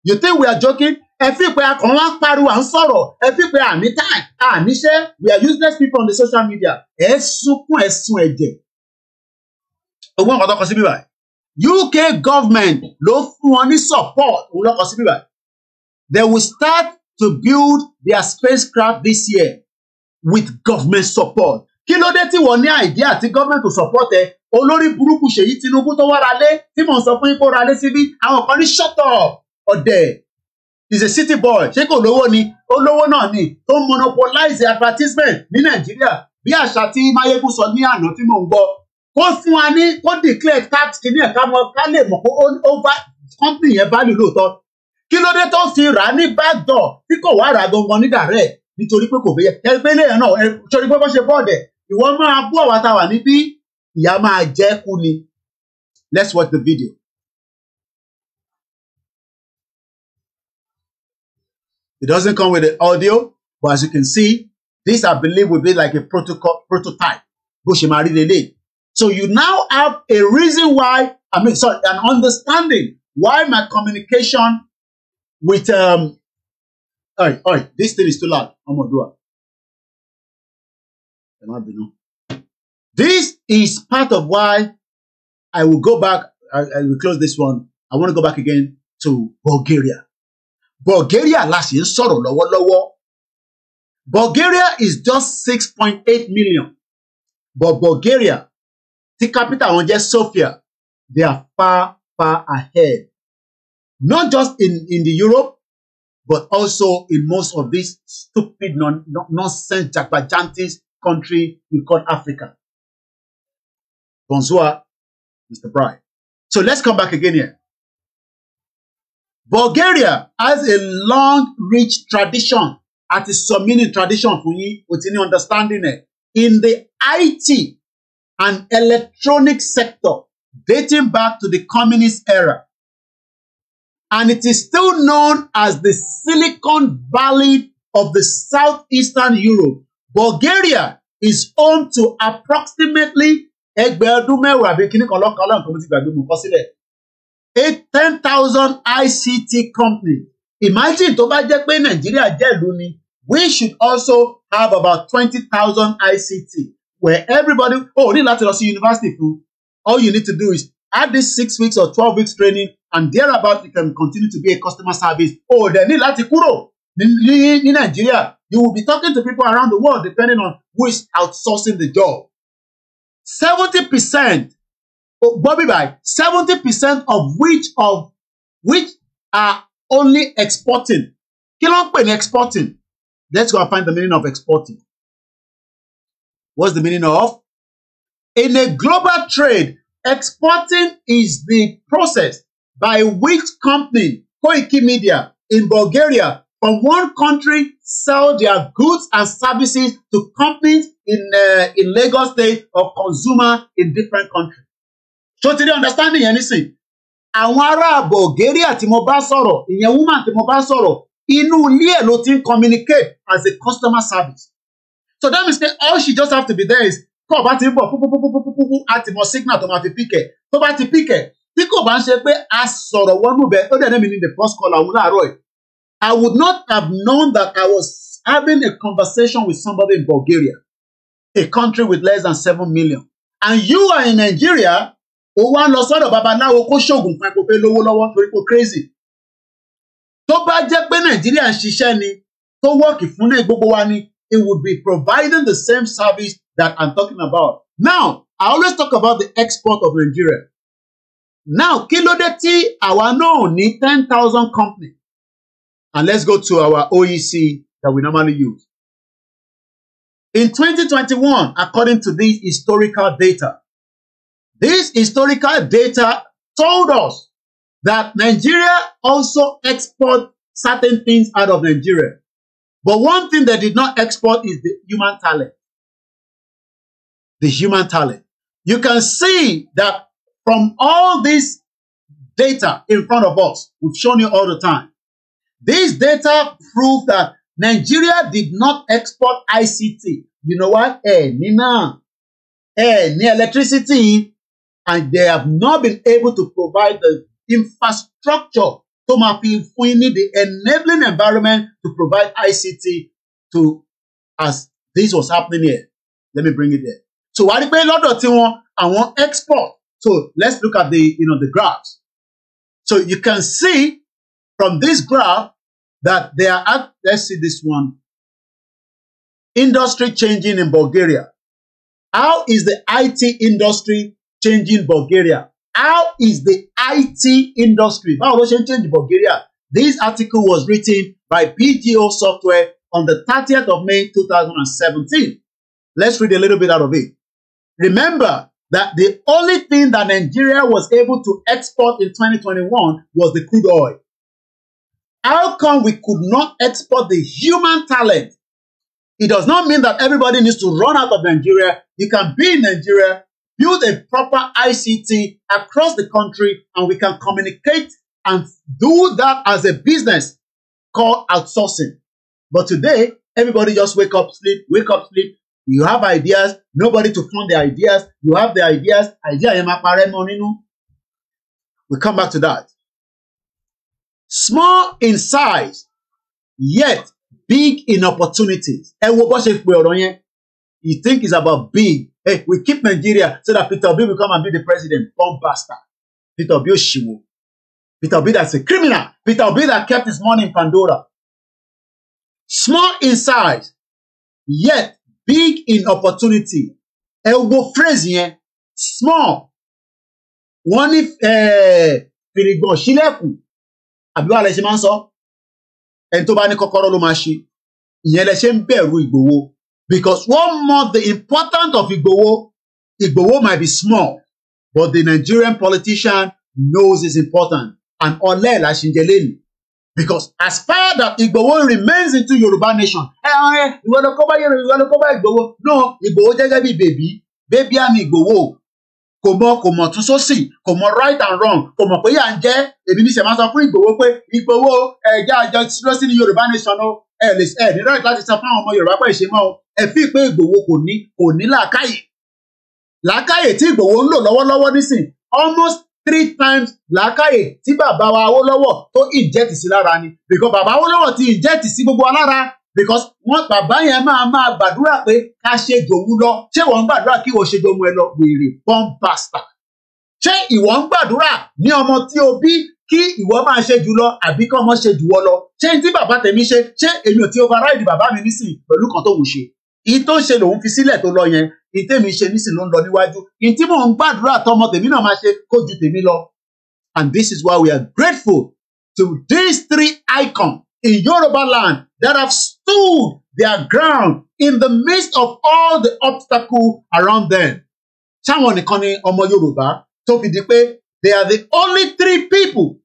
you think we are joking ẹ fi pé akàn wá pariwo à ń sọ̀rọ̀ ẹ fi pé àní time àní ṣe we are useless people on the social media ẹ sunkún ẹ sun ẹ̀jẹ̀ owó nǹkan tó kọ sí bíbá UK government ló fún wọn ní support òun ló kọ sí bíbá they will start to build their spacecraft this year with government support kí ló dé tí wọ́n ní àìdí àti government to support ẹ olórí burúkú Ṣèyí Tinubu tó wá ra lé tí mò ń sọ fún yín kó ra lé síbí àwọn kan ní shut up ọ̀dẹ̀ is a city boy ṣé kò lówó ni ó lówó náà ni tó ń monopolize advertisement ní nàìjíríà bí àṣà tí mayegun sọ ní àná tí mò ń gbọ́ kó fún wa ní kó declare tax kìíní ẹ̀ka mọ ká lè mọ̀ pé over company yẹn value lóòótọ́ kí ló dé tó fi rà á ní backdoor tí kò wá rà gangan ní direct nítorí pé kò bẹyẹ ẹ pé lẹ́yìn náà ẹ torí pé bọ́n ṣe bọ́ọ̀dẹ̀ ìwọ máa bú àwa tá a wà níbí ìyá máa jẹ́ kú ni let's watch the video. It doesn't come with the audio, but as you can see, this I believe will be like a protocol prototype. So you now have a reason why, I mean, sorry, an understanding why my communication with, um, all right, all right, this thing is too loud. I'm going to do it. This is part of why I will go back, I, I will close this one. I want to go back again to Bulgaria. Bulgaria la sì ń sọ̀rọ̀ lọ́wọ́lọ́wọ́ Bulgaria is just six point eight million but Bulgaria tí capital wọn jẹ́ Sofia they are far far ahead not just in in the Europe but also in most of these stupid non, nonsense jagbajantis country we call Africa bonsoir Mr. Bright so let's come back again here Bulgaria has a long rich tradition àti sọ meaning tradition fún yín o ti ní understanding it. in the IT and electronic sector dating back to the communist era and it is still known as the Silicon Valley of the southeastern Europe. Bulgaria is home to approximately ẹgbẹ̀ẹ́dún mẹ́wàá àbí kíní lọ́kàn ọlọ́run tó ti gbàgbé mọ̀ kọ́ sílẹ̀ eight ten thousand ICT company imagine tó bá jẹ́ pé Nàìjíríà jẹ́ ìlú ni we should also have about twenty thousand ICT where everybody ò oh, ní láti lọ sí yunifásitì fún all you need to do is add this six weeks or twelve weeks training and thereabout you can continue to be a customer service o oh, dẹ̀ ní láti kúrò ní ní Nàìjíríà you will be talking to people around the world depending on who is outsourcing the job seventy percent Bobby, by báyìí seventy percent of which of which are only exporting kí ló ń exporting let's go and find the meaning of exporting what's the meaning of in a global trade exporting is the process by which company Koiki Media in Bulgaria from one country sell their goods and services to companies in uh, in Lagos State or consumer in different countries tó ti rí understanding yẹn nísìn àwọn ará Bulgaria tí mo bá sọ̀rọ̀ ìyẹn woman tí mo bá sọ̀rọ̀ inú ilé ẹ̀ ló ti ń communicate as a customer service so that means say all she just have to be there is tó o bá ti ń bọ̀ púpúpúpúpúpú á ti mọ signal tó máa fi píkẹ̀ tó bá ti píkẹ̀ tí kò bá ń ṣe pé a sọ̀rọ̀ wọnú bẹ́ẹ̀ ó dẹ̀ ní mi ní the first call àwọn láàárọ̀ yìí I would not have known that I was having a conversation with somebody in Bulgaria a country with less than seven million and you are in Nigeria ó wá ń lọ sọ́dọ̀ babaláwo kó ṣoògùn pa epo pé lówó lọ́wọ́ torí pé crazy tó bá jẹ́ pé nàìjíríà ń ṣiṣẹ́ ni tó wọ́ọ̀kì fún lè gbogbo wa ni it would be providing the same service that I'm talking about now I always talk about the export of Nigeria now kí ló dé tí àwa náà ní ten thousand company and let's go to our OEC that we normally use in 2021 according to these historical data This historical data told us that Nigeria also export certain things out of Nigeria. But one thing they did not export is the human talent. The human talent. You can see that from all this data in front of us, we've shown you all the time. This data prove that Nigeria did not export ICT. You know what? Eh, Nina. Eh, ni electricity and they have not been able to provide the infrastructure to máa fi fún the enabling environment to provide ICT to as this was happening here let me bring it there so wàá rí pé lọ́dọ̀ tí wọ́n àwọn export so let's look at the you know the graphs so you can see from this graph that they are at let's see this one industry changing in Bulgaria how is the IT industry changing Bulgaria. How is the IT industry? How ló it ń change Bulgaria? This article was written by BGO Software on the 30th of May 2017. Let's read a little bit out of it. Remember that the only thing that Nigeria was able to export in 2021 was the crude oil. How come we could not export the human talent? It does not mean that everybody needs to run out of Nigeria. You can be in Nigeria build a proper ICT across the country, and we can communicate and do that as a business called outsourcing. But today, everybody just wake up, sleep, wake up, sleep. You have ideas, nobody to fund the ideas. You have the ideas, idea We come back to that. Small in size, yet big in opportunities. You think it's about big, Hey, we keep Nigeria so that Peter Obi will come and be the president. Bombaster, Peter Obi Oshiwo. Peter Obi that's a criminal. Peter Obi that kept his money in Pandora. Small in size, yet big in opportunity. Ẹ wo phrase yẹn, small. Wọ́n ní eh, fìrìgbọ̀n sílẹ̀kùn. Àbí wàá lẹ ṣe máa ń sọ? Ẹni tó bá ní Kokoro lo máa ṣe. Ìyẹn lẹ ṣe ń bẹ̀rù Ìgbòho. Because one month, the importance of Igbowo, Igbowo might be small, but the Nigerian politician knows it's important. And Ole Lashinjeleni. Because as far that Igbowo remains into Yoruba nation, eh, eh, you want to cover Yoruba, you want to cover Igbowo. No, Igbowo jẹ́jẹ́ bí bèbí, bèbí àmì Igbowo. Kò mọ kò mọ̀ tún sósì, kò mọ right and wrong, kò mọ̀ pé yà ń jẹ́, èmi ní sẹ̀ máa sọ fún Igbowo pé Igbowo ẹ̀jẹ̀ àjọ lọ ní Yoruba nation o, ẹ lè ẹ ní right láti sọ fún àwọn ọmọ Yorùbá pé ìṣe mọ́ ẹ fi pé Ìgbòho kò ní kò ní làákàyè làákàyè tí Ìgbòho ń lò lọ́wọ́lọ́wọ́ nísìn almost three times làákàyè tí bàbá wa Awólọ́wọ̀ tó inject sí lára ni because bàbá Awólọ́wọ̀ ti inject sí gbogbo wa because wọn bàbá yẹn máa máa gbàdúrà pé ká ṣe jòun lọ ṣé wọn ń gbàdúrà kí wọn ṣe jòun ẹ lọ wèrè bomb pastor ṣé ìwọ ń gbàdúrà ní ọmọ tí o bí kí ìwọ máa ṣe jù àbí kí ọmọ ṣe jù lọ ṣé tí bàbá tèmi ṣe ṣé èmi ò ti override bàbá mi nísìn pẹ̀lú kan tó wù ṣe ìyí tó ṣe lòun fi sílẹ̀ tó lọ yẹn ìyí tèmi ṣe nísìn ló ń lọ níwájú ìyí tí mò ń gbàdúrà tọmọ tèmi náà máa ṣe kó tèmi lọ and this is why we are grateful to these three icons in Yoruba land that have stood their ground in the midst of all the obstacles around them. Ṣáwọn nìkan ni ọmọ Yorùbá tó fi di pé They are the only three people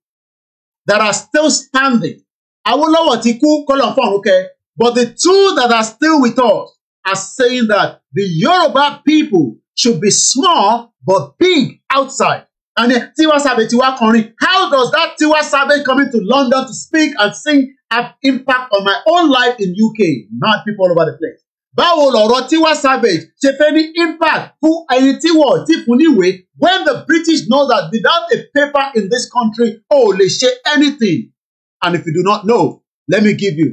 that are still standing. Awolowo ti kú kọ́lọ̀ fún ọ̀run kẹ. But the two that are still with us are saying that the Yoruba people should be small but big outside. And then Tiwa Savage Tiwa Kọrin, how does that Tiwa Savage coming to London to speak and sing have impact on my own life in UK? Not people all over the place báwo lọ̀rọ̀ Tiwa Savage ṣe fẹ́ ní impact fún ẹni tí wọ́n ti fún níwèé when the British know that without a paper in this country o oh, lè ṣe anything and if you do not know let me give you.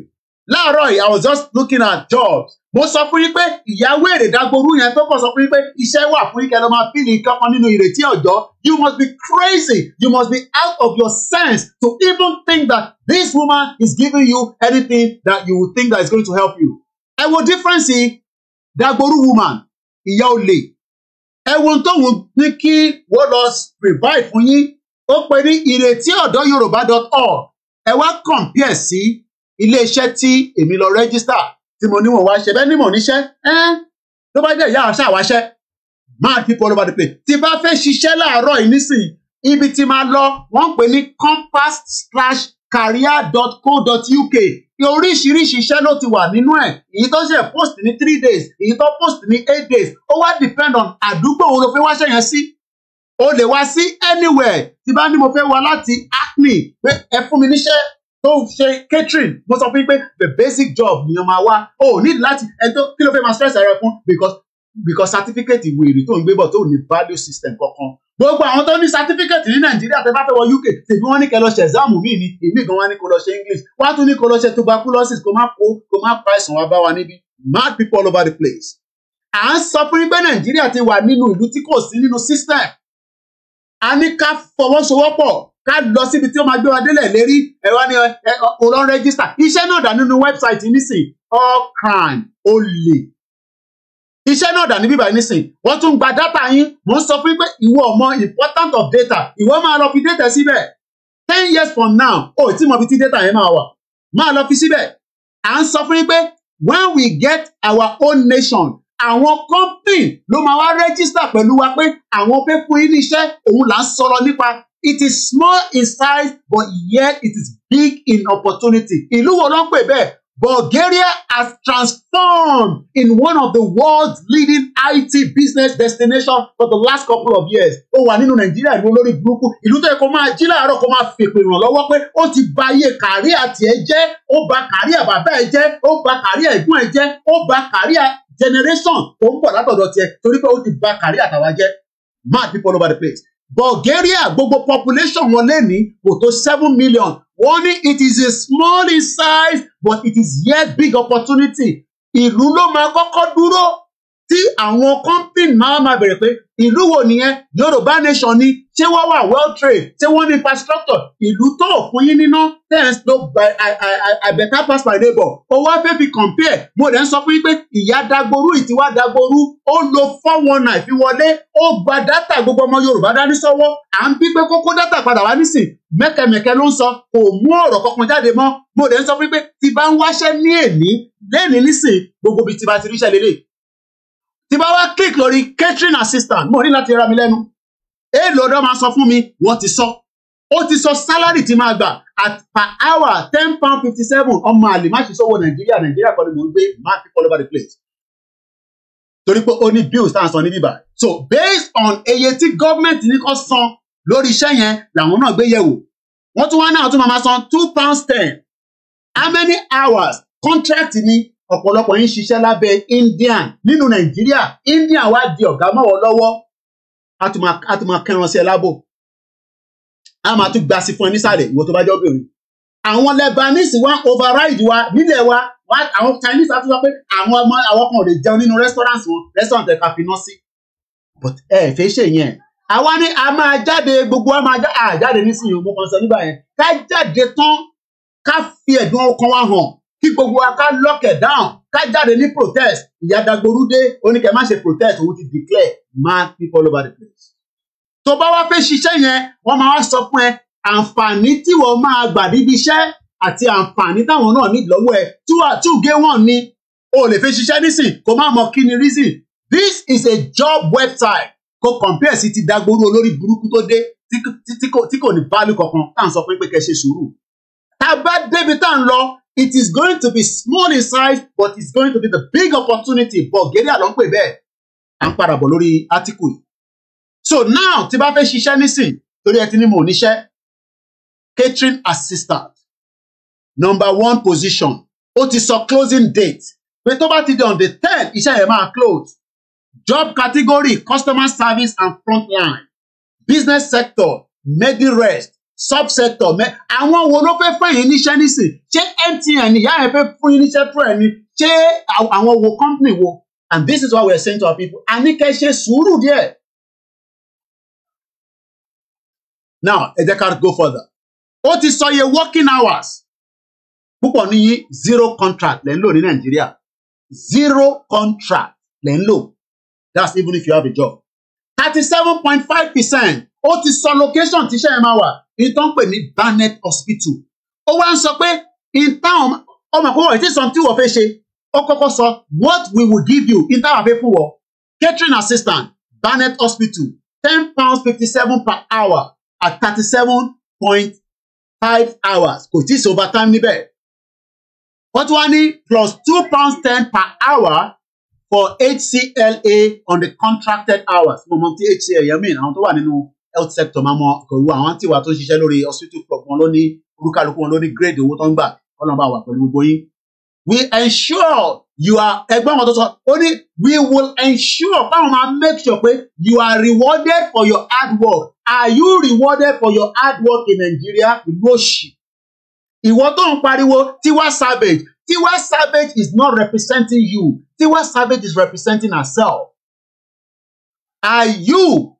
láàárọ̀ I was just looking at jobs mo sọ fún yín pé ìyàwó èrè dágboru yẹn tó kọ̀ sọ fún yín pé iṣẹ́ wà fún yín kẹ́ ló máa fi nǹkan kan nínú ìrètí ọjọ́ you must be crazy you must be out of your sense to even think that this woman is giving you anything that you would think that is going to help you ẹ wo dífẹ́ǹsì Dagboru woman ìyá olè ẹ wo tóun ní kí wọ́n lọ revive fún yín ó pè ní ìrètí ọ̀dọ́ yorùbá dot org ẹ wá compare sí iléeṣẹ́ tí èmi lọ register. tí mo níwọ̀n wá ṣe bẹ́ẹ̀ ni mo níṣẹ́ ẹ́ tó bá jẹ́ ìyá àṣà wá ṣẹ́ máa kí polo bá dìpé tí bá fẹ́ ṣiṣẹ́ láàárọ̀ yìí nísìnyí ibi tí máa lọ wọ́n pè ní compass slash career dot co dot uk oríṣiríṣi iṣẹ́ ló ti wà nínú ẹ̀ èyí tó ṣe post ní three days èyí tó post ní eight days ó wá depend on àdúgbò wo ló fẹ́ wáṣẹ́ yẹn sí o lè wá sí anywhere tí bá ní mo fẹ́ wá láti acne pé ẹ fún mi níṣẹ́ tó ṣe catering mo sọ fún yín pé the basic job nìyẹn máa wá o need láti ẹ tó kí ló fẹ́ máa stress ara ẹ fún because because certificate ìwé ìrì tó ń gbé bọ̀ tó ní value system kankan gbogbo àwọn tó ní sátífíkẹ̀tì ní nàìjíríà tẹ bá fẹ́ wọ uk tèmi wọ́n ní kẹ́ lọ ṣe ẹ̀sáàmù míì ni èmi gan wa ní kó lọ ṣe english wá tún ní kó lọ ṣe tuberculosis kó má kó kó má pa àìsàn wa bá wa níbí mad people all over the place. à ń sọ fún pé nàìjíríà ti wà nínú ìlú tí kò sí nínú system a ní ká fọwọ́sowọ́pọ̀ ká lọ síbi tí ó máa gbé wa délẹ̀ lérí ẹ̀rọ ni ọ̀rọ̀ rẹ́gísítà iṣẹ́ náà dà nínú wẹ́bsáìtì nísìn all crime olè iṣẹ́ náà dà níbí báyìí nísìn wọ́n tún gba data yín mò ń sọ fún pé ìwọ ọmọ important of data ìwọ máa lọ fi data síbẹ̀ ten years from now o tí mo fi ti data yẹn máa wà máa lọ fi síbẹ̀ à ń sọ fún pé when we get our own nation àwọn company ló máa wá register pẹ̀lú wa pé àwọn fẹ́ fún yín ní iṣẹ́ òun là ń sọ̀rọ̀ nípa It is small in size but yet it is big in opportunity. Ìlú wo ló ń pè bẹ́ẹ̀? Bulgaria has transformed in one of the world's leading IT business destinations for the last couple of years. Ó wà nínú Nàìjíríà ìlú olórí burúkú. Ìlú tó yẹ kó máa jí láàárọ̀ kó máa fèpè ìrànlọ́wọ́ pé ó ti ba ayé kàrí àti ẹ̀ jẹ́, ó ba kàrí àbàbá ẹ̀ jẹ́, ó ba kàrí ẹ̀gbọ́n ẹ̀ jẹ́, ó ba kàrí generation tó ń bọ̀ látọ̀dọ̀ tiẹ̀ torí pé ó ti ba kàrí àtàwa jẹ́. Mad people over the place. Bulgaria gbogbo population wọn lé ní kò tó seven million wọ́n ní it is a small in size but it is yet big opportunity ìlú ló máa kọ́kọ́ dúró tí àwọn company máa máa bẹ̀rẹ̀ pé ìlú wo nìyẹn yorùbá nation ni ṣé wọ́n wà well trained ṣé wọ́n ní infrastructure ìlú tó fún yín níná thanks to by I, pass my neighbor ó wá fi compare mo dẹ̀ ń sọ fún yín pé ìyá dagboru ìtiwá dagboru ó lo four one nine fi wọlé ó gba dátà gbogbo ọmọ yorùbá dání sọ́wọ́ à ń bí pé kókó dátà padà wá nísìn mẹ́kẹ̀mẹ́kẹ́ ló ń sọ kò mú ọ̀rọ̀ kankan jáde mọ́ mo dẹ̀ ń sọ fún yín pé tí bá ń wáṣẹ́ ní èní lẹ́ẹ̀ni nísìn gbogbo ibi tí bá ti ríṣẹ́ lélẹ̀ tí bá wá click lórí catering assistant mo ní láti ra mi lẹ́nu èèlò ọ̀dọ́ máa sọ fún mi wọ́n ti sọ ó ti sọ salary ti máa gbà at per hour ten pound fifty seven ọmọ àlè má ṣe sọ́wọ́ nàìjíríà nàìjíríà kan ni mò ń gbé má fi all over the place torí pé ó ní bills tá à ń san ní bíbá so based on eye tí gọ́ọ̀mẹ̀ntì ní kó san lórí iṣẹ́ yẹn làwọn náà gbé yẹ̀wò wọ́n tún wá náà tún máa san two pounds ten how many hours contract ni ọ̀pọ̀lọpọ̀ yín ṣiṣẹ́ lábẹ́ indian nínú nàìjíríà indian wá di ọ̀gá mọ́wọ́ lọ́wọ́ a tún máa kẹran sí ẹ lábò a máa tún gba sí fún ẹ nísàlẹ̀ ìwọ tó bá jọ bìnrin àwọn lebanese wá override wa nílẹ̀ wa àwọn chinese àti wá pé àwọn ọmọ àwọn kan ò lè jẹun nínú restaurant wọn restaurant ẹ̀ka finá sí but ẹ fẹ́ ṣe yẹn àwa ni a máa jáde gbogbo a máa jáde nísìnyí mo kàn sọ nígbà yẹn ká jáde tán ká fi ẹ̀dùn ọkàn wa hàn kí gbogbo wa ká lock it down ká jáde ní protest ìyá Dagboru dé ó ní má ṣe protest òun ti declare mad people all over the place. tó bá wá fẹ́ ṣiṣẹ́ yẹn wọ́n máa wá sọ fún ẹ àǹfààní tí wọ́n máa gbà níbi iṣẹ́ àti àǹfààní táwọn náà ní lọ́wọ́ ẹ two and two gé wọ́n ni o lè fi ṣiṣẹ́ nísìn kó má mọ kí ni reason this is a job website kó compare sí ti Dagboru olórí burúkú tó dé tí kò ní value kankan tá à ń sọ fún pé kẹ́ ṣe sùúrù tá a bá débi tá à ń lọ it is going to be small in size but it's going to be the big opportunity Bulgaria ló ń pè bẹ́ẹ̀ à ń padà bọ̀ lórí átíkù yìí so now tí bá fẹ́ ṣiṣẹ́ nísìn torí ẹ ti ní mo níṣẹ́ catering assistant number one position ó ti sọ closing date pé tó bá ti di on the ten iṣẹ́ yẹn máa close job category customer service and front line. business sector medi rest subsector mẹ́ àwọn wo ló fẹ́ fún yín níṣẹ́ nísìn ṣé MTN ìyá yẹn fẹ́ fún yín níṣẹ́ fún ẹ̀ ni ṣé àwọn wo company wo and this is what we are saying to our people a ní kẹ́ ṣe sùúrù díẹ̀. now ẹ jẹ́ ká go further ó ti sọ iye working hours púpọ̀ níyí zero contract lẹ́ ń lò ní Nàìjíríà zero contract lẹ́ ń lò that's even if you have a job thirty seven point five percent ó ti sọ location tíṣẹ́ ẹ̀ máa wà ìtàn pè ní Barnett Hospital ó wá ń sọ pé town, ọmọ pé wọ́n ti sọ tí wọ́n fẹ́ ṣe ó kọ́kọ́ sọ what we will give you ìtàn àfẹ́ fún wọ catering assistant Barnett Hospital ten pounds fifty seven per hour at thirty seven point five hours kò tí ì sọ overtime níbẹ̀ wọ́n tún wá ní plus two pounds ten per hour for HCLA on the contracted hours mo mọ ti HCL yẹn mean àwọn tó wà nínú health sector máa mọ ìkọ̀rú àwọn tí wà tó ń ṣiṣẹ́ lórí hospital club wọn ló ní olúkálùkù wọn ló ní grade owó tó ń gbà ọlọ́run bá wà pẹ̀lú gbogbo yín. we ensure you are ẹgbẹ́ wọn tó sọ ó ní we will ensure báwọn máa make sure pé you are rewarded for your hard work are you rewarded for your hard work in Nigeria ìlú òṣì ìwọ tó ń pariwo Tiwa Savage Tiwa Savage is not representing you Tiwa Savage is representing herself. Are you?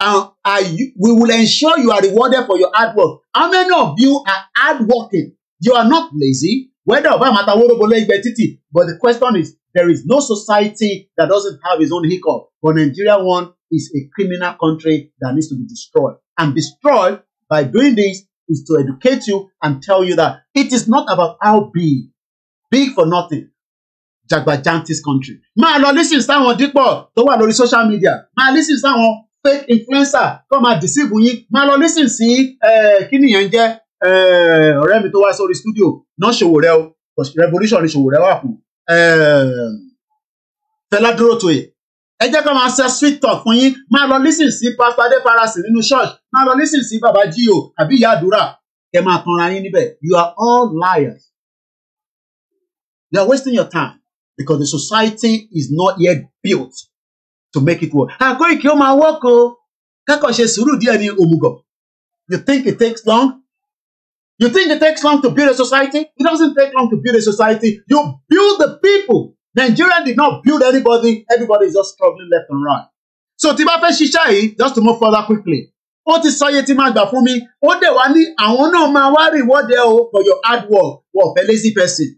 Uh, are you? We will ensure you are rewarded for your hard work. How many of you are hardworking? You are not lazy. Whether Obama Taworobolo Igbe Titi, but the question is, there is no society that doesn't have its own hiccup. But Nigeria one is a criminal country that needs to be destroyed. And destroyed by doing this is to educate you and tell you that it is not about how big, big for nothing jagbajantis country máa lọ lísìn sáwọn dípọ̀ tó wà lórí social media máa lísìn sáwọn fake influencer tó máa deceive yín máa lọ lísìn sí eh, kí nìyẹn jẹ́ eh, ọ̀rẹ́ mi tó wá sórí studio náà ṣòwò rẹ o revolution ni ṣòwò rẹ wà fún eh, Fẹlá Dúrótoyè ẹ jẹ́ ká máa ṣe sweet talk fún yín máa lọ lísìn sí pastor Adé Farasin nínú church máa lọ lísìn sí baba G.O àbí ìyá àdúrà ẹ máa tanra yín níbẹ̀ you are all liars you are wasting your time because the society is not yet built to make it work. Àkóríkì ó máa work o. Kákan ṣe sùúrù díẹ̀ ní òmùgọ̀. You think it takes long? You think it takes long to build a society? It doesn't take long to build a society. You build the people. Nigeria did not build anybody. Everybody is just struggling left and right. So tí bá fẹ́ ṣiṣẹ́ yìí, just to move further quickly. Ó ti sọ iye tí máa gbà fún mi. Ó dẹ̀ wá ní àwọn náà máa wá reward o for your hard work. Wọ́n fẹ́ lazy person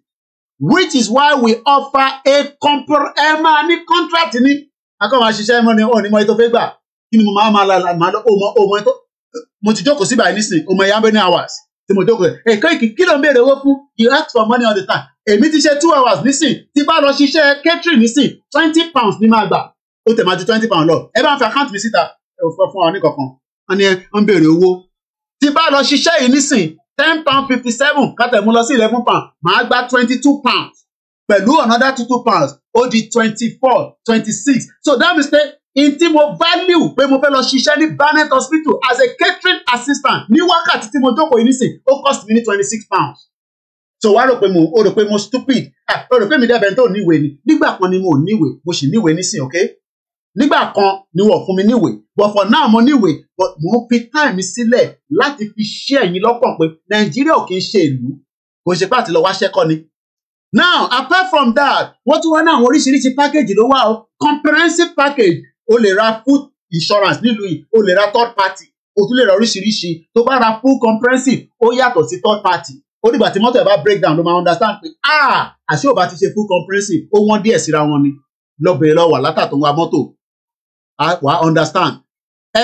which is why we offer a compro ẹ máa ní contract ní akọ́ máa ṣiṣẹ́ mọ́ ni ọ̀nì mọ́ ètò fẹ́ gbà kí ni mo máa máa la máa lọ ọmọ ọmọ ètò mo ti jókòó síbà nísìnyí ọmọ ìyá bẹ́ẹ̀ ní hours tí mo jókòó ẹ̀kọ́ ìkí kí ló ń béèrè owó fún you ask for money all the time èmi ti ṣe two hours nísìnyí tí bá lọ ṣiṣẹ́ catering nísìnyí twenty pounds ni máa gbà ó tẹ̀ máa ju twenty pounds lọ ẹ bá ń fi account mi síta ẹ fún ọ ní kankan wọn ni ẹ ń béèrè owó tí bá lọ ṣiṣẹ́ yìí nísìnyí ten pound fifty seven kátẹ̀mú lọ sí eleven pound màá gba twenty two pounds pẹ̀lú another two two pounds ó di twenty four twenty six so that means pé in tí mo value pé mo fẹ́ lọ ṣiṣẹ́ ní Barnet hospital as a catering assistant ní wákàtí tí mo jókòó yìí nísìn ó cost mi ní twenty six pounds so wá rò pé mo ó rò pé mo stupid ah ó rò pé mi dẹ́bẹ̀ tó níwèé ni nígbà kan ni mo níwèé mo sì níwèé nísìn okay nígbà kan ni wọ́n fún mi níwèé but for now mo níwèé but mo ń fi time sílẹ̀ láti fi ṣí ẹ̀yin lọ́kàn pé nàìjíríà ò kì í ṣe ìlú kò ṣe pé lọ wá ṣẹ́kọ́ ni. now apart from that wọ́n tún wá ní àwọn oríṣiríṣi package ló wà ó comprehensive package o lè ra food insurance nílùú yìí o lè ra third party o tún lè ra oríṣiríṣi tó bá ra full comprehensive ó yàtọ̀ sí third party ó dìgbà tí mọ́tò ẹ̀ bá break down ló máa understand pé ah àṣé ò bá ti ṣe full comprehensive ó wọ́n díẹ̀ síra wọn ni lọ́bẹ̀rẹ̀ lọ́wọ́ látà tó ń wa mọ́tò wàá understand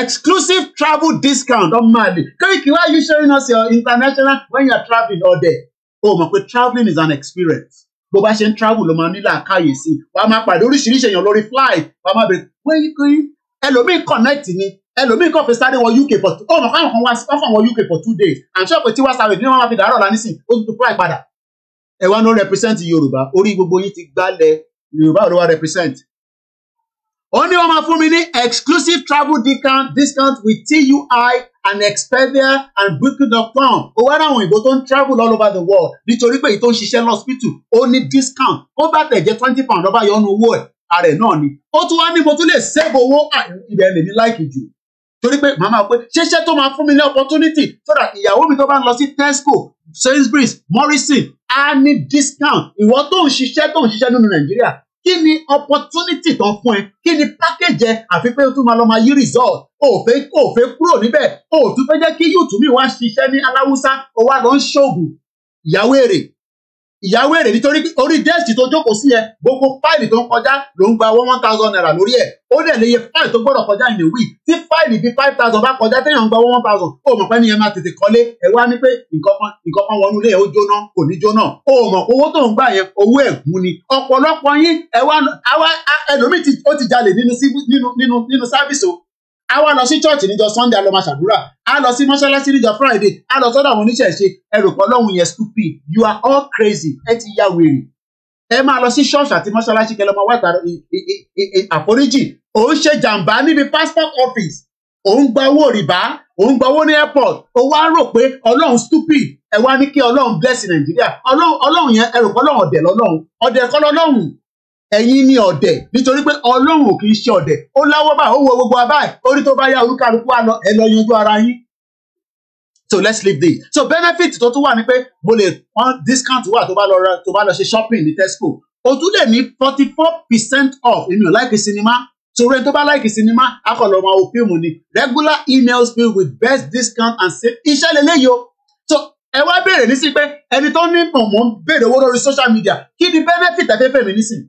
exclusive travel discount ọmọ àlè kéèkì why you showing us your international when you are traveling all day Oh my god, traveling is an experience Go bó bá ṣe ń travel ló máa nílò àkáyè sí wàá máa pàdé oríṣiríṣi èèyàn lórí fly. wàá máa bèrè where you going me connect ni me kàn for sáré wọ UK for two ọmọ káwọn kan wá ọkàn wọ UK for two days and ṣọ́ọ̀pù tí wá sáré ní wọ́n máa fi dàárọ̀ lánìí sìn ó tún fly padà ẹ̀ wá no represent Yoruba. orí gbogbo yín ti gbálẹ̀ Yorùbá ò represent ó ní wọ́n máa fún mi ní exclusive travel discount discount with tui and expedia and booking.com ó wá ráwọn òyìnbó tó ń travel all over the world nítorí pé èyí tó ń ṣiṣẹ́ lọ́sípítù ó ní discount ó bá tẹ̀jẹ́ twenty pound ọba yọ ọ́nù owó ẹ̀ ààrẹ náà ni ó tún wá ní mo tún lè save owó ibẹ̀ lèmi láìkì jù torí pé màá máa pé ṣẹ́ṣẹ́ tó máa fún mi ní opportunity so that ìyàwó mi tó bá ń lọ sí Tesco Sainsbury's Morrison á ní discount ìwọ tó ń ṣiṣẹ́ tó ń ṣiṣẹ́ nínú Nàìjíríà kí ni opportunity tó fún ẹ kí ni package ẹ àfi pé o tún máa lọ máa yí result o ò fẹ́ o ò fẹ́ kúrò níbẹ̀ o ò tún fẹ́ jẹ́ kí yóò tún mi wá ṣiṣẹ́ ní aláwùsá o wá ń ṣoògùn ìyàwó èrè ìyàwó èrè nítorí orí dẹ́ẹ̀sì tó jókòó sí ẹ gbogbo fáìlì tó ń kọjá ló ń gba owó one thousand naira lórí ẹ ó dẹ̀ lè yẹ fáìlì tó gbọ́dọ̀ kọjá ìlú wí tí fáìlì bíi five thousand bá kọjá téèyàn ń gba owó one thousand ó mọ̀ pé ní ẹ máa tètè kọ́lé ẹ wá ní pé nǹkan kan wọnú ilé ẹ ó jóná kò ní jóná ó mọ̀ owó tó ń gbà yẹn owó ẹ̀gún ni ọ̀pọ̀lọpọ̀ yín ẹ̀wá ẹlòmíì ó ti jalè nínú sáfíìsì a wá lọ sí church níjọ sunday a lọ máa ṣàdúrà a lọ sí mọ́ṣáláṣí níjọ friday a lọ sọ́dọ̀ àwọn oníṣẹ̀ṣe ẹ rò pé ọlọ́run yẹn stupid you are all crazy ẹ ti ya wèrè ẹ máa lọ sí ṣọ́ọ̀ṣì àti mọ́ṣáláṣí kẹlẹ́ ọmọ wáta àforíjì òun ṣe jàǹbá níbi passport office òun gba owó rìbá òun gba owó ní airport ó wá rò pé ọlọ́run stupid ẹ wá ní kí ọlọ́run bless nàìjíríà ọlọ́run yẹn ẹ rò pé ọlọ́run ọ̀dẹ̀ lọ́lọ́run ẹ̀yin ni ọ̀dẹ̀ nítorí pé ọlọ́run ò kì í ṣe ọ̀dẹ̀ ó láwọ́ báyìí ó wo gbogbo wa báyìí orí tó bá yá olúkálukú wa ẹ lọ yanjú ara yín so let's leave there so benefit tó tún wà ní pé mo lè pọn discount wà tó bá lọ ra tó bá lọ ṣe shopping ní Tesco o tún lè ní forty four percent off inú láìkì sinimá torí ẹni tó bá láìkì sinimá akọ̀lọ̀ máa wo fíìmù ni regular emails filled with best discount and save iṣẹ́ lélẹ́yìí o so ẹ wá béèrè nísìnyí pé ẹni tó ní mọ̀ mọ́ béèrè owó lórí social media kí ni benefit àfẹ́fẹ́ mi nísìnyí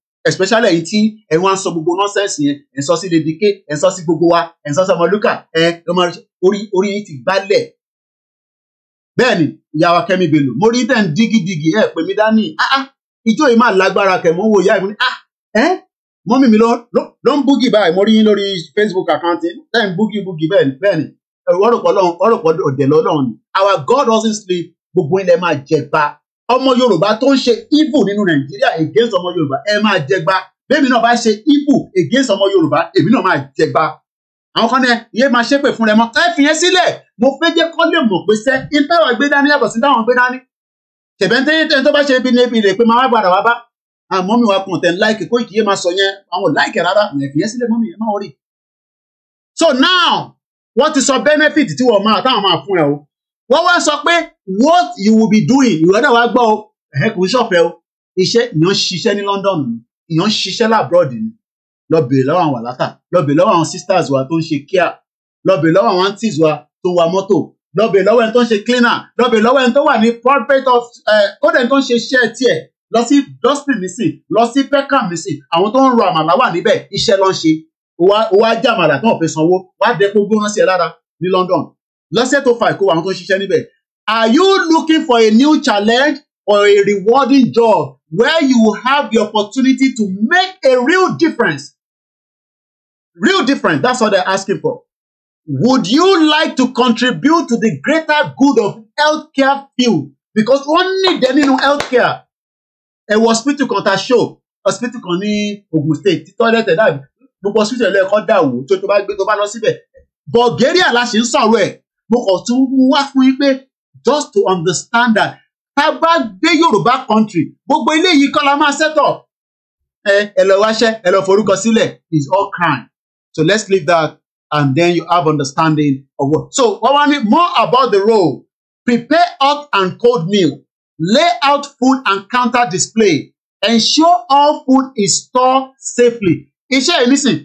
especially èyí tí ẹ wá ń sọ gbogbo nọ́sẹ̀sì yẹn ẹ ń sọ sí lédìké ẹ ń sọ sí gbogbo wa ẹ ń sọ sí ọmọlúkà ẹ ọmọ orí orí yìí ti gbálẹ̀ bẹ́ẹ̀ ni ìyá wa Kẹ́mi Bello mo rí dẹ̀ ń dígídígí ẹ pè mí dání ah, ah ijó yìí máa lágbára kẹ̀ mo wo ìyá ìfúnni ah ẹ mọ́mí mi ló ń búgì báyìí mo rí yín lórí Facebook account dẹ̀ ń búgì búgì bẹ́ẹ̀ ni bẹ́ẹ̀ ni ọ̀rọ̀pọ̀ ọ̀dẹ̀ lọ́lọ́run ni our God doesn't sleep gbogbo ilẹ̀ máa ọmọ yorùbá tó ń ṣe evil nínú nàìjíríà against ọmọ yorùbá ẹ máa jẹgba bẹ́ẹ̀ mi náà bá ṣe evil against ọmọ yorùbá èmi náà máa jẹgba àwọn kan náà yé máa ṣépè fún rẹ mọ ẹ fi yẹn sílẹ̀ mo fẹ́ jẹ́ kọ́ lè mọ̀ pé sẹ́ ìtawà gbé dání yàtọ̀ sí táwọn gbé dání tẹ̀bẹ́ntẹ́yẹ tó bá ṣe ibi ní ibi rẹ̀ pé máa wá gbàdà wá bá àmọ́ mi wá kùn tẹ̀ ń láìkì kó ìkìyè máa sọ yẹn àwọn láìkì rárá ẹ̀ fi yẹn sílẹ̀ mọ́ mi yẹn máa rí. so now wọ́n ti sọ benefit tí wọ́n máa táwọn máa fún ẹ o wọ́n wá sọ pé what you will be doing ìwọ náà wá gbọ́ ẹ̀hẹ́ kò ṣọ̀fẹ́ o iṣẹ́ ìyàn ṣiṣẹ́ ní London ìyàn ṣiṣẹ́ labroad ni lọ bèrè lọ́wọ́ àwọn àlátà lọ bèrè lọ́wọ́ àwọn sisters wa tó ń ṣe kíá lọ bèrè lọ́wọ́ àwọn aunties wa tó wa mọ́tò lọ bèrè lọ́wọ́ ẹni tó ń ṣe cleaner lọ bèrè lọ́wọ́ ẹni tó wà ní corporate of kódà ẹni tó ń ṣe iṣẹ́ tiẹ̀ lọ sí dustin nísìn lọ sí peckham nísìn àwọn tó ń ro àmàlà wà níbẹ̀ iṣẹ́ ló ń ṣe ó wá jẹ́ àmàlà tó ń fẹ́ sanwó wá dẹ́ gbogbo ránṣẹ́ lára ní London lọ́sẹ̀ tó fa ìkó àwọn tó ń ṣiṣẹ́ níbẹ̀ are you looking for a new challenge or a rewarding job where you have the opportunity to make a real difference real difference that's what they're asking for would you like to contribute to the greater good of healthcare field because wọ́n nídẹ̀ẹ́ know healthcare ẹ̀wọ̀ hospital kan ta show hospital kan ní Ogun State títọ́ lẹ́tẹ̀ẹ́ gbogbo hospital ẹ̀lẹ́kọ́ dà wò tó tó bá gbé tó bá lọ síbẹ̀ Bulgaria la ṣe ń sọ̀rọ̀ ẹ̀ mo kàn tún mú wá fún yín pé just to understand that tá a bá dé yorùbá country gbogbo ilé yìí kọ́ la máa set up ẹ ẹ lọ wáṣẹ ẹ lọ forúkọ sílẹ̀ is all crime so let's leave that and then you have understanding of what so wọ́n wá ní more about the role prepare hot and cold meal lay out food and counter display ensure all food is stored safely iṣẹ́ yìí nísìn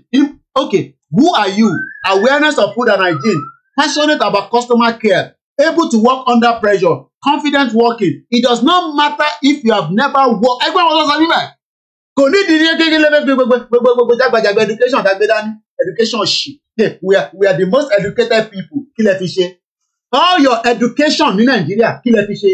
okay who are you awareness of food and hygiene passionate about customer care, able to work under pressure, confident working. It does not matter if you have never worked. Ẹgbẹ́ wọn lọ sọ níbẹ̀. Kò ní ìdílé kékeré lẹ́fẹ̀ẹ́ gbogbogbogbogbogbo jágbàjàgbà education tàgbé dání education ṣì. We are, we are the most educated people. Kí lẹ fi ṣe? All your education ní Nàìjíríà kí lẹ fi ṣe?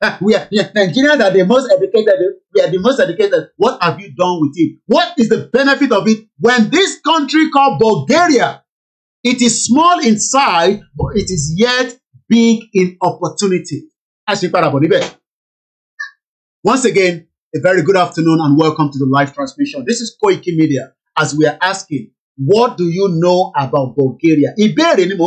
Ah, we are yeah, Nigerians are the most educated. We are the most educated. What have you done with it? What is the benefit of it? When this country called Bulgaria It is small in size, but it is yet big in opportunity. A ṣe Once again, a very good afternoon and welcome to the live transmission. This is Koiki Media as we are asking, what do you know about Bulgaria? Ìbéèrè ni mò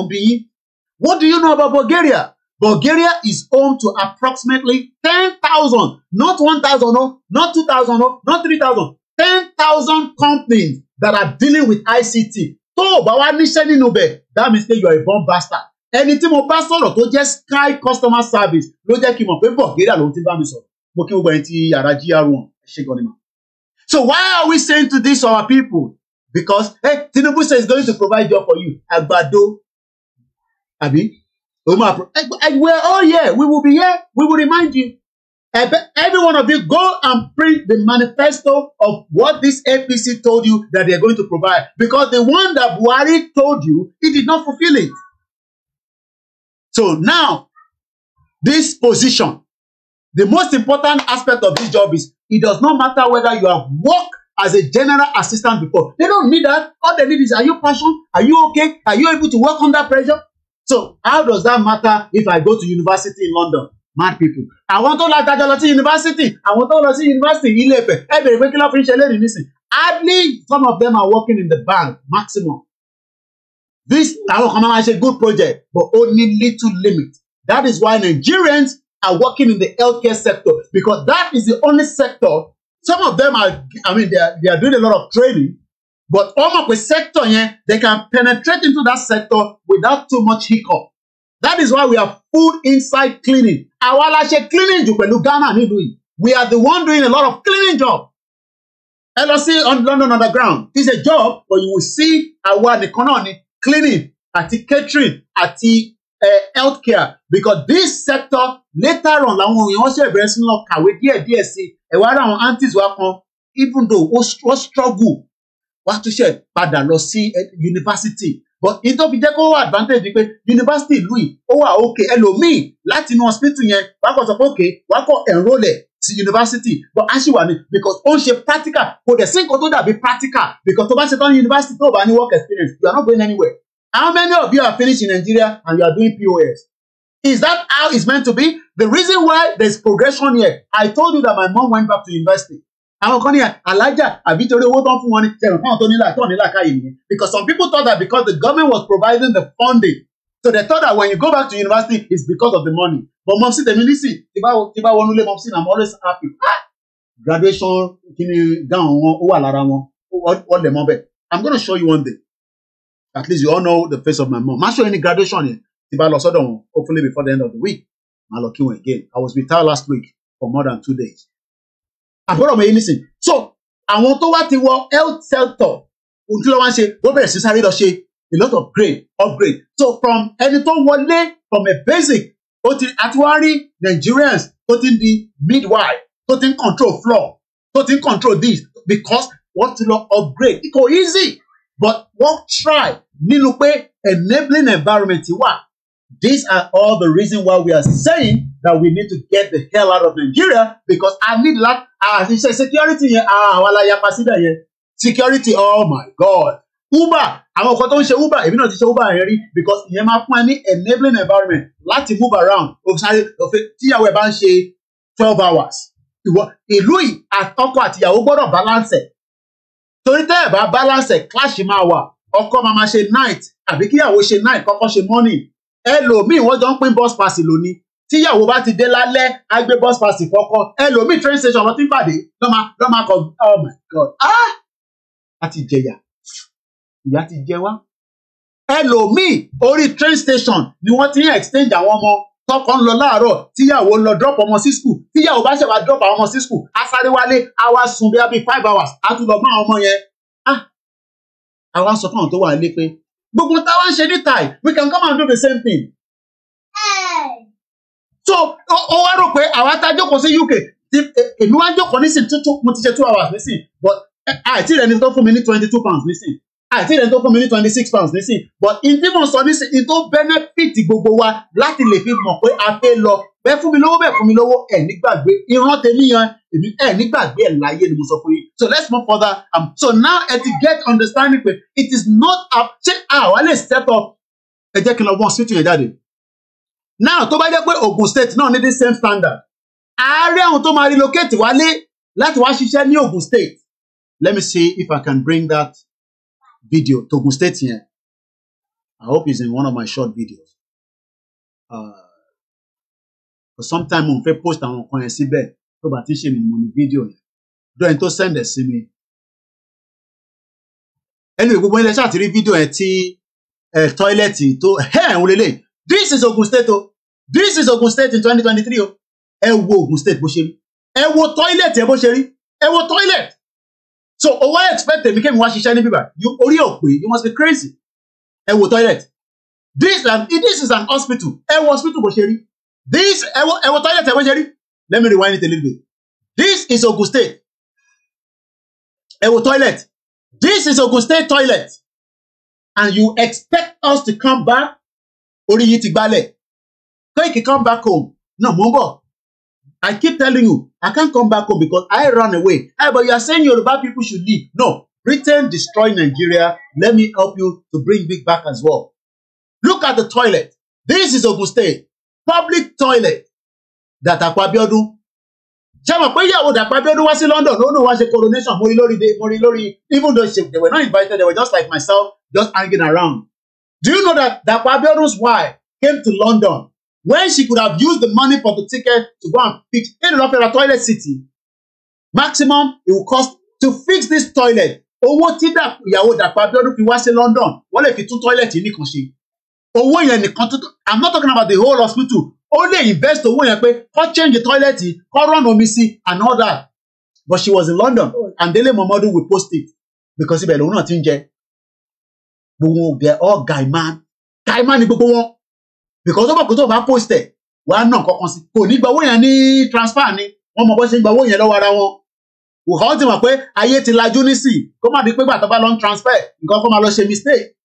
What do you know about Bulgaria? Bulgaria is home to approximately 10,000, not 1,000, no, not 2,000, no, not 3,000, 10,000 companies that are dealing with ICT, tó o bá wá níṣẹ́ nínú bẹ̀ that means say you are a born bastard ẹni tí mo bá sọ̀rọ̀ tó jẹ́ sky customer service ló jẹ́ kí n mọ̀ pé bulgaria lòun ti bá mi sọ̀rọ̀ mo kí gbogbo ẹni tí yàrá gr1 ṣe gan ni mà. so why are we saying to this our people because hey, tinubu says he's going to provide job for you àgbàdo àbí òun máa pro ẹ ẹ we are all here we will be here we will remind you Every one of you go and print the manifesto of what this APC told you that they are going to provide. Because the one that Buhari told you, he did not fulfill it. So now, this position, the most important aspect of this job is it does not matter whether you have worked as a general assistant before. They don't need that. All they need is are you passionate? Are you okay? Are you able to work under pressure? So how does that matter if I go to university in London? mad people àwọn tó la dájọ lọ sí yunifásitì àwọn tó lọ sí yunifásitì ilé Ifẹ̀ ẹ bèrè pé kí ló fi ń ṣe lẹ́yìn nísìn hardly some of them are working in the bank maximum this àwọn kan máa ṣe good project but only little limit that is why Nigerians are working in the healthcare sector because that is the only sector some of them are i mean they are, they are doing a lot of training but ọmọ pé sector yẹn they can penetrate into that sector without too much hiccup that is why we are full inside cleaning àwa la ṣe cleaning jù pẹ̀lú Ghana nílùú yìí we are the one doing a lot of cleaning job ẹ lọ sí London underground this is a job but you will see àwa nìkan náà ni cleaning àti catering àti uh, healthcare because this sector later on làwọn èèyàn wọ́n ṣe bẹ̀rẹ̀ sí lọ kàwé díẹ̀díẹ̀ sí ẹ wá ra àwọn aunties wa kan even though wọ́n struggle wọ́n á tún ṣe padà lọ sí yunifásitì eh, but in tó fi jẹ́ advantage ni pé yunifásitì ìlú yìí ó wà òkè ẹlòmíì láti inú hospital yẹn wàá kọ sọ pé òkè wàá kọ ẹ̀ńrólẹ̀ sí yunifásitì but a ṣì because ó ń ṣe practical kò dẹ̀ sí nǹkan tó dàbí practical because tó bá ṣe tán university, tó bá ní work experience you are not going anywhere how many of you are finished in Nigeria and you are doing POS Is that how it's meant to be? The reason why there is progression here, I told you that my mom went back to university àwọn kan ní alájà àbí torí owó tán fún wọn ni ṣẹ̀rùn fún àwọn tó nílà tó nílà káyè nìyẹn because some people thought that because the government was providing the funding so they thought that when you go back to university it's because of the money but mọ̀mísí tèmi lísì tí bá tí bá wọnú lé mọ̀mísí i'm always happy ah graduation kìíní gown wọn ó wà lára wọn ó lè mọ́ bẹ́ẹ̀ i'm gonna show you one day at least you all know the face of my mom máa ṣe ní graduation yẹn tí bá lọ sọ́dọ̀ wọn hopefully before the end of the week máa lọ kí wọn again i was retired last week for more than two days àbúrò ọmọ yìí nísìn so àwọn tó wá ti wọ health sector ohun tí ló wá ń ṣe wọ́n bẹ̀rẹ̀ sí sáré lọ ṣe a lot of grade upgrade so from ẹni tó wọlé from a basic ó ti àtiwárí Nigerians tó ti ń di midwife tó ti ń control floor tó ti ń control this because wọ́n ti lọ upgrade it go easy but wọ́n try nínú pé enabling environment wà These are all the reason why we are saying that we need to get the hell out of Nigeria because I need lack as you say security ah ara àwọn alayapa síbẹ̀ here security oh my god Uber àwọn nǹkan tó ń ṣe Uber èmi náà ti ṣe Uber yẹn rí because ìyẹn máa fún ẹ ní enabling environment láti move around òsáré òfin tíyàwó ẹ bá ń ṣe twelve hours ìwọ ìlú àtọkọ àtìyàwó gbọ́dọ̀ balance ẹ torí tẹ́ ẹ̀ bá balance ẹ clash máa wà ọkọ máa ma ṣe night àbí kíyàwó ṣe night kọ́kọ́ ṣe morning ẹlòmíì wọ́n jọ ń pín bus pass lónìí tíyàwó bá ti dé lálẹ́ á gbé bus pass fọ́kọ ẹlòmíì train station wọ́n ti ń pàdé lọ́mà lọ́mà kọ oh my god ah a ti jẹyà ìyà ti jẹ wá ẹlòmíì orí train station ni wọ́n ti ń exchange àwọn ọmọ tọkọ ń lọ láàárọ̀ tíyàwó ń lọ drop ọmọ sí school tíyàwó bá ṣe wá drop àwọn ọmọ sí school á sáré wá sùn bí i five hours á tún lọ bá àwọn ọmọ yẹn ah àwa sọ fún àwọn tó wà lé pé gbogbo táwa ń ṣe níta we can come and do the same thing. so ó wá rò pé àwa tá a jókòó sí UK e, èmi wá jókòó nísìn tuntun mo ti ṣe two hours nísìn but àìtí rẹ ni tó fún mi ní twenty two pounds nísìn àìtí rẹ ni tó fún mi ní twenty six pounds nísìn but in tí mo sọ nísìn in tó benefit gbogbo wa láti lè fi mọ̀ pé a fẹ́ lọ bẹ́ẹ̀ fún mi lówó bẹ́ẹ̀ fún mi lówó ẹ̀ nígbàgbé ìran tèmi yan èmi ẹ̀ nígbàgbé ẹ̀ láyé ni mo sọ fún yín so let's move further um, so now ẹ ti get understanding pé it is not a ṣé àwa lè step up ẹ jẹ́ kí n lọ wọ́n switch yẹn jáde now tó bá jẹ́ pé Ogun State náà ní the same standard ààrẹ àwọn tó máa relocate wálé láti wá ṣiṣẹ́ ní Ogun State let me see if I can bring that video to Ogun State yẹn I hope it's in one of my short videos. Uh, but sometimes mo fẹ́ post àwọn nǹkan yẹn síbẹ̀ tó bá ti ṣe mi mo ní fídíò yẹn dọ́ ẹni tó send ẹ̀ sí mi. ẹnu ìgbogbo ilẹ̀ ṣáà ti rí fídíò yẹn tí tọ́ílẹ̀tì tó ẹ̀hún lélẹ̀ this is Ogun State o this is Ogun State in twenty twenty three o ẹ wo Ogun State bó ṣe rí ẹ wo tọ́ílẹ̀tì ẹ bó ṣe rí ẹ wo tọ́ílẹ̀tì so o wá expect èmi kẹ́mi wá ṣiṣẹ́ ní bíbá orí ò pé you must be crazy ẹ wo tọ́ílẹ̀tì this, this is an hospital ẹ wo hospital bó ṣe rí this ẹwọ ẹwọ toilet ẹwọ ṣe rí let me rewind it a little bit this is Ogun State ẹwọ toilet this is Ogun State toilet and you expect us to come back orí yìí ti gbálẹ̀ Koiki come back home No, mò ń bọ̀ I keep telling you I can't come back home because I run away hey, but you are saying Yoruba people should leave no Britain destroy Nigeria let me help you to bring it back as well look at the toilet this is Ogun State public toilet Dàpọ̀ Abíọ́dún ṣé mọ̀ pé ìyàwó Dàpọ̀ Abíọ́dún wá sí London ló nù wá ṣe coronation mo rí lórí mo rí lórí even though she, they were not invited they were just like myself just hanging around do you know that Dàpọ̀ Abíọ́dun's wife came to London when she could have used the money for the ticket to go and fix in the toilet city maximum it will cost to fix this toilet owó tí ìyàwó Dàpọ̀ Abíọ́dún fi wá sí London wọ́n lè fi tún toilet yìí nìkan ṣe owó yẹn nìkan tó i'm not talking about the whole hospital Only lè invest owó yẹn pé kó change toilet kó run omi sí and all that but she was in London and Dele Momodu will post it because ibẹ̀ lòun náà ti ń jẹ gbogbo they are all guy man guy man ni gbogbo wọn because ó bá kó tó bá post ẹ̀ wàá nà kankan sí kò ní gba owó yẹn ní transfer ni wọ́n mọ bó ṣe ń gba owó yẹn lọ́wọ́ ara wọn wò ó ti mọ̀ pé ayé ti lajú nísì kó má di pé gbàtọ́ bá lọ ń transfer nǹkan kó má lọ ṣe mistake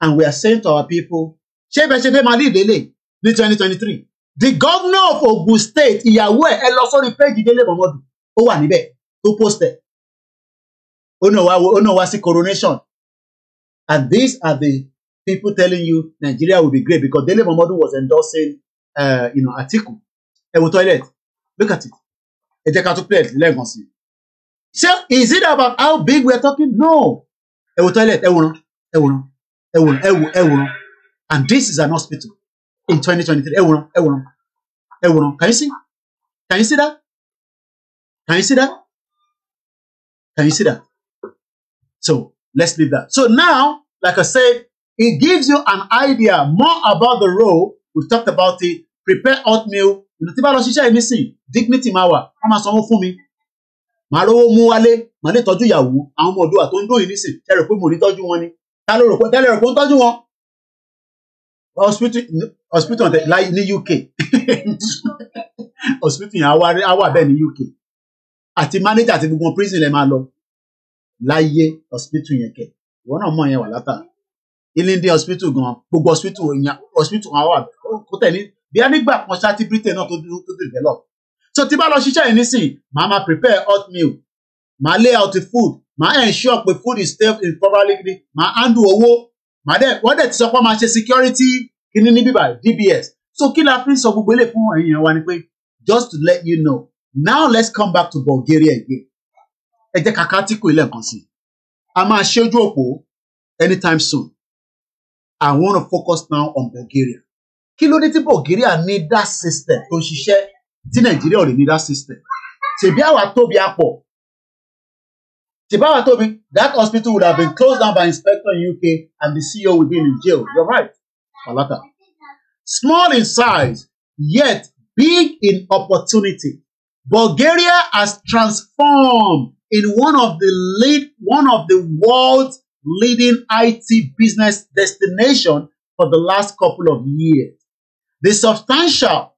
and we are saying to our people ṣé bẹ́ẹ̀ ṣe dé máa lead délé ní twenty twenty three the governor of Ogun State ìyàwó ẹ̀ ẹ lọ sórí péjì délé mọ̀mọ́dù ó wà níbẹ̀ tó post ẹ̀ ó náà wá sí coronation and these are the people telling you Nigeria will be great because Dele Momodu was endorsing uh, you know, Atiku ẹ wo toilet look at it ẹ jẹ́ ká tún play lẹ́ẹ̀kan sí so is it about how big we are talking no ẹ wo toilet ẹ wo ran ẹ ẹwòrán ẹwòrán and this is an hospital in 2023 ẹwòrán ẹwòrán ẹwòrán can you see can you see that can you see that can you see that so let's leave that so now like I said it gives you an idea more about the role we talked about it prepare hot meal ìlú tí bá lọ ṣiṣẹ́ mi sìn dignity máa wà wọ́n máa sanwó fún mi màá rówó mú wálé màá lè tọ́jú ìyàwó àwọn ọmọ òdùwà tó ń dùn yìí nísìn ẹ rò pé mo ní tọ́jú wọn ni ta ló rò pé tẹ́lẹ̀ rò pé ó ń tọ́jú wọn hospital hospital ní UK hospital yẹn á wà bẹ́ẹ̀ ní UK àti manager àti gbogbo prison lè máa lọ láyé hospital yẹn kẹ ìwọ náà mọ̀ yẹn wà látà ilinde hospital gan gbogbo hospital yẹn hospital wọn wà kó tẹ̀lé bí a nígbà kan ṣáà tí Britain náà tó tó develop so tí bá lọ ṣiṣẹ́ yìí nísìn màá máa prepare hot meal màá lay out the food màá ensure pé food is served in properly kini màá handle owó màá dẹ̀ wọ́n dẹ̀ ti sọ pé màá ṣe security kini ní bíbá DBS so kí la fi sọ gbogbo ilé fún ẹ̀yin wa ni pé just to let you know now let's come back to Bulgaria again ẹ jẹ́ kàkà tí kò ilé nǹkan sí a máa ṣojú òpó anytime soon I want to focus now on Bulgaria kí ló dé tí Bulgaria ní that system tó ṣiṣẹ́ tí Nàìjíríà ò lè ní that system ṣèbí àwa tóbi apọ̀ Jibawa told me that hospital would have been closed down by inspector in UK and the CEO would be in jail. You're right, Falata. Small in size, yet big in opportunity. Bulgaria has transformed in one of the lead, one of the world's leading IT business destination for the last couple of years. The substantial,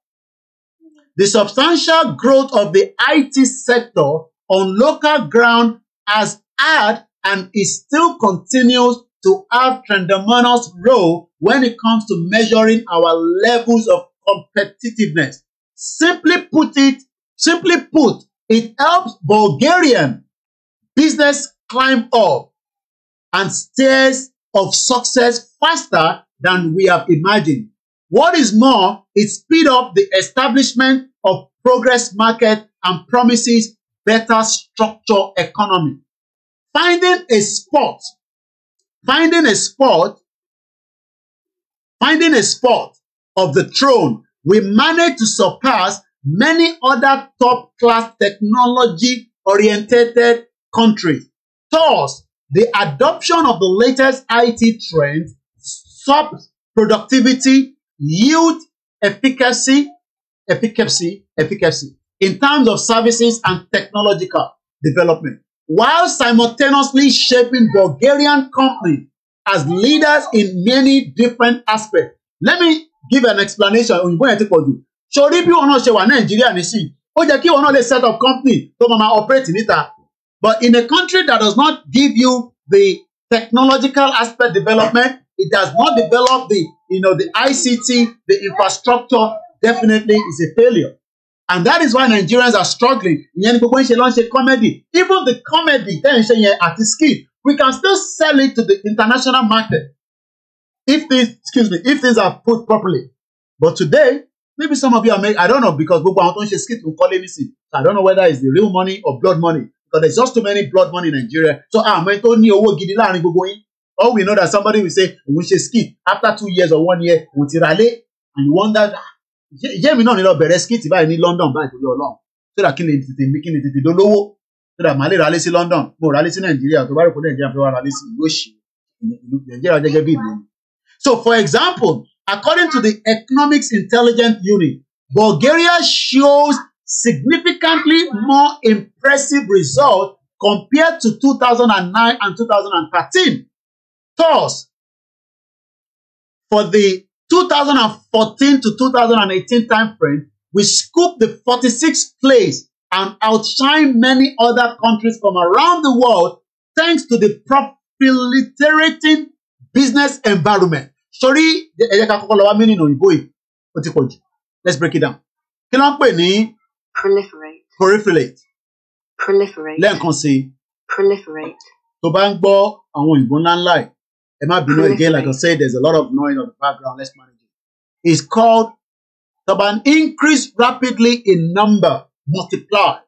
the substantial growth of the IT sector on local ground has had and is still continues to have tremendous role when it comes to measuring our levels of competitiveness. Simply put it, simply put, it helps Bulgarian business climb up and stairs of success faster than we have imagined. What is more, it speed up the establishment of progress market and promises better structure economy. Finding a spot, finding a spot, finding a spot of the throne we managed to surpass many other top-class technology-oriented countries. Thus, the adoption of the latest IT trends, sub productivity, yield efficacy, efficacy, efficacy, in terms of services and technological development, while simultaneously shaping Bulgarian companies as leaders in many different aspects. Let me give an explanation òyìnbó yẹn ti pọ̀ jù. Ṣorí bí you náà ṣe wà Nàìjíríà ní sí, ó jẹ́ kí wọn náà set of company tó máa máa it. níta. But in a country that does not give you the technological aspect development, it does not develop the, you know, the ICT, the infrastructure, definitely is a failure and that is why Nigerians are struggling ìyẹn ni gbogbo ń ṣe lọ́n ṣe comedy even the comedy tẹ́ ń ṣe yẹn àti skill we can still sell it to the international market if things excuse me if things are put properly but today maybe some of you are make I don't know because gbogbo àwọn tó ń ṣe skill kò kọ́lé nísìn so I don't know whether it's the real money or blood money because there's just too many blood money in Nigeria so ah, àmọ́ tó ní owó gidi láàrin gbogbo yín all we know that somebody will say òun ṣe skill after two years or one year òun ti ra lé and you wonder ah, jẹ́mi náà ní lọ bẹ̀rẹ̀ skit báyìí ní London báyìí torí Ọlọ́run tó dà kí ni tètè mi kí ni tètè dolówó tó dà má lè ralé sí London mo ralé sí Nàìjíríà tó bá rò pé Nàìjíríà fẹ́ wá ralé sí ìlú òṣì Nàìjíríà gẹ́gẹ́ bí ìlú. So for example, according to the Economics Intelligence Unit, Bulgaria shows significantly more impressive results compared to 2009 and 2013. Thus, for the 2014 to 2018 timeframe, we scooped the 46th place and outshine many other countries from around the world thanks to the proliferating business environment. Sorry, ẹ jẹ́ ká kọ́kọ́ lọ wá Let's break it down. Kí ló ń Proliferate. Proliferate. Proliferate. Lẹ́ẹ̀kan sí. Proliferate. Tó bá ń gbọ́ àwọn òyìnbó ńláńlá It might be again. Like I said, there's a lot of noise on the background. Let's manage it. It's called an increase rapidly in number, multiply.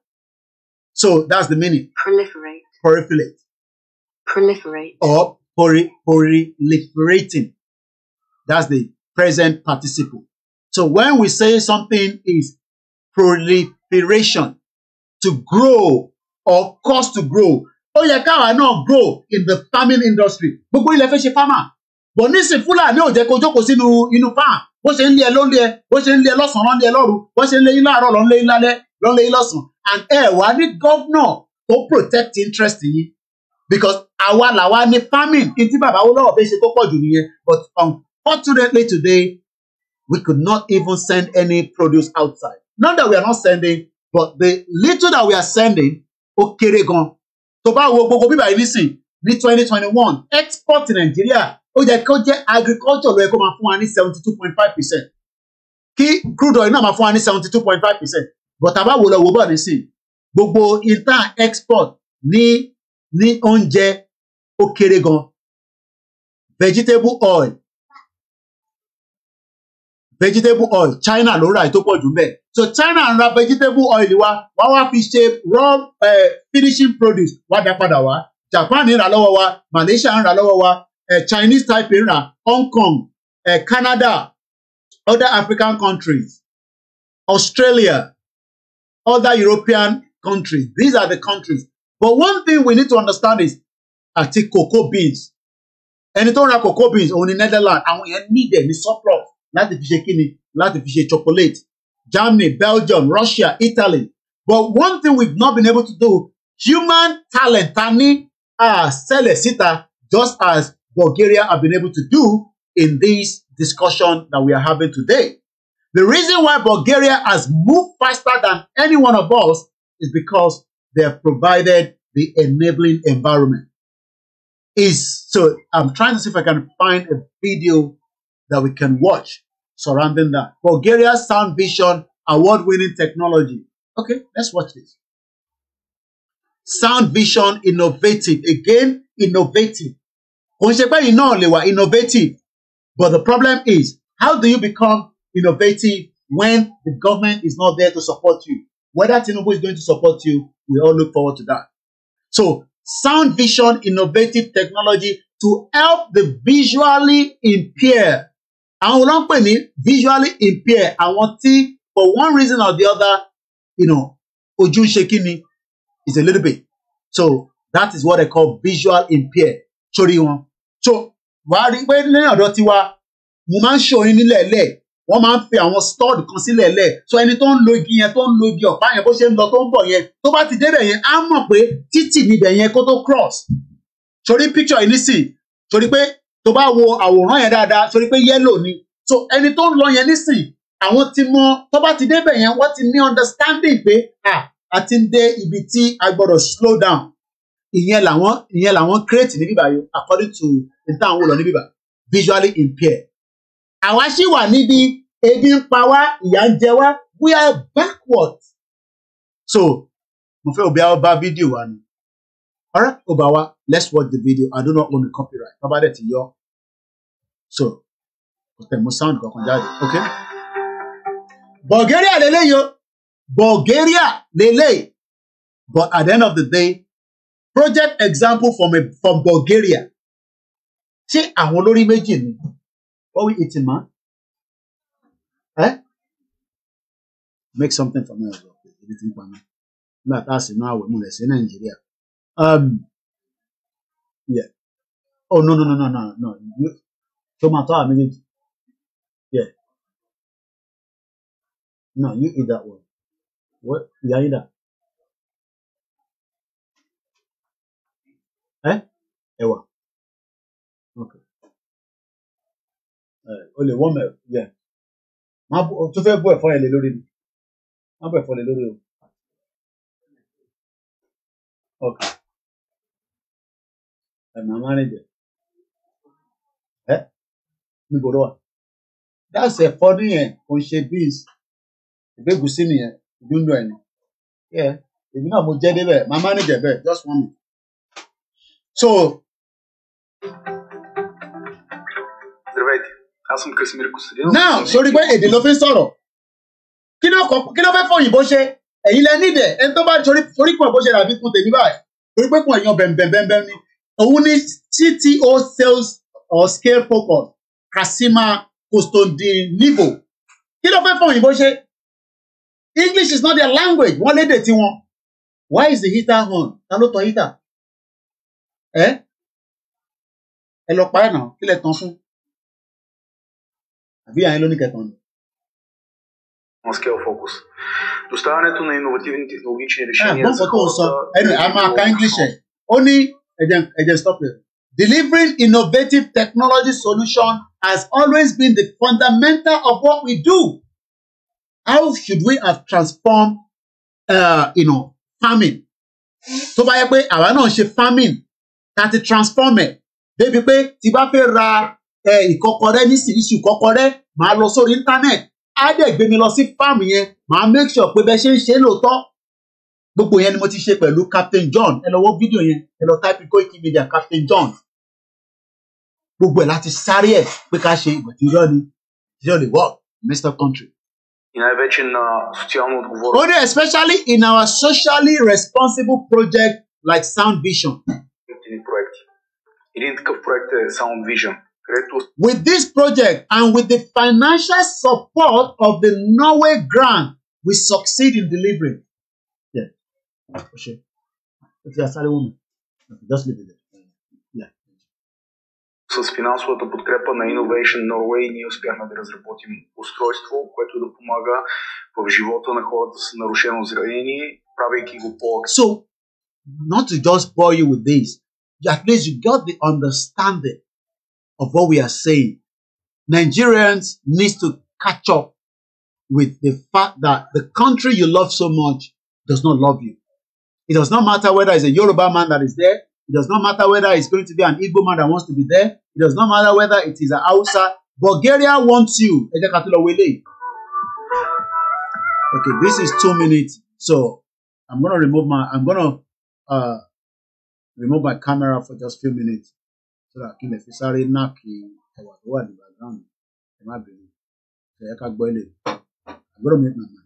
So that's the meaning. Proliferate. Proliferate. Proliferate. Or pori- proliferating. That's the present participle. So when we say something is proliferation, to grow or cause to grow, ó yẹ káwa náà grow in the farming industry gbogbo ilẹ̀ fẹ́ ṣe farmer bọ̀ nísìn fúlàní ò jẹ́ kó jókòó sínú inú farm bó ṣe ń lé ẹ ló ń lé ẹ bó ṣe ń lé ẹ lọ́sàn-án ló ń lé ẹ lọ́rùn bó ṣe ń lé yín láàárọ̀ ló lé yín lálẹ́ ló lé yín lọ́sàn-án and ẹ wá ní gọ́vnọ̀ tó protect interest yín because àwa làwa ní farming In tí bàbá Awólọ́wọ̀ fẹ́ ṣe tó pọ̀ jù nìyẹn but unfortunately today we could not even send any produce outside not that we are not sending but the little that we are sending ó kéré gan-an tó bá wo gbogbo bíbà yìí nísìn ní twenty twenty one export nàìjíríà ó yẹ kó jẹ́ agriculture ló yẹ kó máa fún wa ní seventy two point five percent kí crude oil náà máa fún wa ní seventy two point five percent but àbá wo lọ wo bọ̀ nísìn gbogbo inter export ní ní oúnjẹ ó kéré gan vegetable oil vegetable oil China ló ra èyí pọ̀ jù mẹ́ẹ̀ so China ń ra vegetable oil wa wá wá fi ṣe raw uh, finishing produce wá dá padà wá Japan ń ra lọ́wọ́ wa Malaysia ń ra lọ́wọ́ wa uh, Chinese Taipei ń ra Hong Kong uh, Canada other African countries Australia other European countries these are the countries but one thing we need to understand is àti cocoa beans ẹni tó ń ra cocoa beans òun ni Netherlands àwọn yẹn need ẹ ní surplus láti fi ṣe kíni láti fi ṣe chocolate Germany Belgium Russia Italy but one thing we've not been able to do human talent ta ní àṣẹlẹ̀ síta just as Bulgaria have been able to do in this discussion that we are having today. The reason why Bulgaria has moved faster than any one of us is because they have provided the enabling environment. Is so I'm trying to see if I can find a video that we can watch surrounding that. Bulgaria Sound Vision award winning technology. Okay, let's watch this. Sound Vision innovative. Again, innovative. Onsepeyi náà they were innovative. But the problem is, how do you become innovative when the government is not there to support you? Whether Tinubu is going to support you, we all look forward to that. So, sound vision innovative technology to help the visually impaired àwọn wọn ń pè ní visually impaired àwọn tí for one reason or the other you know, ojú ń ṣe kí ni is a little bit so that is what they call visual impaired sórí wọn so wàá rí i pé lẹ́yìn ọ̀dọ̀ tiwa mo máa ń ṣòyìn nílẹ̀ lẹ̀ wọ́n máa ń fi àwọn stud kan sílẹ̀ lẹ̀ so ẹni tó ń lo igi yẹn tó ń lo igi ọ̀pá yẹn bó ṣe ń lọ tó ń bọ̀ yẹn tó bá ti débẹ̀ yẹn á mọ̀ pé títì níbẹ̀ yẹn kó tó cross torí picture yìí nísìn torí pé tó bá wo àwòrán yẹn dáadáa torí pé yẹ́lò ni so ẹni tó ń lọ yẹn nísìn àwọn ti mọ tó bá ti débẹ̀ yẹn wọ́n ti ní understanding pé à àti ń dé ibi tí a gbọ́dọ̀ slow down ìyẹn làwọn ìyẹn làwọn create ní bíbá yìí according to nta àwọn olọ ní bíbá visually impaired àwa ṣì wà níbi ebi ń pa wá ìyà ń jẹ wá we are backward so mo fẹ́ òbí àwọn bá fídíò wa ni ọ̀rẹ́ kò bá wa Let's watch the video. I do not own the copyright. How about that, y'all? So, okay, mo sound kankan jáde. Okay? Bulgaria lélẹ́yìí o. Bulgaria lélẹ́yìí. But at the end of the day, project example from a, from Bulgaria. See, I will not imagine. What we eating, man? Ẹ́ eh? make something for me as well. Ìdí tí ń pa mí. Nígbà tá a sì náà Um, Yeah. Oh no no no no no no. You, tó máa tọ́ àmì méjì. Yeah. No, you eat that one. What? Yeah, yín dà. Ẹ ẹ̀wà. Okay. Ẹ eh, o lè wọ́n mẹ̀ yẹ. Má tó fẹ́ bú ẹ̀fọ́ yẹn lé lórí mi. Má bú ẹ̀fọ́ lé o. Okay by my manager. eh? níbo go wà? That's a funny kò ń ṣe beans. Ìgbégùsí nìyẹn, ìdúndùn ẹ̀ ni. Èmi náà mo jẹ́ débẹ̀, my manager bẹ̀, just one minute. So. Здравейте, аз съм Красимир Костадинов. Now, sori pé èdè ló fi ń sọ̀rọ̀. Kí ló fẹ́ fọ òyìnbó ṣe? Ẹ̀yin lẹ nídẹ̀, ẹni tó bá sorí kùn ẹ̀ bó ṣe rà bí kun tèmi báyìí. Torí pé kùn ẹ̀yàn bẹ̀m̀bẹ̀m̀bẹ̀m ni òun ni CTO sales or scale focus Kasima Kostodinivo kí ló fẹ́ fún òyìnbó ṣe English is not their language wọ́n lédè tiwọn why is the heater on ta ló tan heater ẹ ẹ lọ pa ẹ̀ náà kí lẹ tán fún àbí àyín ló ní kẹtàn ni. Москва фокус. Доставянето на иновативни технологични решения. А, какво са? Е, ама как English е? ẹ jẹ́ stop there. Delivering innovative technology solution has always been the fundamental of what we do. How should we have transformed uh, you know, farming? Tó bá yẹ pé àwa náà ṣe farming láti transform ẹ̀ débi pé tí bá fẹ́ ra ìkọ́kọrẹ́ nísìnyíṣu ìkọ́kọrẹ́ màá lọ sórí íńtánẹ́ẹ̀tì á dẹ̀ gbé mi lọ sí fáàmù yẹn màá make sure pé bẹ́ẹ̀ ṣe ń ṣe lóòótọ́ gbogbo yẹn ni mo ti ṣe pẹ̀lú Captain John ẹ lọ wo fídíò yẹn ẹ lọ táìpì Koiki Media Captain John gbogbo ẹ̀ láti sáré ẹ̀ pé ká ṣe ìgbọ̀tí irọ́ ni irọ́ lè wọ̀ Mr. Country. Only uh, especially in our socially responsible project like Sound Vision. With this project and with the financial support of the Norway grant, we succeed in delivering. С финансовата подкрепа на Innovation Norway ние успяхме да разработим устройство, което да помага в живота на хората с нарушено зрение, правейки го по So, not to just bore you with this, at least you got the understanding of what we are saying. Nigerians needs to catch up with the fact that the country you love so much does not love you. It does not matter whether it's a Yoruba man that is there. It does not matter whether it's going to be an Igbo man that wants to be there. It does not matter whether it is an Hausa. Bulgaria wants you. Okay, this is two minutes. So I'm gonna remove my I'm gonna uh, remove my camera for just few minutes so that kí n lè fi sáré náàkì ẹwà tó wà ní background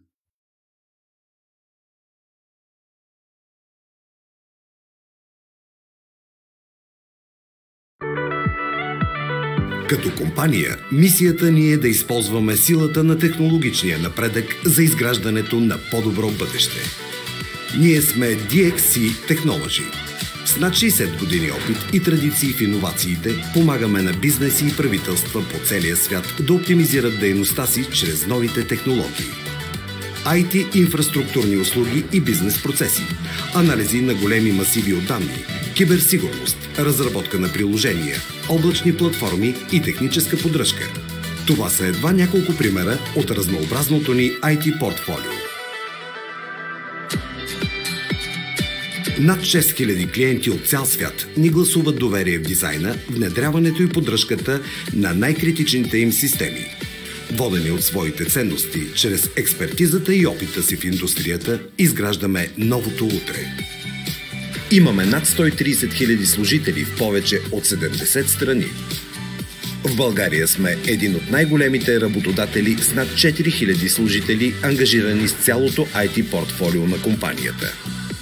Като компания, мисията ни е да използваме силата на технологичния напредък за изграждането на по-добро бъдеще. Ние сме DXC Technology. С над 60 години опит и традиции в иновациите помагаме на бизнеси и правителства по целия свят да оптимизират дейността си чрез новите технологии. IT инфраструктурни услуги и бизнес процеси, анализи на големи масиви от данни, киберсигурност, разработка на приложения, облачни платформи и техническа поддръжка. Това са едва няколко примера от разнообразното ни IT портфолио. Над 6000 клиенти от цял свят ни гласуват доверие в дизайна, внедряването и поддръжката на най-критичните им системи – Водени от своите ценности, чрез експертизата и опита си в индустрията, изграждаме новото утре. Имаме над 130 000 служители в повече от 70 страни. В България сме един от най-големите работодатели с над 4000 служители, ангажирани с цялото IT портфолио на компанията.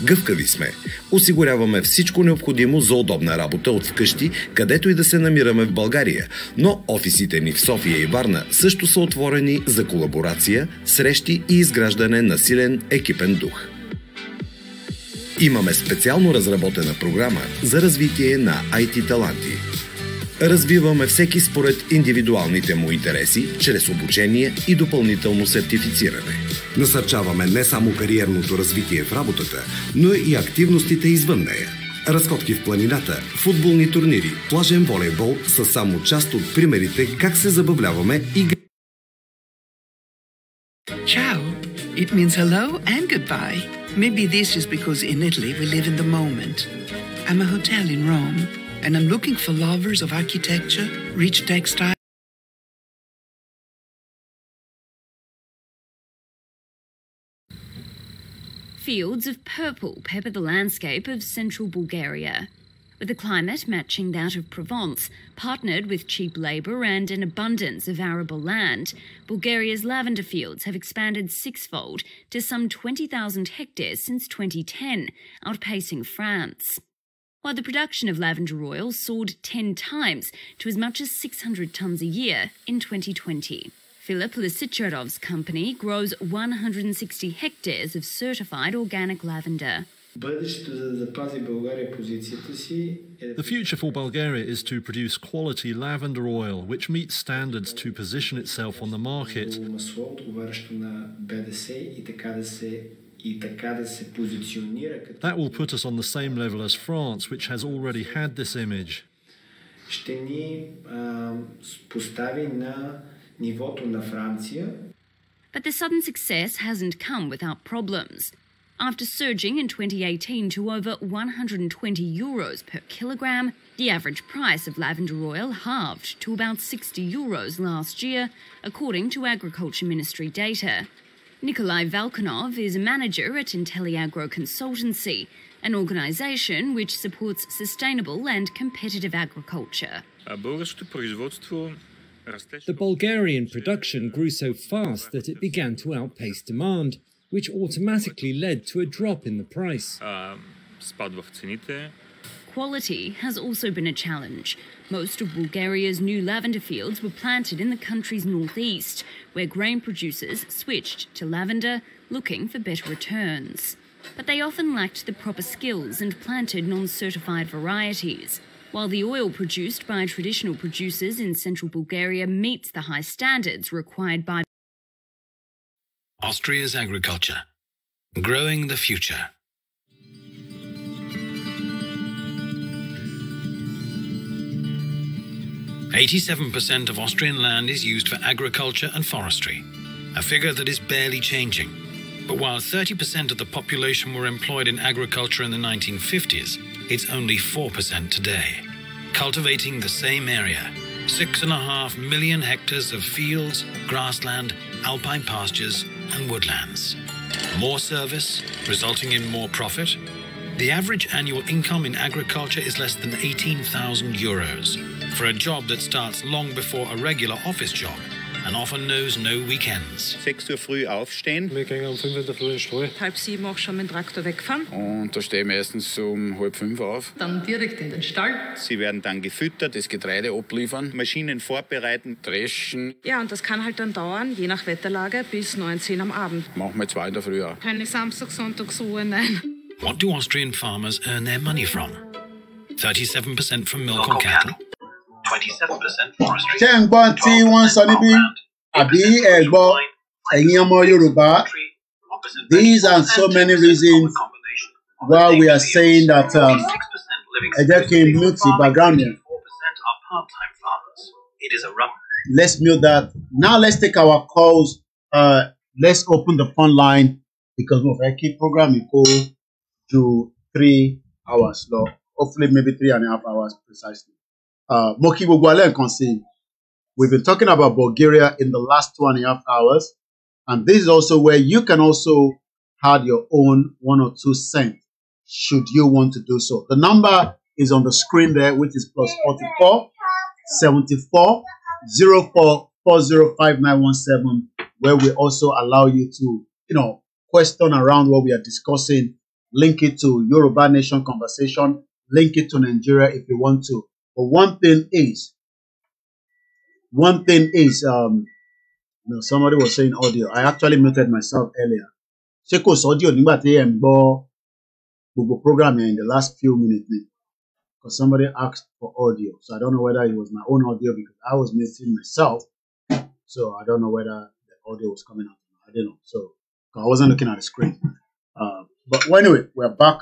Гъвкави сме. Осигуряваме всичко необходимо за удобна работа от вкъщи, където и да се намираме в България. Но офисите ни в София и Варна също са отворени за колаборация, срещи и изграждане на силен екипен дух. Имаме специално разработена програма за развитие на IT таланти – Развиваме всеки според индивидуалните му интереси, чрез обучение и допълнително сертифициране. Насърчаваме не само кариерното развитие в работата, но и активностите извън нея. Разходки в планината, футболни турнири, плажен волейбол са само част от примерите как се забавляваме и Ciao, it means hello and goodbye. Maybe this is because in Italy we live in the moment. I'm a hotel in Rome. and I'm looking for lovers of architecture, rich textiles. Fields of purple pepper the landscape of central Bulgaria. With a climate matching that of Provence, partnered with cheap labour and an abundance of arable land, Bulgaria's lavender fields have expanded sixfold to some 20,000 hectares since 2010, outpacing France while the production of lavender oil soared 10 times to as much as 600 tonnes a year in 2020. Philip Lysicharov's company grows 160 hectares of certified organic lavender. The future for Bulgaria is to produce quality lavender oil, which meets standards to position itself on the market. That will put us on the same level as France, which has already had this image. But the sudden success hasn't come without problems. After surging in 2018 to over 120 euros per kilogram, the average price of lavender oil halved to about 60 euros last year, according to Agriculture Ministry data. Nikolai Valkanov is a manager at IntelliAgro Consultancy, an organisation which supports sustainable and competitive agriculture. The Bulgarian production grew so fast that it began to outpace demand, which automatically led to a drop in the price. Um, quality has also been a challenge. Most of Bulgaria's new lavender fields were planted in the country's northeast, where grain producers switched to lavender, looking for better returns. But they often lacked the proper skills and planted non certified varieties. While the oil produced by traditional producers in central Bulgaria meets the high standards required by Austria's agriculture, growing the future. 87% of Austrian land is used for agriculture and forestry, a figure that is barely changing. But while 30% of the population were employed in agriculture in the 1950s, it's only 4% today. Cultivating the same area, six and a half million hectares of fields, grassland, alpine pastures, and woodlands. More service, resulting in more profit. The average annual income in agriculture is less than 18,000 euros, for a job that starts long before a regular office job and often knows no weekends. 6 Uhr früh aufstehen. Wir gehen um 5 Uhr in der Früh in den Stall. Halb 7 auch schon mit dem Traktor wegfahren. Und da stehen meistens um halb fünf auf. Dann direkt in den Stall. Sie werden dann gefüttert, das Getreide abliefern, Maschinen vorbereiten, dreschen. Ja, und das kann halt dann dauern, je nach Wetterlage, bis 19 am Abend. Machen wir zwei in der Früh auch. Keine Samstag, Sonntagsruhe, nein. What do Austrian farmers earn their money from? 37% from milk or cattle. ṣé ń gbọ́ tí wọ́n ń sọ níbí àbí ẹ̀ gbọ́ ẹ̀yin ọmọ Yorùbá these are so many reasons why we are saying that um, ẹ jẹ́ kí n mute the background yẹn. Let's mute that. Now let's take our calls. Uh, let's open the phone line because mo fẹ́ kí program yìí kó ju three hours lọ. Hopefully maybe three and a half hours precisely. Uh, mo kí and alẹ́ we've been talking about Bulgaria in the last two and a half hours and this is also where you can also add your own one or two cents should you want to do so. The number is on the screen there which is plus 44 74 04 405 where we also allow you to, you know, question around what we are discussing, link it to Yoruba Nation conversation, link it to Nigeria if you want to. But one thing is, one thing is, um, you know, somebody was saying audio. I actually muted myself earlier. Ṣé kò sọ́díò nígbà tí ẹ̀ ń gbọ́ gbogbo in the last few minutes Because somebody asked for audio. So I don't know whether it was my own audio because I was muting myself. So I don't know whether the audio was coming out. I don't know. So I wasn't looking at the screen. Uh, but anyway, we're back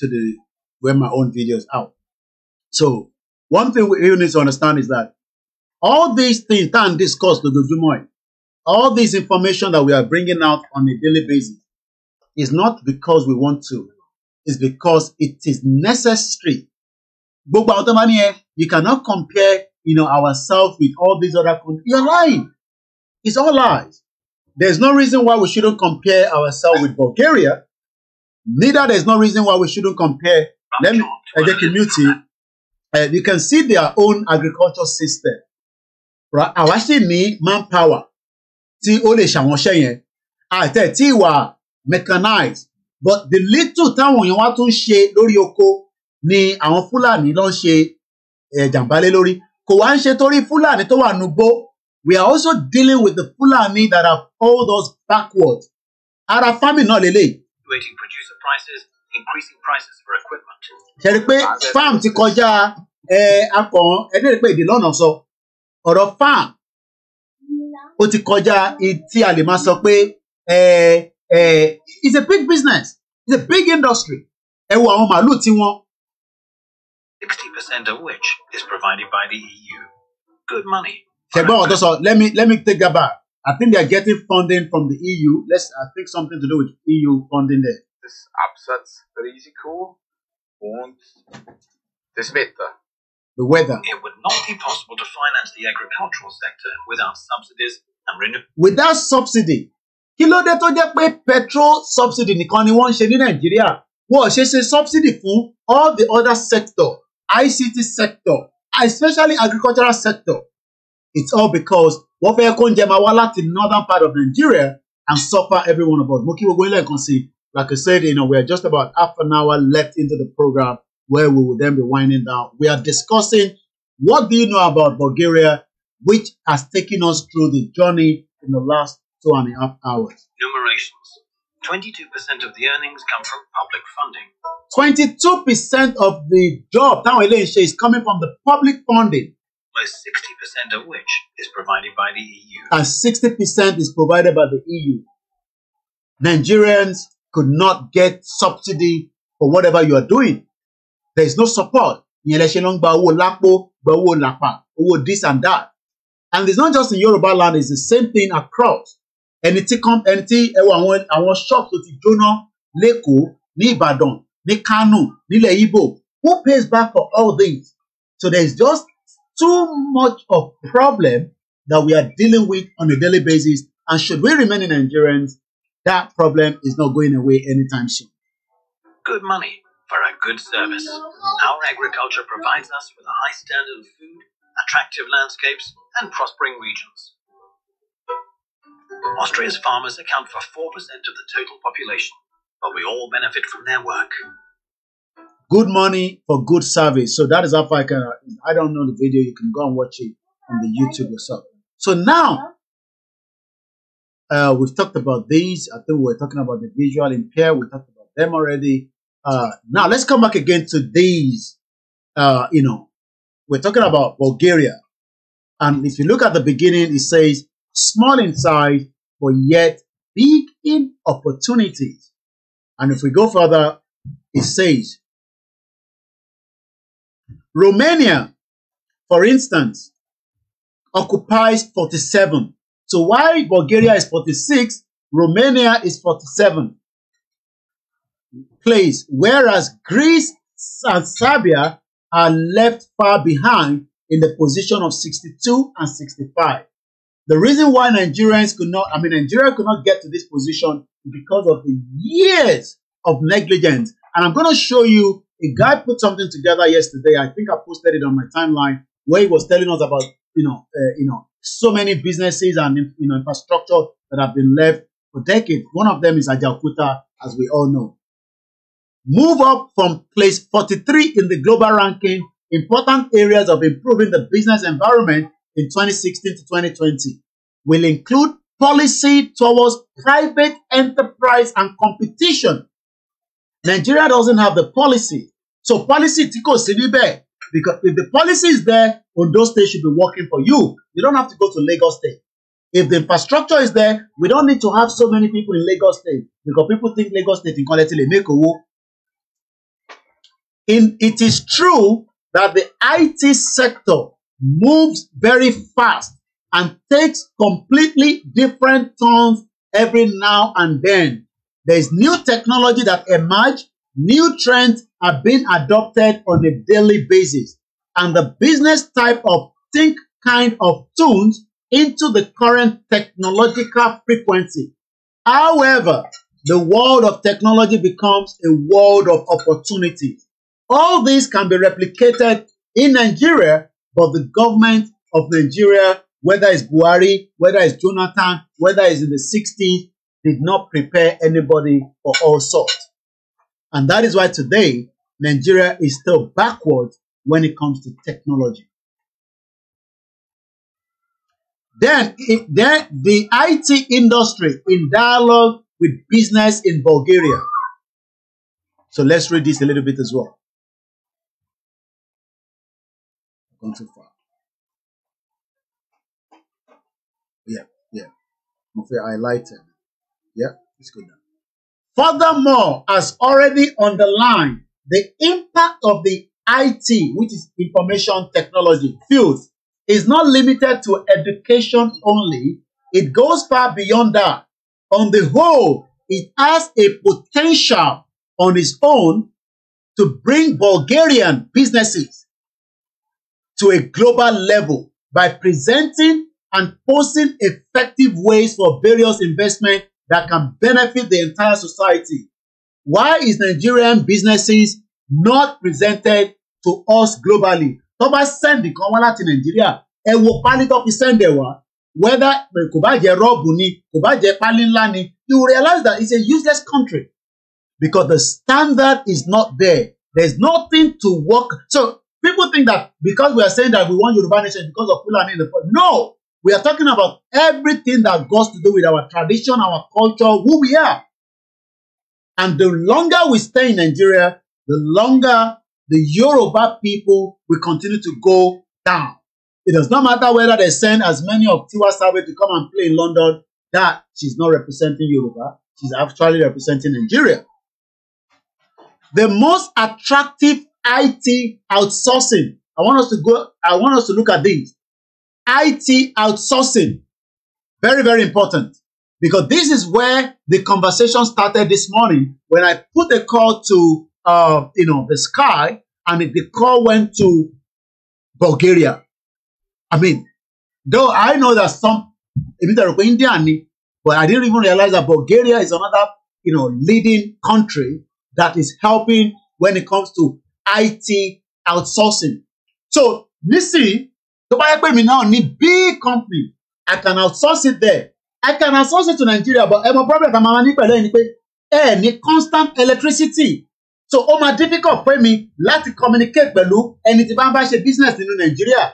to the where my own video is out. So one thing we need to understand is that all these things that discussed to the all this information that we are bringing out on a daily basis is not because we want to. It's because it is necessary. But about the money, you cannot compare you know, ourselves with all these other countries. You're lying. It's all lies. There's no reason why we shouldn't compare ourselves with Bulgaria. Neither there's no reason why we shouldn't compare. Let me, I get community. uh, you can see their own agriculture system right àwa sì ní manpower tí ó lè ṣàwọn iṣẹ́ yẹn àtẹ tí ìwà mechanized but the little táwọn èèyàn wá tún ṣe lórí oko ni àwọn Fúlàní ló ń ṣe eh, jàǹbá lé lórí kò wá ń ṣe torí Fúlàní tó wà nùgbó we are also dealing with the Fulani that have pulled us backward ara farming náà lélẹ̀. increasing prices for equipment. ṣe rí i pé ah, farm ti kọjá ẹ akọ̀hán ẹ̀dẹ́rẹ́ pé èdè lọ́nà sọ ọ̀rọ̀ pan ó ti kọjá tí a lè máa sọ pé it's a big business it's a big industry ẹ àwọn màálù tí wọ́n. sixty percent of which is provided by the EU good money. ṣẹ̀gbọ́n ọ̀tọ̀ sọ let me let me take that back I think they are getting funding from the EU let's I think something to do with EU funding there. Das Absatzrisiko und das Wetter the weather. It would not be possible to finance the agricultural sector without subsidies and renewable. Without subsidy, kí ló dé tó jẹ́ pé petrol subsidy nìkan ni wọ́n ń ṣe ní Nàìjíríà? Wọ́n ṣe ṣe subsidy fún all the other sector, ICT sector, especially agricultural sector. It's all because wọ́n fẹ́ kó oúnjẹ máa wá láti northern part of Nigeria and suffer everyone about. of us. Mo kí gbogbo ilé ẹ̀kan sí Like I said, you know, we are just about half an hour left into the program. where we will then be winding down. We are discussing what do you know about Bulgaria, which has taken us through the journey in the last two and a half hours. Numerations. 22% of the earnings come from public funding. 22% of the job, Tawilenshe, is coming from the public funding. Most 60% of which is provided by the EU. And 60% is provided by the EU. Nigerians could not get subsidy for whatever you are doing there is no support in election. Long lọ lápò làpà owó this and that and it's not just in Yoruba land it's the same thing across Anything come, anything. ti e wo awon ní Ìbàdàn badon, ni Kanu, Ni leibo. who pays back for all this so there is just too much of problem that we are dealing with on a daily basis and should we remain in Nigerians that problem is not going away anytime soon. Good money good service. Our agriculture provides us with a high standard of food, attractive landscapes, and prospering regions. Austria's farmers account for 4% of the total population, but we all benefit from their work. Good money for good service. So that is how I can. I don't know the video. You can go and watch it on the YouTube yourself. So now uh, we've talked about these. I think we are talking about the visual impaired. We talked about them already. Uh, now let's come back again to these. Uh, you know, we're talking about Bulgaria, and if you look at the beginning, it says small in size, but yet big in opportunities. And if we go further, it says Romania, for instance, occupies 47. So while Bulgaria is 46, Romania is 47 place, whereas Greece and Serbia are left far behind in the position of 62 and 65. The reason why Nigerians could not, I mean, Nigeria could not get to this position because of the years of negligence. And I'm going to show you a guy put something together yesterday. I think I posted it on my timeline where he was telling us about, you know, uh, you know, so many businesses and you know infrastructure that have been left for decades. One of them is Ajakuta, as we all know move up from place 43 in the global ranking, important areas of improving the business environment in 2016 to 2020 will include policy towards private enterprise and competition. Nigeria doesn't have the policy. So policy tí kò sí because if the policy is there, Ondo State should be working for you. You don't have to go to Lagos State. If the infrastructure is there, we don't need to have so many people in Lagos State because people think Lagos State nǹkan lẹ́tí make a owó in, it is true that the IT sector moves very fast and takes completely different turns every now and then. There's new technology that emerge, new trends are being adopted on a daily basis, and the business type of think kind of tunes into the current technological frequency. However, the world of technology becomes a world of opportunities. All these can be replicated in Nigeria, but the government of Nigeria, whether it's Buhari, whether it's Jonathan, whether it's in the 60s, did not prepare anybody for all sorts. And that is why today, Nigeria is still backward when it comes to technology. Then, then the IT industry in dialogue with business in Bulgaria. So let's read this a little bit as well. Gone too far. Yeah, yeah. Mofia, I lied Yeah, it's good now. Furthermore, as already underlined, the impact of the IT, which is information technology field, is not limited to education only. It goes far beyond that. On the whole, it has a potential on its own to bring Bulgarian businesses to a global level by presenting and posting effective ways for various investment that can benefit the entire society. Why is Nigerian businesses not presented to us globally? Tó send the kan wá láti Nàìjíríà, ẹ wo pálí tó fi sẹ́ndì ẹ̀ wá. Whether kò bá jẹ́ rọ́ọ̀bù ni, kò bá jẹ́ pálí ńlá ni, you realize that it's a useless country because the standard is not there. There's nothing to work. So People think that because we are saying that we want Yoruba nation because of Fulani in the point. No, we are talking about everything that goes to do with our tradition, our culture, who we are. And the longer we stay in Nigeria, the longer the Yoruba people will continue to go down. It does not matter whether they send as many of Tiwa Savage to come and play in London, that she's not representing Yoruba. She's actually representing Nigeria. The most attractive IT outsourcing. I want us to go, I want us to look at this. IT outsourcing. Very, very important. Because this is where the conversation started this morning when I put a call to, uh, you know, the sky and the call went to Bulgaria. I mean, though I know that some, Indian, but I didn't even realize that Bulgaria is another, you know, leading country that is helping when it comes to IT outsourcing. So nísìnyí tó bá yẹ pé mi náà ní big company I can outsource it there. I can outsource it to Nigeria but ẹ mọ problem kan máa ní pẹ̀lú ẹ ni pé ẹ ní constant electricity so ó máa difficult pé mi láti communicate pẹ̀lú ẹni tí bá ń bá ṣe business nínú Nigeria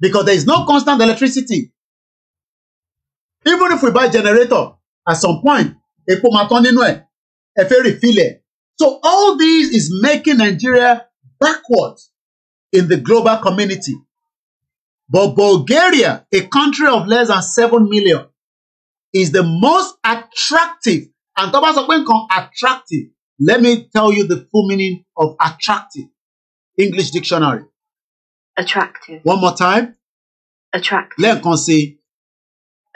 because there is no constant electricity even if we buy generator at some point epo máa tán nínú ẹ ẹ fẹ́ refill ẹ So all this is making Nigeria backward in the global community. But Bulgaria, a country of less than 7 million, is the most attractive. And Thomas, bá sọ attractive, let me tell you the full meaning of attractive. English dictionary. Attractive. One more time. Attractive. Let me see.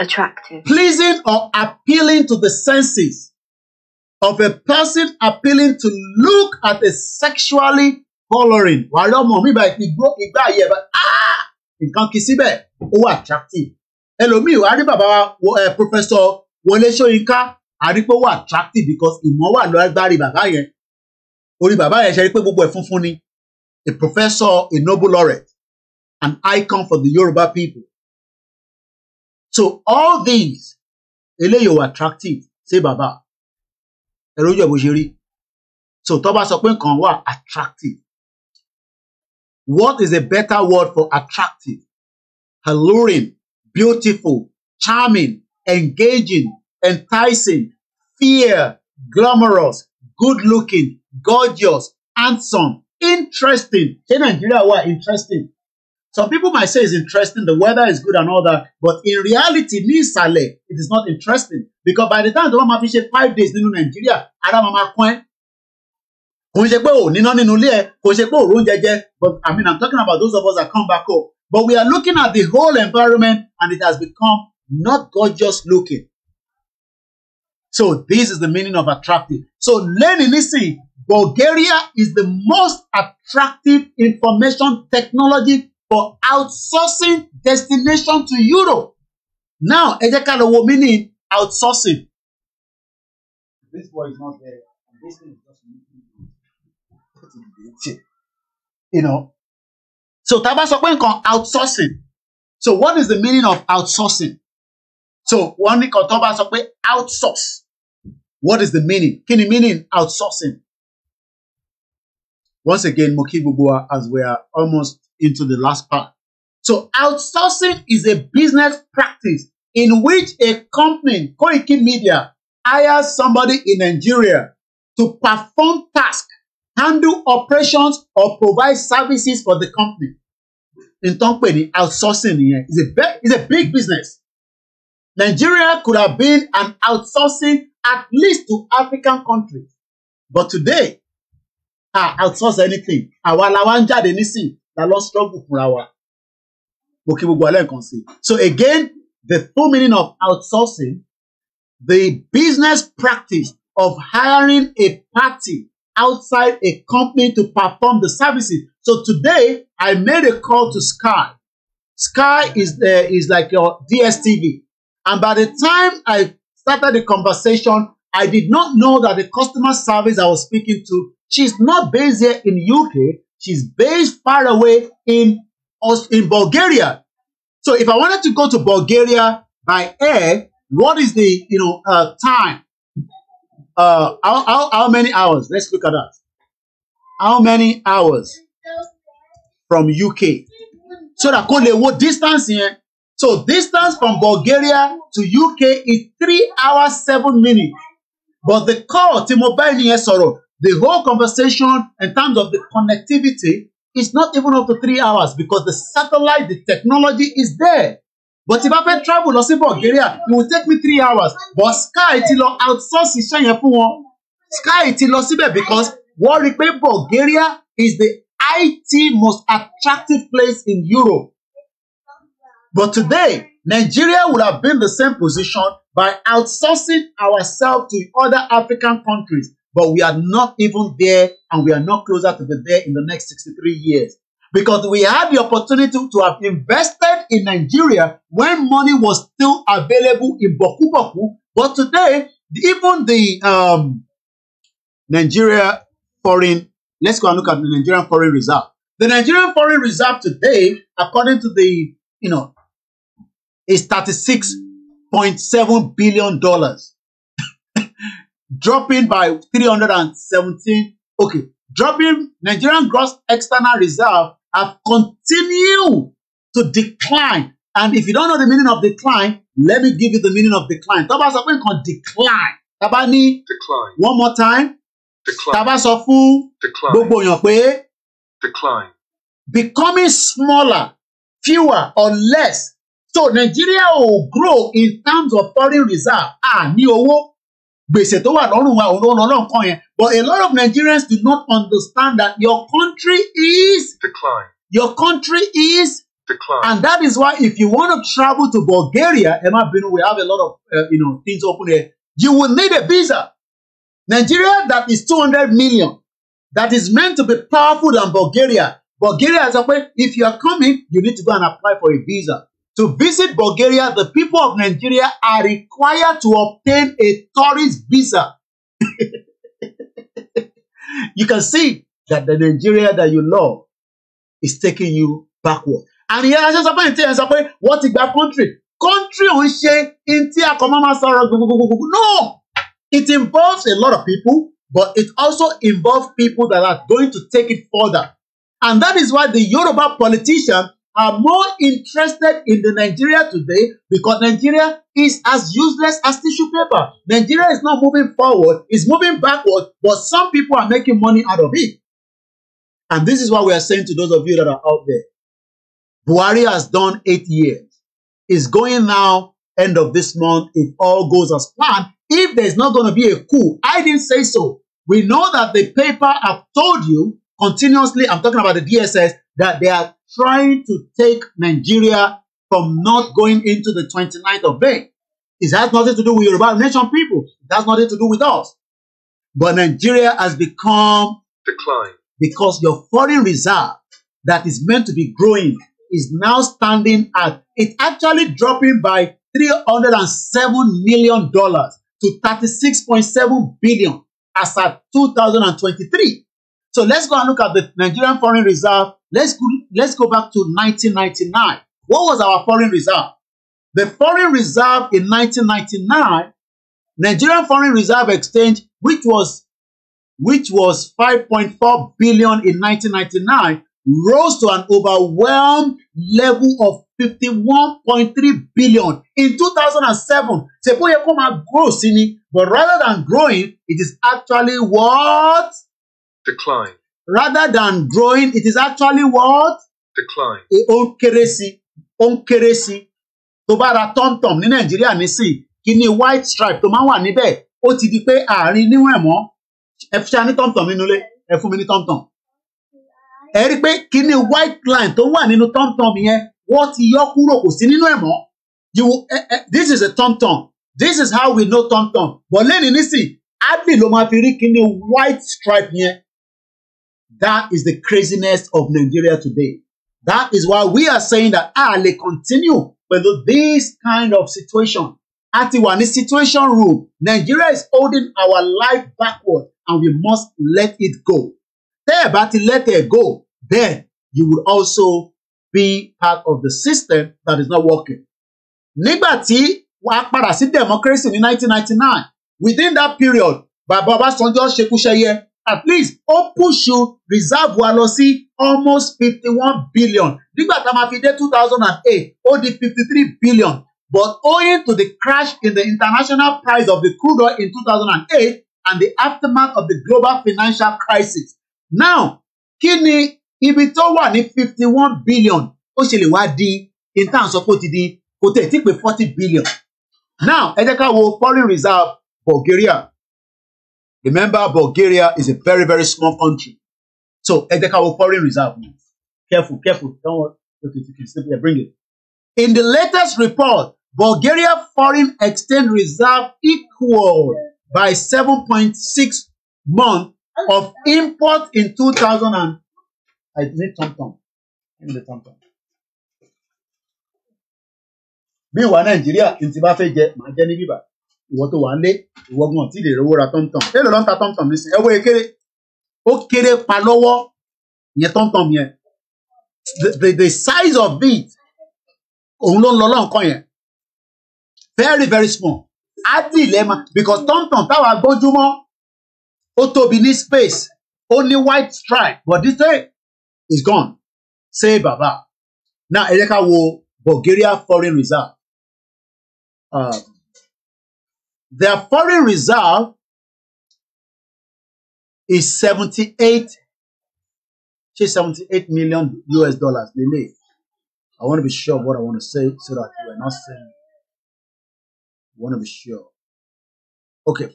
Attractive. Pleasing or appealing to the senses of a person appealing to look at a sexually coloring wà á mi báyìí igbó igbá ayé ẹ bá ah! nǹkan kì í síbẹ̀ ó wà attractive ẹlòmíì wà á rí bàbá wa eh, professor Wọlé Ṣóyínká àrípò wà attractive because ìmọ̀ wà lọ́gbárí bàbá yẹn orí bàbá yẹn ṣe rí pé gbogbo ẹ̀ funfun ni a professor a Nobel laureate an icon for the Yoruba people so all these eléyìí wà attractive Say bàbá ẹ lójú bó ṣe rí so tó bá sọ pé nǹkan wà attractive what is a better word for attractive alluring beautiful charming engaging enticing fair glamorous good looking gorgeous handsome interesting ṣé nàìjíríà wà interesting Some people might say it's interesting, the weather is good and all that, but in reality, ni ìsàlẹ̀, it is not interesting because by the time the bá máa fi five days nínú Nigeria, ara mama máa pọ́n. Kò ṣe pé ò níná nínú but I mean I'm talking about those of us that come back home. But we are looking at the whole environment and it has become not gorgeous looking. So this is the meaning of attractive. So lẹ́ni listen. Bulgaria is the most attractive information technology for outsourcing destination to Europe. Now, ẹ jẹ́ ká lọ wo meaning outsourcing. This word is not there. And this thing is just you know. So tá a bá sọ pé nǹkan outsourcing. So what is the meaning of outsourcing? So wọ́n ní kan tó bá sọ pé outsource. What is the meaning? Kí ni meaning outsourcing? Once again, mo kí gbogbo as we are almost into the last part. So outsourcing is a business practice in which a company, Koiki Media, hires somebody in Nigeria to perform tasks, handle operations, or provide services for the company. In Tongpeni, outsourcing yeah, is a, is a big business. Nigeria could have been an outsourcing at least to African countries. But today, ah, outsource anything. Àwa la wá ń jáde nísìnyí la lọ struggle fúnra wa mo kí gbogbo alẹ́ nǹkan sí so again the full meaning of outsourcing the business practice of hiring a party outside a company to perform the services so today I made a call to Sky Sky is uh, is like your DSTV and by the time I started the conversation I did not know that the customer service I was speaking to she's not based here in UK She's based far away in in Bulgaria. So if I wanted to go to Bulgaria by air, what is the you know uh, time? Uh, how, how, how many hours? Let's look at that. How many hours from UK? So that kò lè wo distance here? So distance from Bulgaria to UK is three hours seven minutes. But the call tí mo bá ẹni The whole conversation in terms of the connectivity is not even up to three hours because the satellite, the technology is there. But if I fẹ́ travel lọ sí Bulgaria, it will take me three hours. But Sky ti lọ Sky ti because wọ́n rí i Bulgaria is the IT most attractive place in Europe. But today, Nigeria would have been the same position by outsourcing ourselves to other African countries but we are not even there and we are not closer to be there in the next 63 years. Because we had the opportunity to have invested in Nigeria when money was still available in Boku Boku, but today, even the um, Nigeria foreign, let's go and look at the Nigerian foreign reserve. The Nigerian foreign reserve today, according to the, you know, is $36.7 billion dropping by 317. Okay, dropping Nigerian gross external reserve have continued to decline. And if you don't know the meaning of decline, let me give you the meaning of decline. Tó bá sọ pé nǹkan decline. Tá bá decline. One more time. Decline. Tá bá sọ fún gbogbo èèyàn pé decline. Becoming smaller, fewer or less. So Nigeria will grow in terms of foreign reserve. Ah, ní owó gbèsè tó wà lọ́rùn wa òun ló yẹn but a lot of Nigerians do not understand that your country is decline your country is decline and that is why if you want to travel to Bulgaria Emma má bínú we have a lot of uh, you know, things open there you will need a visa Nigeria that is two hundred million that is meant to be powerful than Bulgaria Bulgaria a pé if you are coming you need to go and apply for a visa To visit Bulgaria, the people of Nigeria are required to obtain a tourist visa. you can see that the Nigeria that you love is taking you backward. And here I just pé to say, "What is that country. Country on share ṣe ǹtí àkọ́mọ́mọ́ sọ̀rọ̀ gbogbogbò. No! It involves a lot of people, but it also involves people that are going to take it further. And that is why the Yoruba politician are more interested in the Nigeria today because Nigeria is as useless as tissue paper. Nigeria is not moving forward, it's moving backward, but some people are making money out of it. And this is what we are saying to those of you that are out there. Buhari has done eight years. is going now, end of this month, if all goes as planned. If there's not going to be a coup, I didn't say so. We know that the paper have told you continuously, I'm talking about the DSS, that they are trying to take Nigeria from not going into the 29th of May. It has nothing to do with Yoruba nation people. It has nothing to do with us. But Nigeria has become decline because your foreign reserve that is meant to be growing is now standing at it's actually dropping by 307 million dollars to 36.7 billion as at 2023. So let's go and look at the Nigerian foreign reserve Let's go, let's go back to 1999. What was our foreign reserve? The foreign reserve in 1999, Nigerian foreign reserve exchange, which was which was 5.4 billion in 1999, rose to an overwhelmed level of 51.3 billion in 2007. Sepoye Koma grows but rather than growing, it is actually what? Decline. rather than growing it is actually what. decline. ó ń kéré sí ó ń kéré sí tó bá ra tọ́mtọ́m ní nàìjíríà nísìn kí ni white stripe tó máa wà níbẹ̀ ó ti di pé àárín níwọ̀n ẹ̀mọ́ ẹ fi ṣá ní tọ́mtọ́m nínú ilé ẹ fún mi ní tọ́mtọ́m ẹ rí i pé kí ni white line tó wà nínú tọ́mtọ́m yẹn wọ́n ti yọ kúrò kò sí nínú ẹ̀mọ́ you eh, eh, this is a tọ́mtọ́m this is how we know tọ́mtọ́m but lẹ́ni nísìn ábì ló máa fi rí kí ni white stripe yẹn That is the craziness of Nigeria today. That is why we are saying that ah, they continue with this kind of situation. At the situation room, Nigeria is holding our life backward and we must let it go. There, but let it go. Then you will also be part of the system that is not working. Nígbà tí wàá democracy in 1999, within that period, Bàbá Ọbásanjọ́ ṣekúṣẹyẹ at least ó pùṣù reserve wa lọ sí almost fifty one billion nígbà tá a máa fi dé two thousand and eight ó di fifty three billion but owing to the crash in the international price of the crude oil in two thousand and eight and the aftermath of the global financial crisis now kí ni ibi tó wà ní fifty one billion ó ṣe lè wá di ìtàn sọ pé ó ti di kò tẹ̀ tí pé forty billion now ẹ jẹ́ ká wo foreign reserve Bulgaria Remember, Bulgaria is a very, very small country. So Edeka will foreign reserve. Careful, careful. Don't worry. Okay, you can simply bring it. In the latest report, Bulgaria foreign exchange reserve equaled by 7.6 months of import in 2000 and I need tom tom. Give me the tom tom. Meanwhile, Nigeria, in Zimbabwe, Nigeria, ìwọ tó wà lé ìwọ gan tí lè rówó ra tọ́ntọ̀n èlò ló ń ta tọ́ntọ̀n mi sìn ẹwọ́ ekéré ó kéré pa lọ́wọ́ yẹn tọ́ntọ̀n yẹn the the size of it òun ló ń lọ lọ́nkàn yẹn very very small á dì lẹ́ẹ̀ma because tọ́ntọ̀n táwa gbójúmọ́ ó tóbi ní space ó ní white stripe but this day is gone say baba now ẹ jẹ́ ká wo Bulgaria foreign reserve. Uh. Their foreign reserve is 78, 78 million US dollars they made. I want to be sure of what I want to say so that you are not saying. I want to be sure. Okay.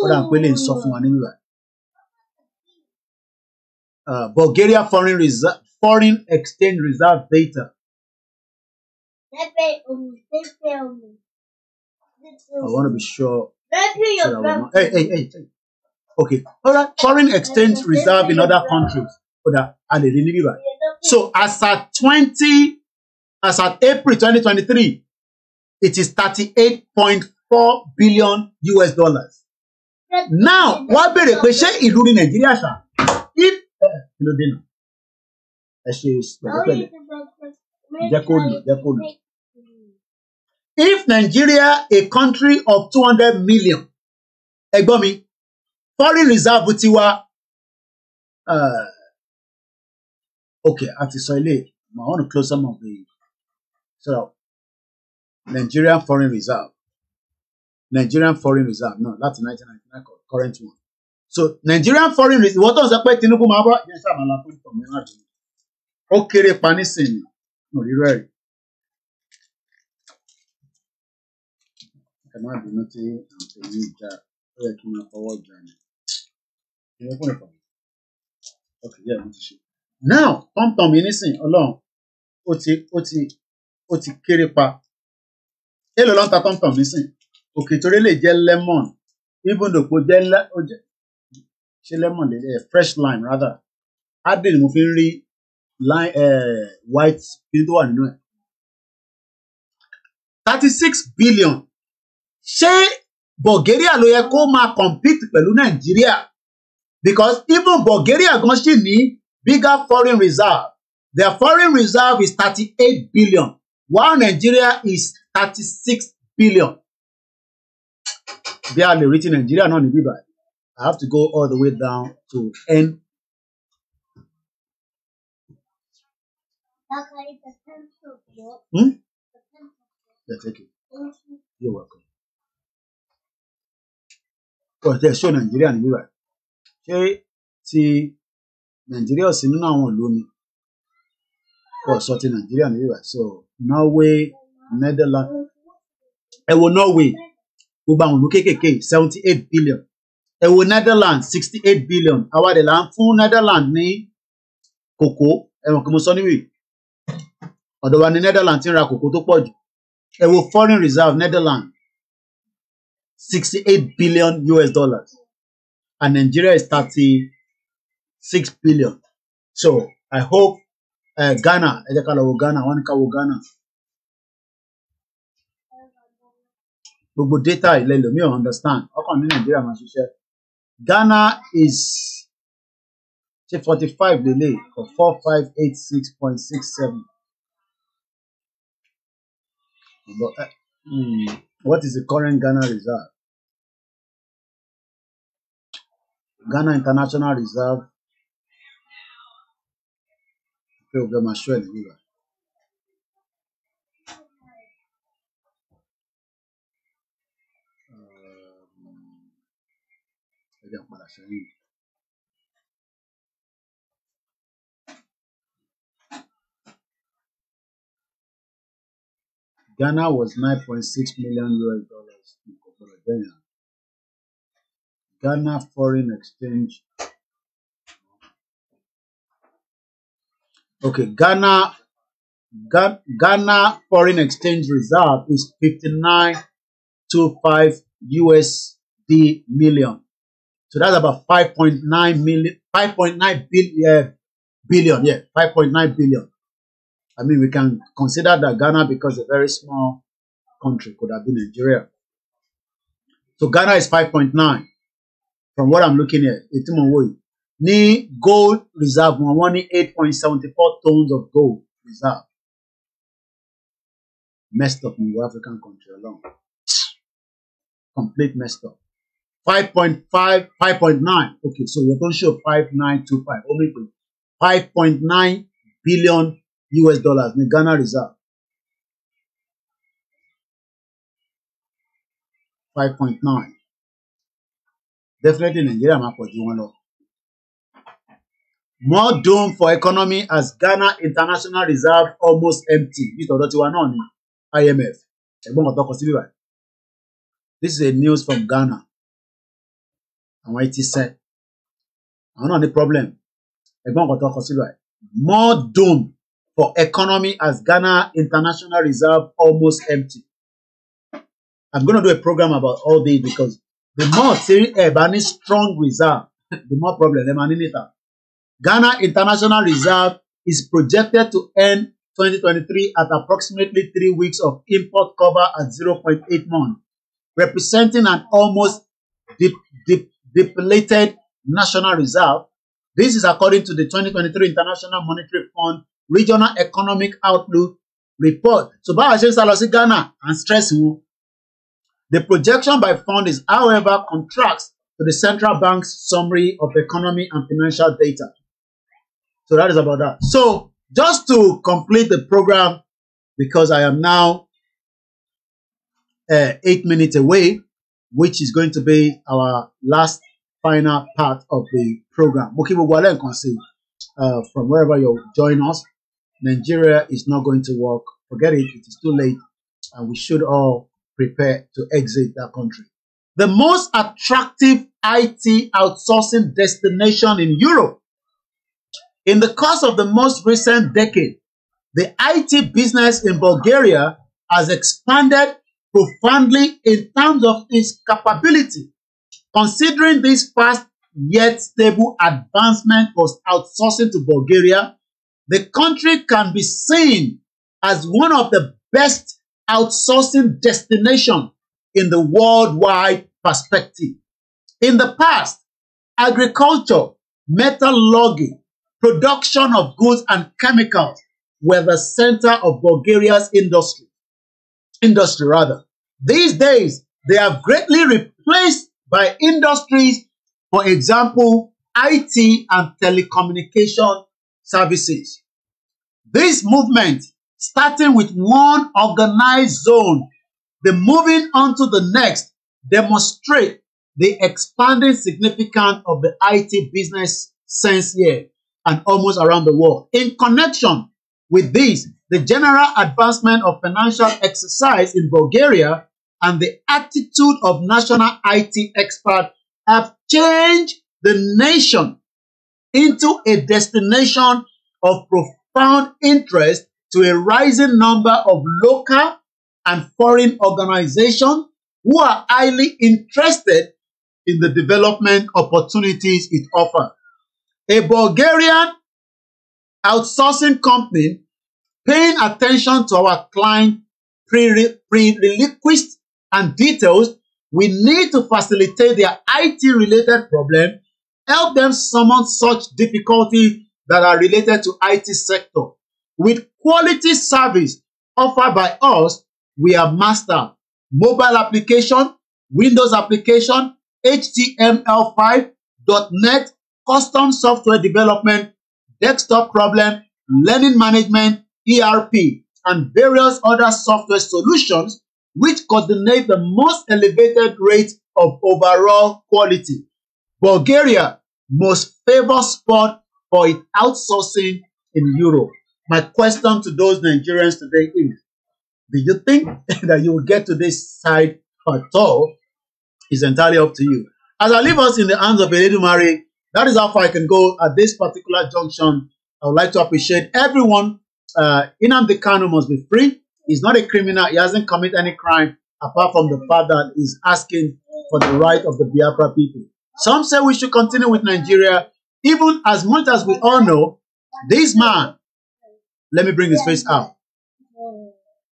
What I'm paying is soft Uh, Bulgaria foreign reserve, foreign exchange reserve data. Um, um, I want to be sure. Hey, hey, hey, hey. Okay. All right. Foreign exchange reserve in other countries. Oda, a lè rí níbí báyìí. So as at twenty, as at April twenty twenty three, it is thirty eight point four billion US dollars. Now, what be the question ìlú ní Nàìjíríà If you know dinner, nà? Ẹ ṣe pẹ̀lẹ́pẹ̀lẹ́. Jẹ́ if Nigeria a country of two hundred million ẹ̀gbọ́n mi foreign reserve tiwa uh, okay àti sọ ilé I want to close some of the so Nigerian foreign reserve Nigerian foreign reserve no láti nineteen ninety nine current one so Nigerian foreign reserve ìwọ́n tó ń sọ pé Tinubu máa bọ́ yẹn sábà la fún ìtọ̀ mìíràn dùn ó kéré pa nísìnyí òrírọ́ ẹ̀rí ẹ má bínú tí àǹfààní yìí já ó yẹ kí n máa fọwọ́ jà ní. ìyẹn fún ìfọ̀mù ok yẹ mo ti ṣe. now tọ́mtọ́m mi nísìn ọlọ́run ó ti ó ti ó ti kéré pa èlò ló ń ta tọ́mtọ́m òkè torí lè jẹ́ lemon even though kò jẹ́ ṣe lemon lè jẹ́ fresh lime rather adil mo fi ń rí line eh, white kí ni tó wà nínú ẹ̀. thirty six billion ṣé Bulgaria ló yẹ kó máa compete pẹ̀lú Nàìjíríà because even Bulgaria gan ṣì ní bigger foreign reserve their foreign reserve is thirty-eight billion while Nigeria is thirty-six billion bí a lè rí ti Nàìjíríà náà ní bíbá I have to go all the way down to N. Hmm? Yeah, thank you. You're welcome ọ̀tẹ̀ ṣó nàìjíríà níbí báyìí ṣé ti nàìjíríà ò sí nínú àwọn ìlú ni kò sọ ti nàìjíríà níbí báyìí so norway netherlands ẹ wo norway gbogbo àwọn ìlú kéékèèké seventy eight billion ẹ wo netherlands sixty eight billion àwa dẹ̀ là ń fún netherlands ní kòkó ẹ̀wọ̀n kí mo sọ níwì ọ̀dọ̀ wa ní netherlands ti ń ra kòkó tó pọ̀ jù ẹ wo foreign reserve netherlands 68 billion US dollars. And Nigeria is 36 billion. So I hope uh, Ghana, Ejekala Ghana, Wanika Ghana. Gbogbo data ilẹ̀ lomi ò understand. Ọkàn ní Nàìjíríà máa ṣiṣẹ́. Ghana is ṣe forty five lele for four five eight six point six seven. Uh, hmm, what is the current Ghana reserve? Ghana International Reserve um, Ghana was nine point six million US dollars in Kòkòrò Kenya. Ghana Foreign Exchange. Okay, Ghana Ghana foreign exchange reserve is 5925 USD million. So that's about 5.9 million, 5.9 billion, billion, yeah, 5.9 billion. I mean, we can consider that Ghana because a very small country could have been Nigeria. So Ghana is 5.9. from what i'm looking at ètí mò ń wò yìí gold reserve wọn wọ́n ní eight point seventy four tons of gold reserve messed up in your african country alone complete messed up five point five five point nine okay so you don show five nine two five omi pe five point nine billion us dollars ní ghana reserve. Five point nine definitely Nigeria máa pọ̀ ju wọn lọ. More doom for economy as Ghana international reserve almost empty bí tọ̀dọ̀ tiwa náà ni IMF ẹ̀gbọ́n kan tọkọ síbí báyìí. This is a news from Ghana. Àwọn etí sẹ́. Àwọn náà ní problem. Ẹ̀gbọ́n kan tọkọ síbí báyìí. More doom for economy as Ghana international reserve almost empty. I'm gonna do a program about all this because the more tí ẹ strong reserve the more problem ẹ máa ní Ghana International Reserve is projected to end 2023 at approximately three weeks of import cover at 0.8 months, representing an almost deep, depleted national reserve. This is according to the 2023 International Monetary Fund Regional Economic Outlook report. So báwa ṣe ń sá lọ sí Ghana and stress wọn The projection by fund is, however, contracts to the central bank's summary of economy and financial data. So that is about that. So just to complete the program, because I am now uh, eight minutes away, which is going to be our last final part of the program. uh, from wherever you join us, Nigeria is not going to work. Forget it. It is too late. And we should all prepare to exit that country. The most attractive IT outsourcing destination in Europe. In the course of the most recent decade, the IT business in Bulgaria has expanded profoundly in terms of its capability. Considering this fast yet stable advancement of outsourcing to Bulgaria, the country can be seen as one of the best outsourcing destination in the worldwide perspective. In the past, agriculture, metal, logging, production of goods and chemicals were the center of Bulgaria's industry. Industry rather. These days, they have greatly replaced by industries, for example, IT and telecommunication services. This movement starting with one organized zone, the moving on to the next, demonstrate the expanding significance of the IT business since here and almost around the world. In connection with this, the general advancement of financial exercise in Bulgaria and the attitude of national IT experts have changed the nation into a destination of profound interest to a rising number of local and foreign organizations who are highly interested in the development opportunities it offers. A Bulgarian outsourcing company paying attention to our client prerequisites and details, we need to facilitate their IT-related problem, help them summon such difficulties that are related to IT sector with quality service offered by us, we are master. Mobile application, Windows application, HTML5, .NET, custom software development, desktop problem, learning management, ERP, and various other software solutions which coordinate the most elevated rate of overall quality. Bulgaria most favored spot for its outsourcing in Europe. My question to those Nigerians today is, do you think that you will get to this side at all? It's entirely up to you. As I leave us in the hands of Eledumare, that is how far I can go at this particular junction. I would like to appreciate everyone. Uh, Inam Dekano must be free. He's not a criminal. He hasn't committed any crime apart from the fact that he's asking for the right of the Biafra people. Some say we should continue with Nigeria. Even as much as we all know, this man let me bring his face out.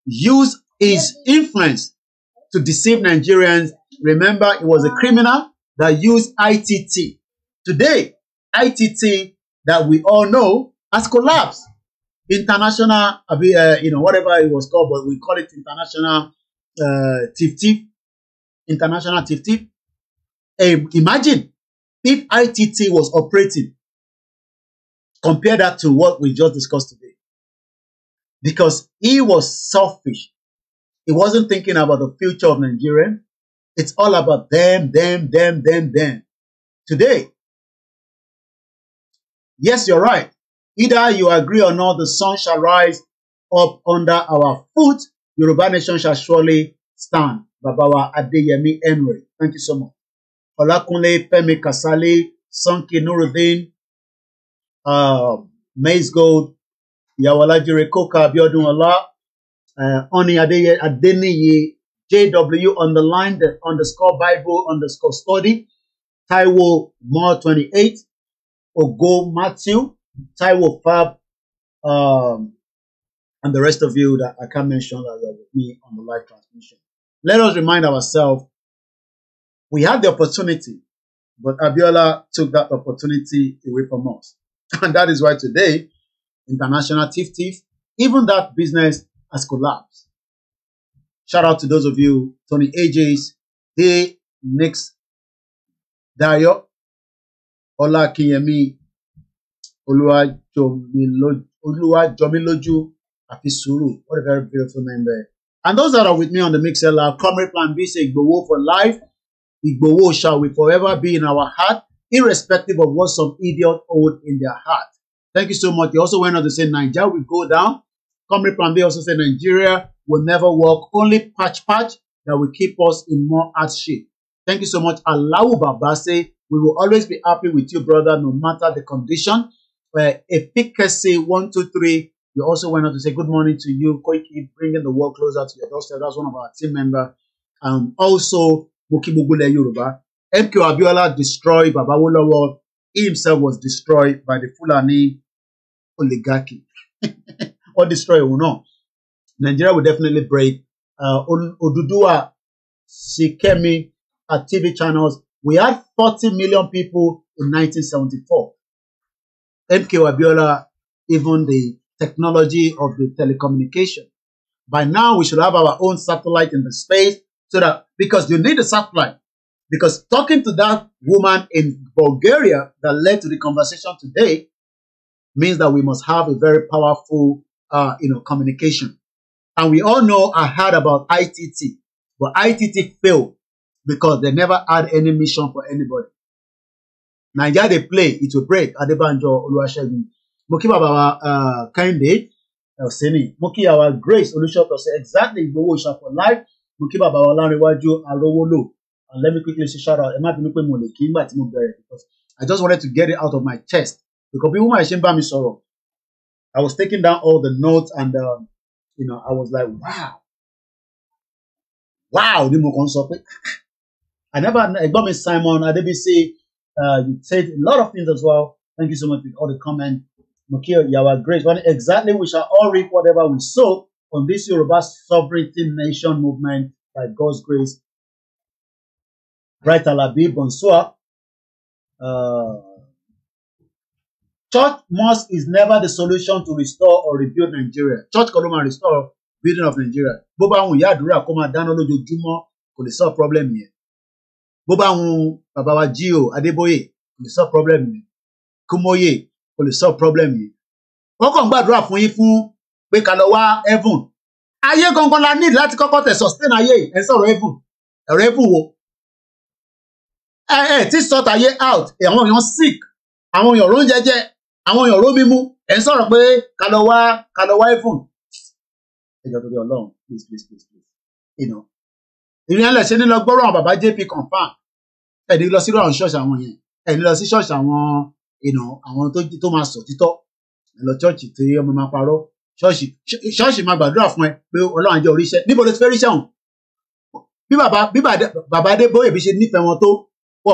Use his influence to deceive Nigerians. Remember, it was a criminal that used ITT. Today, ITT that we all know has collapsed. International, uh, you know, whatever it was called, but we call it international uh, international tiff Hey, imagine if ITT was operating. Compare that to what we just discussed today. because he was selfish. He wasn't thinking about the future of Nigeria. It's all about them, them, them, them, them. Today, yes, you're right. Either you agree or not, the sun shall rise up under our foot. Yoruba nation shall surely stand. Babawa Adeyemi Henry. Thank you so much. Olakunle Femi Kasale, Sonke Nuruddin, uh, um, Maze Gold, ìyàwó kóka abiodun Allah eh, ọni Adeniye, jw underline the underscore bible underscore study taiwo more twenty eight ogo matthew taiwo fab um, and the rest of you that i can mention that are with me on the live transmission let us remind ourselves we had the opportunity but abiola took that opportunity away from us and that is why today international thief thief, even that business has collapsed. Shout out to those of you, Tony AJ's, Hey Next Dayo, Ola Kinyemi, Oluwajomiloju, Apisuru. What a very beautiful name there. And those that are with me on the Mixer our Comrade Plan B say Igbowo for life. Igbowo shall we forever be in our heart, irrespective of what some idiot hold in their heart. Thank you so much. They also went on to say "Nigeria will go down. Comrade there also said Nigeria will never work, only patch patch that will keep us in more hardship. Thank you so much. Allahu Baba we will always be happy with you, brother, no matter the condition. Uh, efficacy 123, we also went on to say good morning to you. Koiki, bringing the world closer to your doorstep. That's one of our team member. Um, also, Mukimugule Yoruba. MQ Abiola destroyed Babawolowo. He himself was destroyed by the Fulani oligarchy or destroy will not. Nigeria will definitely break. Uh, Odudua, Sikemi, our TV channels. We had 40 million people in 1974. MK Wabiola, even the technology of the telecommunication. By now, we should have our own satellite in the space so that because you need a satellite. Because talking to that woman in Bulgaria that led to the conversation today, means that we must have a very powerful, uh, you know, communication. And we all know I heard about ITT, but ITT failed because they never had any mission for anybody. Now, yeah, they play, it will break. Adebanjo Oluwasegun. Mokiba Baba uh, Kende Elseni. Moki our grace Olusopo say exactly Igboho Oòṣà for life. Mokiba Baba Olanrewaju Arowolo. And let me quickly say shout out. Ẹ má bínú pé mo lè kí because I just wanted to get it out of my chest because people might shame me sorrow. I was taking down all the notes and um, you know I was like, wow, wow, ni mo kàn ah, ah. I never ẹ̀gbọ́n Simon ABC, uh, you said a lot of things as well. Thank you so much for all the comments. you, Yawa Grace, exactly we shall all reap whatever we sow on this Yoruba sovereignty nation movement by God's grace. Bright Alabi Bonsoir. Uh, Church mosque is never the solution to restore or rebuild Nigeria. Church kan ló máa restore building of Nigeria. Bó bá àwọn ìyá àdúrà kó máa dáná lójoojúmọ́ kò lè solve problem yẹn. Bó bá àwọn bàbá wa G.O. Adébóyè kò lè solve problem yẹn. Kúmóyè kò lè solve problem yẹn. Wọ́n kàn ń gbàdúrà fún yín fún pé ká lọ wá heaven. Ayé gangan la need láti kọ́kọ́ tẹ̀ sustain ayé ẹ̀ sọ̀rọ̀ heaven. Ẹ̀rọ heaven wo? Ẹ ẹ̀ tí sọ̀tà ayé out àwọn èèyàn sick àwọn èèyàn ló ń jẹjẹ àwọn èèyàn ró mímú ẹ ń sọ̀rọ̀ pé ká lọ wá ká lọ wá iphone ẹjọ torí Ọlọ́run please please please please ìnà ìrìn àlẹ ṣe ní lọ gbọ́rọ̀ àwọn bàbá jp confam ẹni lọ sí ìrọ̀rùn ṣọ́ọ̀ṣì àwọn yẹn ẹni lọ sí ṣọ́ọ̀ṣì àwọn ìnà àwọn tó máa sọ títọ́ ẹ lọ ṣọ́ọ̀ṣì tí ọmọ máa parọ́ ṣọ́ọ̀ṣì ṣọ́ọ̀ṣì máa gbàdúrà fún ẹ pé Ọlọ́run á jẹ́ oríṣẹ́ níbo ló ti fẹ́ ríṣẹ́ ọ̀hún bí bàbá bí bàbá Adébóyè bí ṣe nífẹ̀ẹ́ wọn tó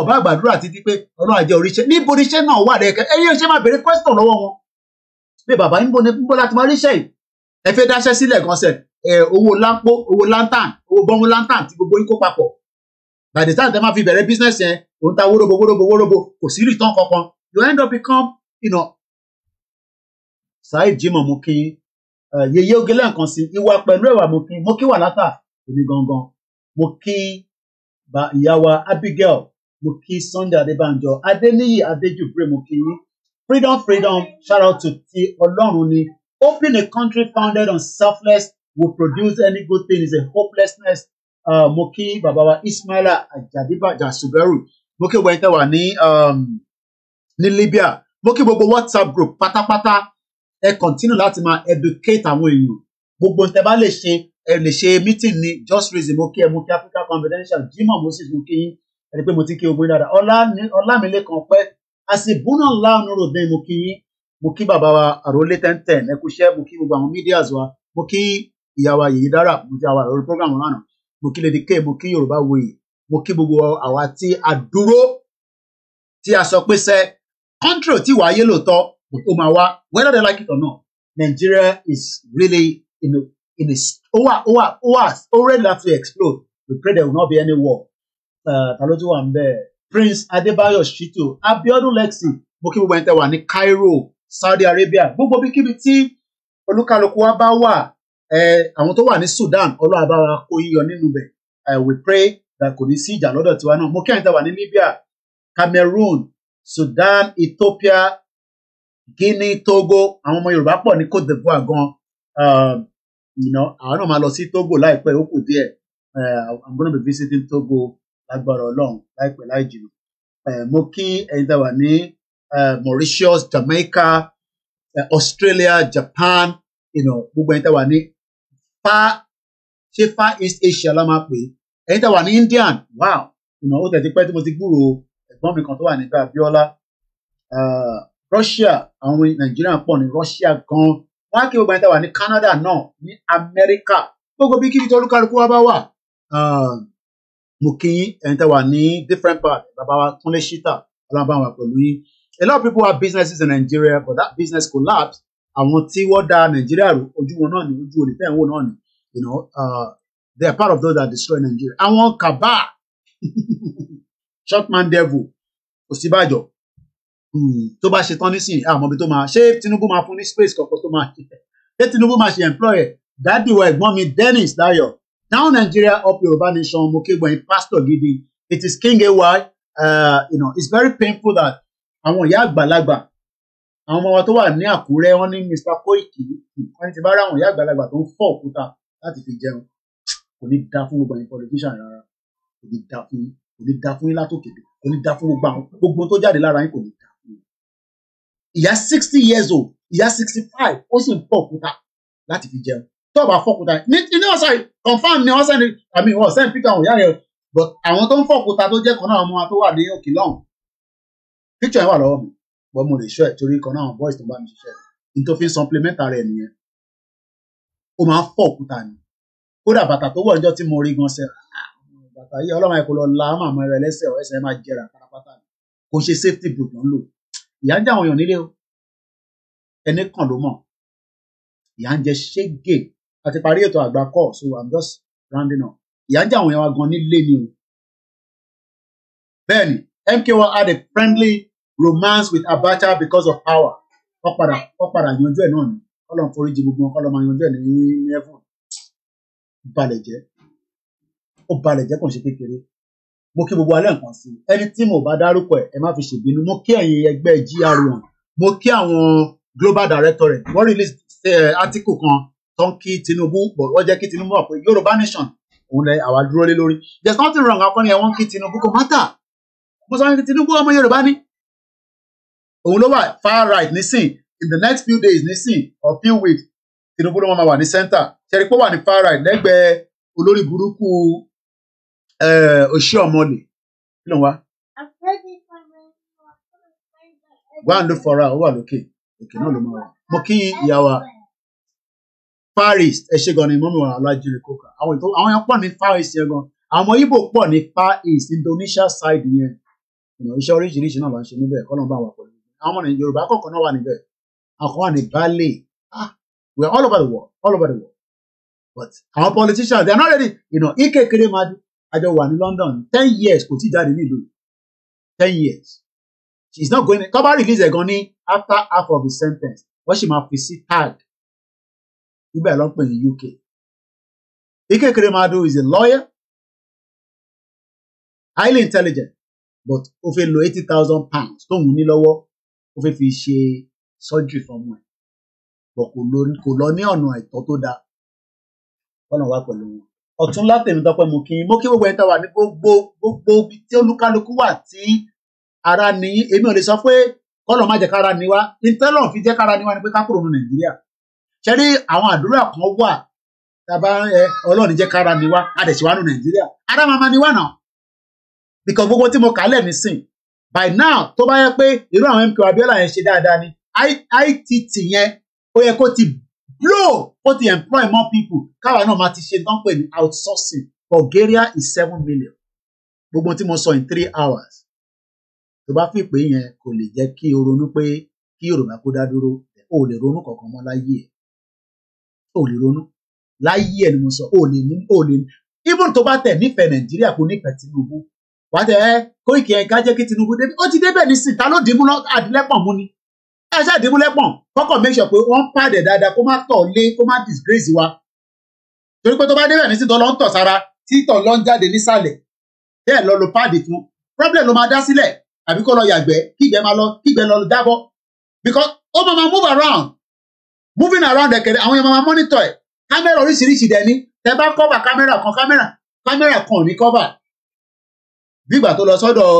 ọba àgbàdúrà títí pé ọlọ́run àjẹ oríṣẹ́ níbo oríṣẹ́ náà wà rẹ̀ kẹ́ ẹ̀yin oríṣẹ́ máa bèrè question lọ́wọ́ wọn pé bàbá yín bó ni bó láti máa ríṣẹ́ yìí ẹ fẹ́ dáṣẹ́ sílẹ̀ gan sẹ̀ ẹ owó láńpó owó lantern owó bọ́mú lantern tí gbogbo yín kó papọ̀ by the time tẹ́ máa fi bẹ̀rẹ̀ business yẹn òun ta wórobo wórobo wórobo kò sí return kankan you end up become you know, saheed jimoh mú kí yeye oge lẹ́ẹ̀kan sí ìwà pẹ̀lú ẹ̀wà mú kí mo kí wà látà èmi gangan mo kí ìyá Abigail mo kí Sunday Adébánjọ Adéníyì Adéjùbúrẹ́ mo kí yín freedom freedom shout out to ti Ọlọ́run ni Open a country founded on selfless will produce any good thing is a hopelessness uh, mo kí bàbá wa Ismaila Ajadibaja Suberu mo kí wẹ́ntẹ́ wà ní um, ní Libya mo kí gbogbo WhatsApp group pátápátá ẹ continue láti máa educate àwọn èèyàn gbogbo tẹ bá lè ṣe ẹ lè ṣe meeting ni just reason mo kí ẹ mo kí Africa Confidential Jimoh Moses mo kí yín ẹni pé mo ti kí ogun dáadáa ọlámilẹ́kan pẹ́ àṣìbùnà ńlá onúrò dẹ́n mo kí yín mo kí bàbá wa àròlé tẹ́ntẹ́n ẹ kú iṣẹ́ mo kí gbogbo àwọn mídíàs wa mo kí ìyá wa yèyí dára mo kí àwa lórí program lánàá mo kí lédi kéè mo kí yorùbá wòye mo kí gbogbo àwa tí a dúró tí a sọ pé sẹ country ò tí wáyé lóòótọ́ ó máa wá whether they like it or not Nigeria is really in a in a ó wà ó wà ó wà ó ready to explode we pray there will not be any war Eh, ta ló tún wà ń bẹ̀ Prince Adébáyọ̀ Shitu, Abiodun Lexi mo kí gbogbo ẹni tẹ́ wà ní Cairo Saudi Arabia gbogbo bíkíbi tí olúkálùkù wa bá wà eh, àwọn tó wà ní Sudan Ọlọ́run bá wa kó yíyọ nínú bẹ̀ eh, we pray that kò ní sí ìjà lọ́dọ̀ tiwa náà mo kí ẹni tẹ́ wà ní Libya Cameroon Sudan Ethiopia Guinea Togo àwọn ọmọ Yorùbá pọ̀ ní Cote d'Ivoire gan um, àwọn náà máa lọ sí Togo láìpẹ́ ó kù díẹ̀ I'm gonna be visiting Togo lágbára ọlọ́run láìpẹ́ láì jìnnà mo kí ẹ̀yin tá a wà ní Mauritius Jamaica Australia Japan you know, gbogbo ẹ̀yin tá a wà ní far ṣé far East Asia la máa pè ẹ̀yin tá a wà ní Indian wow you know, ó tẹ̀ ti pẹ́ tí mo ti gbúrò ẹ̀gbọ́n mi kan tó wà nígbà Abiola Russia àwọn Nàìjíríà pọ̀ ní Russia gan wọ́n á kí gbogbo ẹ̀yin tá a wà ní Canada náà ní America gbogbo bí kíbi tó olúkálukú wa bá wà mo kí ẹni tẹ́ wà ní different part bàbá wa Kúnlé Ṣítà ọlọ́run wà pẹ̀lú yín a lot of people have businesses in Nigeria but that business collapse àwọn tí wọ́n da Nigeria rò ojú wọn náà ni ojú olùfẹ́ ìwọ náà ni you know uh, they are part of those that destroy Nigeria àwọn kaba short man devil Ọ̀ṣínbàjò hmm, tó bá ṣe tán nísìnyí àmọ́ ibi tó máa ṣé Tinubu máa fún ní space kọ̀ọ̀kan tó máa ṣe Tinubu máa ṣe employer dádìwọ̀ ẹ̀gbọ́n mi Dennis Dayo Now Nigeria Up Yoruba Nation, Mokegboyin, Pastor Gidi, it is King AY. Uh, you know, it's very painful that àwọn ìyá àgbàlagbà àwọn ọmọ wa tó wà ní Àkúrẹ́ wọ́n ní Mr Koiki wọ́n ti bá rá àwọn ìyá àgbàlagbà tó ń fọ́ òkúta láti fi jẹun kò ní da fún gbogbo àwọn politician rárá kò ní da fún kò ní da fún yín látòkè kò ní da fún gbogbo àwọn gbogbo tó jáde lára yín kò ní da fún yín. ìyá sixty years old ìyá sixty five ó sì ń fọ́ òkúta láti fi jẹun tó bá fọkùtà ní ilé ọ̀sán confam ni wọ́n sẹ́ni àmì wọ́n sẹ́ni píkà àwọn ìyá rẹ̀ but àwọn tó ń fọkùtà tó jẹ́ kan náà ọmọ tó wà ní òkè lọ́hùn píkṣọ̀ yẹn wà lọ́wọ́ mi but mo lè ṣọ́ ẹ̀ torí kan náà boys tó bá mi ṣiṣẹ́ ní tó fi ń supplement ara ẹ̀ nìyẹn ó máa ń fọkùtà ni kódà bàtà tó wọ̀ ọjọ́ tí mo rí gan ṣe bàtà yìí ọlọ́run ẹ̀kọ́ lọ la màmá rẹ lẹ́sẹ̀ ẹsẹ̀ máa jẹrà pátápátá kò ṣe safety boot ló ń lò ìyá ń jẹ àwọn èèyàn nílé o ẹni kan ló mọ̀ ìyá ń jẹ ṣégè a ti parí ètò àgbà kọ so i'm just rounding up ìyá ń jẹ àwọn yẹn wa gan nílé ni o bẹ́ẹ̀ni MKO had a friendly romance with Abacha because of power ó padà ó padà yanjú ẹ̀ náà ni kọlọ̀ ń foríjì gbogbo wọn kọlọ̀ máa yanjú ẹ̀ ní ẹ̀fọn balẹ̀ jẹ́ ó balẹ̀ jẹ́ kàn ṣe kékeré mo kí gbogbo alẹ́ nǹkan sí ẹni tí mo bá dárúkọ ẹ̀ ẹ má fi ṣèbínú mo kí ẹ̀yin ẹgbẹ́ GR1 mo kí àwọn global directorate wọ́n release eh, article kan tó ń kí Tinubu bọ̀ wọ́n jẹ́ kí Tinubu mọ̀ pé Yorùbá nation òun lẹ àwa dúró lé lórí there's nothing wrong akọni ẹ̀ wọ́n kí Tinubu kò mátà mo sọ ní Tinubu ọmọ Yorùbá ni òun ló wà far right nísìn in the next few days nísìn or few weeks Tinubu ló máa wà ní center ṣẹ́rí pé wà ní far right lẹ́gbẹ̀ẹ́ olórí burúkú òṣì eh, ọmọlè kí ló ń wá. gbàǹdó fọra ó wà lókè òkè náà ló máa wà mo kí ìyá wa far east ẹ ṣe gan ni mọ́mí wọn alájírí kókà àwọn ètò àwọn yẹn pọ̀ ní far east yẹn gan àwọn Ìgbò pọ̀ ní far east Indonesia side yẹn iṣẹ́ oríṣiríṣi náà ló ń ṣe níbẹ̀ kọ́ ló ń bá wà pẹ̀lú àwọn ọmọ nìyẹn Yorùbá kọ̀ọ̀kan náà wà níbẹ̀ àwọn wà ní Bali ah we are all over the world all over the world but àwọn politicians they are not ready you know ike kere ma àjọ wà ní London ten years kò tí jáde nílùú ten years she is not going to tọ́ba release ẹ̀ gan ní after half of the sentence wọ́n sì máa fi sí tag ibẹ̀ ló ń pè ní UK Ike Ekweremadu is a lawyer highly intelligent but ó fẹ́ lo eighty thousand pounds tóun ní lọ́wọ́ ó fẹ́ fi ṣe surgery fọmọ ẹ̀ bọ̀ kò lọ ní ọ̀nà àìtọ́ tó dáa ọ̀nà wa pẹ̀lú wọn ọ̀tún látẹ̀mí dọ́pẹ́ mú kí n mú kí gbogbo ẹ̀ta wà ní gbogbo gbogbo ibi tí olúkálukú wà tí ara ní èmi ò lè sọ pé kọ́lọ̀ má jẹ́ kára ni wá ìtẹ́lọ̀ fi jẹ́ kára ni wá ni pé ká kúrò ní Nàìjíríà ṣe rí àwọn àdúrà kan wà tàbá ẹ ọlọ́run jẹ́ kára mi wá adẹ̀síwánú nàìjíríà ara màmá ni wà náà because gbogbo tí mo kà lẹ̀ nísìn by now tó bá yẹ pé irú àwọn mp abiola yẹn ṣe dáadáa ni itt yẹn ó yẹ kó ti blow ó ti employ more people káwa náà máa ti ṣe tán pè ní outsourcing Bulgaria is seven million gbogbo tí mo sọ in three hours tó bá fi pé yẹn kò lè jẹ́ kí o ronú pé kí Yorùbá kó dá dúró o ò lè ronú kankan mọ́ láyé ẹ̀ ò lè ronú láyé ẹ̀ ni mo sọ ò lè ní ò lè ní even tó bá tẹ̀ nífẹ̀ẹ́ nàìjíríà kò nífẹ̀ẹ́ tinubu wà á tẹ ẹ Koiki ẹ ká jẹ́ kí tinubu débi ó ti débẹ̀ ní sìn ta ló dìímú àdìlẹ́pọ̀n mú ni ẹ ṣáà dìímú lẹ́pọ̀n kọ́kọ́ make sure pé wọ́n ń pàdé dáadáa kó má tọ̀ lé kó má disgrace wa torí pé tó bá débẹ̀ ní sìn tó lọ ń tọ̀ sára títọ̀ lọ ń jáde nísàlẹ̀ bẹ́ẹ̀ lọ lo páàdì fún problem ló máa dá sílẹ̀ àbí kó lọ yàgbẹ́ kígbẹ́ máa lọ kígbẹ́ lọ dábọ́ because ó máa máa move around moving around ẹ̀kẹ̀rẹ̀ àwọn yẹn máa monitor ẹ̀ kámẹ́rà oríṣiríṣi dẹ̀ ní tẹ bá cover kámẹ́rà kan kámẹ́rà kámẹ́rà kan ò ní cover bí ìgbà tó lọ sọ́dọ̀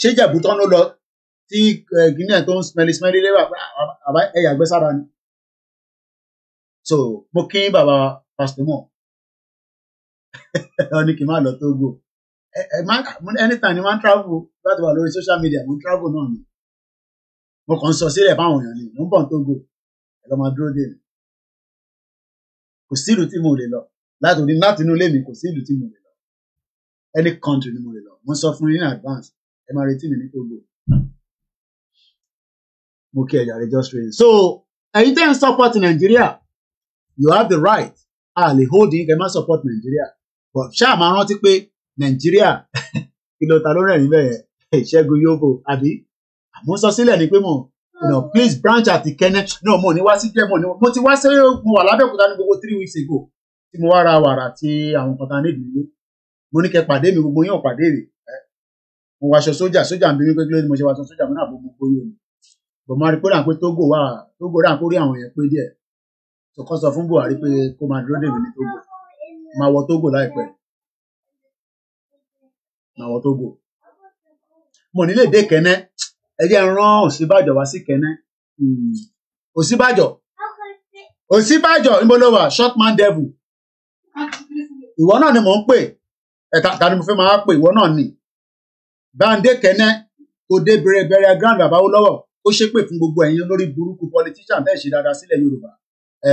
ṣéjẹ̀bù tán ló lọ tí guinea eh, tó ń smelly smelly lé bàbá ẹ̀yà gbé ni so mo kí bàbá pastor mọ̀ ọ ní kí n má lọ Tógò anytime ni wọ́n travel láti wà lórí social media mo travel náà ni mo kàn ń sọ sílẹ̀ fáwọn èèyàn ni mo ń bọ̀ Tógò ẹ lọ máa dúró dè mí kò sí ìlú tí mo lè lọ láti inú ilé mi kò sí ìlú tí mo lè lọ any country ni mo lè lọ mo sọ fún yín in advance ẹ máa retí mi ní gbogbo mo kí ẹ̀yà rẹ just raise so ẹ̀yin tẹ́ ń support Nàìjíríà you have the right a lè hold yín kẹ́ má support Nàìjíríà but ṣáà máa rántí pé Nàìjíríà kí ló ta ló rẹ̀ níbẹ̀ yẹn ìṣẹ́gun yóò bò àbí àmúsọsílẹ̀ ni pé mo No, please branch at kẹ́nẹ́ náà mo ní wá sí jẹ́ mo ní mo ti wá sí mo wà lábẹ́òkúta ní gbogbo three weeks ago tí mo wá ra wàrà àti àwọn kan tá a nídìí nílé mo ní kẹ pàdé mi gbogbo yín ò pàdé rè ẹ mo wọ aṣọ sójà sójà ń bí mi pé kí ló ní mo ṣe wá aṣọ sójà mi náà bó gbogbo yín ni bò máa rí pé ráńpé Tógò wà Tógò ráńpé rí àwọn yẹn pé díẹ̀ tòkọ́ sọ fún Buhari pé kó máa dúró dèmi ní Tógò máa wọ Tógò láìpẹ́ máa wọ Tógò mo nílé dé kẹ́nẹ́ ẹ jẹ́ rán Ọ̀ṣínbàjò wá sí kẹ́nẹ́ Ọ̀ṣínbàjò hmm. Ọ̀ṣínbàjò níbo ló wà short man devil ìwọ náà ni mò ń pè ẹ̀ka ta ni mo fẹ́ máa pè ìwọ náà ni Bande kẹ́nẹ́ tó dé bẹ̀rẹ̀ bẹ̀rẹ̀ grand bàbá ó lọ́wọ́ ó ṣépè fún gbogbo ẹ̀yin olórí burúkú politician bẹ́ẹ̀ ṣe dáadáa sílẹ̀ Yorùbá ẹ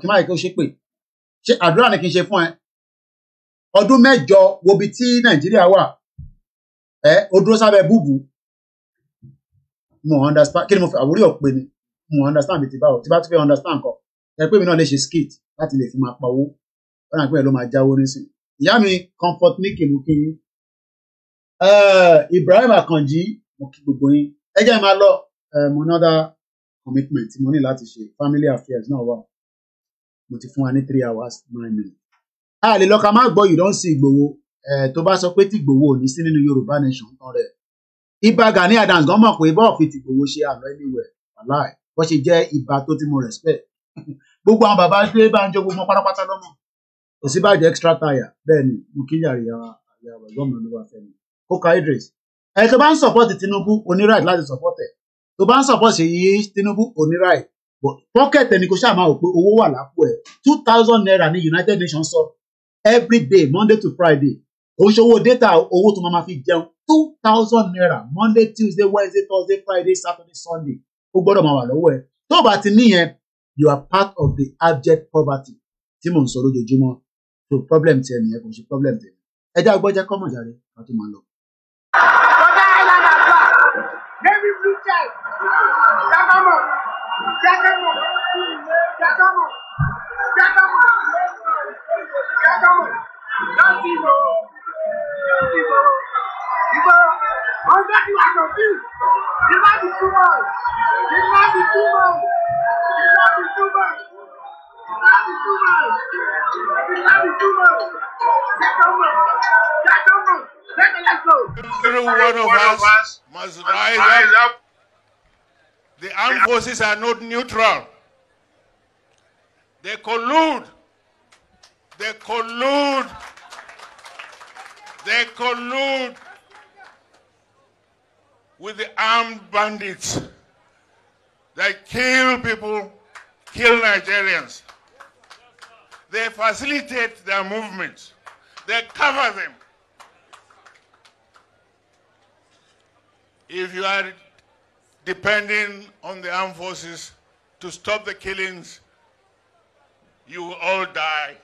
kí má yẹ kí ó ṣépè ṣe àdúrà ni kí n ṣe fún ẹ ọdún mẹ́jọ wo bi tí Nàìjíríà wà ẹ eh, ó dúró sábẹ́ búùbù mo understand kí ni mo fẹ́ àwòrí ọ̀pẹ ni mo understand bí ti báwo tí bá tún fẹ́ understand kọ ẹ pé mi náà lè ṣe skit láti lè fi máa pa owó wọn àgbẹ̀ ló máa jáwó nísìnyí ìyá mi comfort ní kìmù kí yín eh, Ibrahim Akanji mo kí gbogbo yín ẹ jẹ́ máa lọ eh, mo ní other commitment mo ní láti ṣe family affairs náà wà mo ti fún wa ní three hours nine minutes a lè lọ ká má gbọ́ you don see Igboho Eh, tó bá sọ pé tìgbòho ò ní sí nínú yorùbá nation tán rẹ ibà gani adams gan mọ̀ pé bọ́ọ̀ fi tìgbòho ṣe àlọ́ anywhere wàláì bó ṣe jẹ́ ibà tó ti mo respect gbogbo àwọn bàbá gbé bá ń jó gbogbo pátápátá lọ́mọ kò sí bàjẹ́ extra tire bẹ́ẹ̀ ni mo kí yàrá yàrá gómìnà ló wà fẹ́mi Koka Idris ẹ̀ tó bá ń support Tinubu oníráì láti support ẹ̀ tó bá ń support ṣe yí Tinubu oníráì pocket ẹni kò ṣáà máa wò pé owó wà lápò ẹ̀ two thousand naira ní United Nations sọ every day Monday to Friday oṣòwò data owó tó máa fi jẹun two thousand naira monday tuesday wednesday thursday friday saturday sunday ó gbọ́dọ̀ máa wà lọ́wọ́ ẹ̀ tó bá ti níyẹn you are part of the abject poverty tí mò ń sọ lójoojúmọ́ so problem tiẹ̀ nìyẹn kò sí problem tiẹ̀ ẹ jẹ́ agbọ́jà kọ́mọ̀ jàre ká tó máa lọ. ọ̀gá island àgbà david richard jagamu jagamu jagamu jagamu jagamu láti ìlú. Every one of us must rise up. The armed forces are not neutral. They collude. They collude they collude with the armed bandits that kill people, kill Nigerians. They facilitate their movements. They cover them. If you are depending on the armed forces to stop the killings, you will all die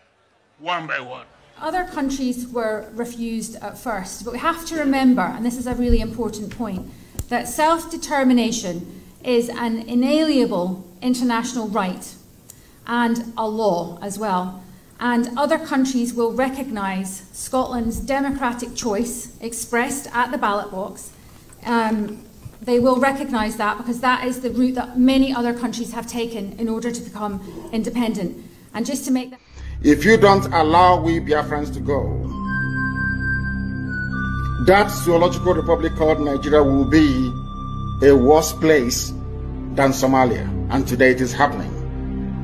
one by one. Other countries were refused at first, but we have to remember, and this is a really important point, that self determination is an inalienable international right and a law as well. And other countries will recognise Scotland's democratic choice expressed at the ballot box. Um, they will recognise that because that is the route that many other countries have taken in order to become independent. And just to make that if you don't allow we Biafrans to go, that zoological republic called Nigeria will be a worse place than Somalia. And today it is happening.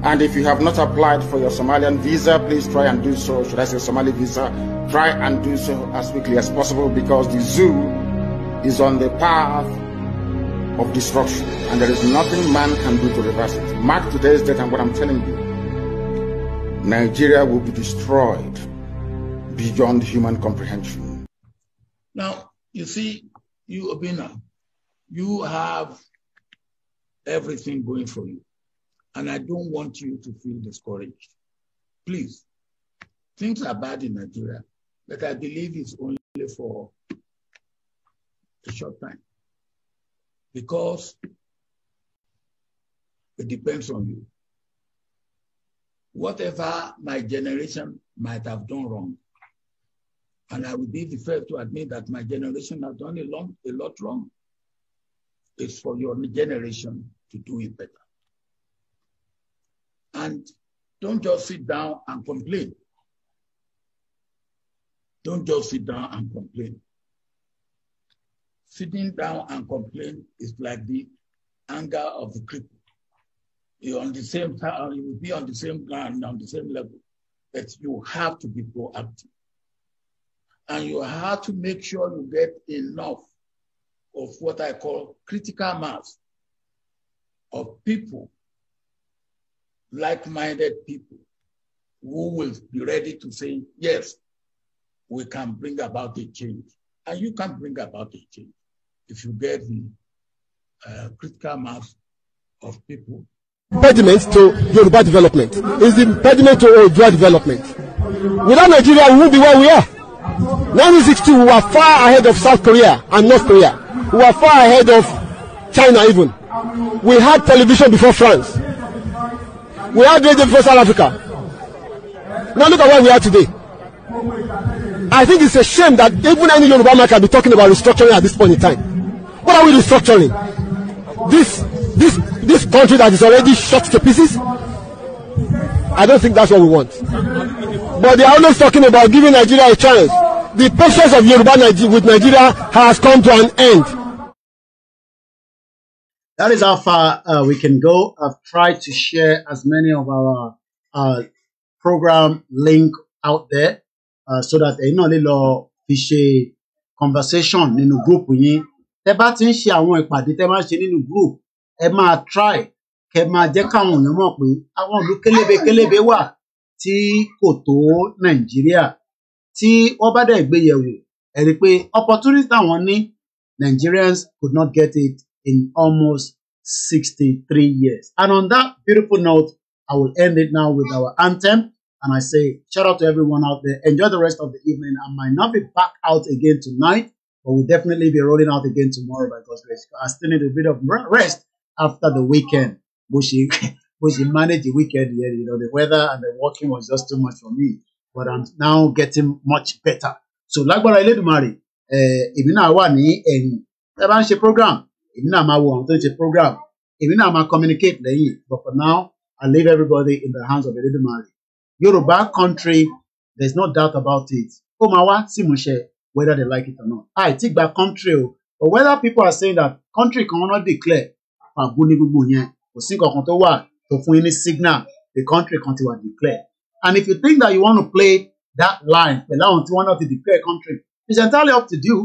And if you have not applied for your Somalian visa, please try and do so. Should I say Somali visa? Try and do so as quickly as possible because the zoo is on the path of destruction and there is nothing man can do to reverse it. Mark today's date and what I'm telling you. Nigeria will be destroyed beyond human comprehension. Now, you see, you, Obina, you have everything going for you. And I don't want you to feel discouraged. Please, things are bad in Nigeria, but I believe it's only for a short time because it depends on you whatever my generation might have done wrong. And I would be the first to admit that my generation has done a, long, a lot wrong. It's for your generation to do it better. And don't just sit down and complain. Don't just sit down and complain. Sitting down and complain is like the anger of the cripple you're on the same time, you will be on the same ground, on the same level. But you have to be proactive. And you have to make sure you get enough of what I call critical mass of people, like-minded people, who will be ready to say, yes, we can bring about a change. And you can bring about a change if you get uh, critical mass of people impediment to Yoruba development. It's the impediment to Oduduwa development. Without Nigeria, we won't be where we are. 1962, we were far ahead of South Korea and North Korea. We were far ahead of China even. We had television before France. We had radio before South Africa. Now look at where we are today. I think it's a shame that even any Yoruba man can be talking about restructuring at this point in time. What are we restructuring? This this this country that is already shot to pieces? I don't think that's what we want. But they are always talking about giving Nigeria a chance. The process of Yoruba Nigeria with Nigeria has come to an end. That is how far uh, we can go. I've tried to share as many of our uh, program link out there uh, so that ẹ̀yin náà lè lọ conversation in conversation nínú group yín. Tẹ́ bá ti ń ṣe àwọn ìpàdé tẹ́ máa ń ṣe nínú group ẹ máa try kẹ máa jẹ́ káwọn èèyàn mọ̀ pé àwọn ìlú kélébé kélébé wà tí kò tó nàìjíríà tí wọ́n bá dẹ̀ gbé yẹ̀wò ẹ rí i pé opportunity táwọn ní Nigerians could not get it in almost sixty-three years and on that beautiful note I will end it now with our anthem and I say shout out to everyone out there enjoy the rest of the evening I might not be back out again tonight but we'll definitely be rolling out again tomorrow by God's grace I still need a bit of rest after the weekend. Bushi, Bushi managed the weekend here. You know, the weather and the walking was just too much for me. But I'm now getting much better. So like what I èmi náà wà ní ẹ̀yìn. Ẹ bá ń ṣe program, èmi náà máa wo àwọn tó ń ṣe program. Èmi náà máa communicate lẹ́yìn. But for now, I leave everybody in the hands of little You're a bad country, there's no doubt about it. Oh my wá sí ìmúṣẹ whether they like it or not. I take gba country But whether people are saying that country cannot wọ́n náà declare pàgó ní gbogbo yẹn kò sí kankan tó wà tó fún yín ní signal the country kan ti wà declare and if you think that you want to play that line pẹ̀lú àwọn tí wọ́n náà ti declare country it's entirely up to you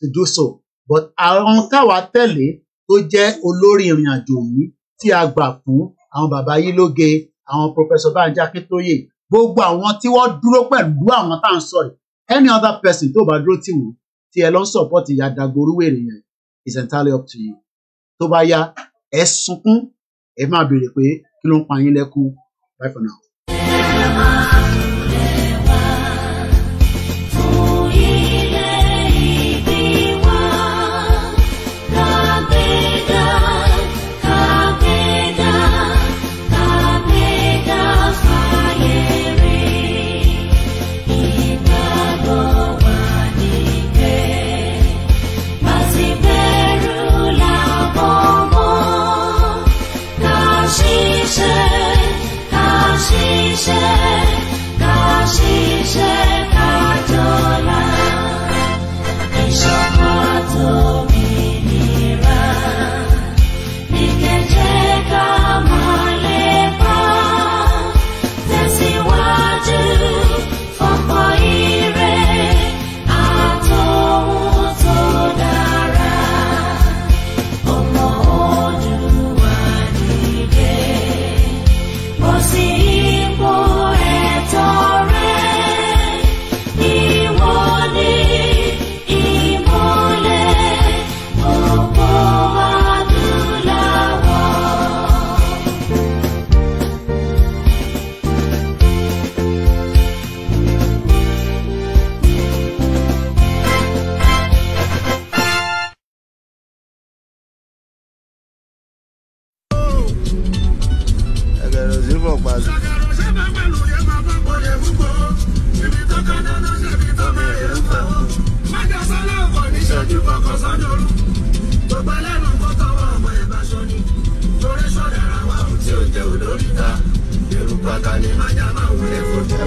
to do so but àwọn táwa tẹ̀lé tó jẹ́ olórí ìrìn àjò yìí tí a gbà fún àwọn bàbá yìí lóge àwọn professor Bánjí Akíntóyè gbogbo àwọn tí wọ́n dúró pẹ̀lú àwọn tá à ń sọ yìí any other person tó bá dúró tì wọ́n tí ẹ lọ ń support ìyá dagboru wèrè yẹn is entirely up to you tó bá yá ẹ sunkún ẹ máa béèrè pé kí ló ń pa yín lẹ́kún bye for now.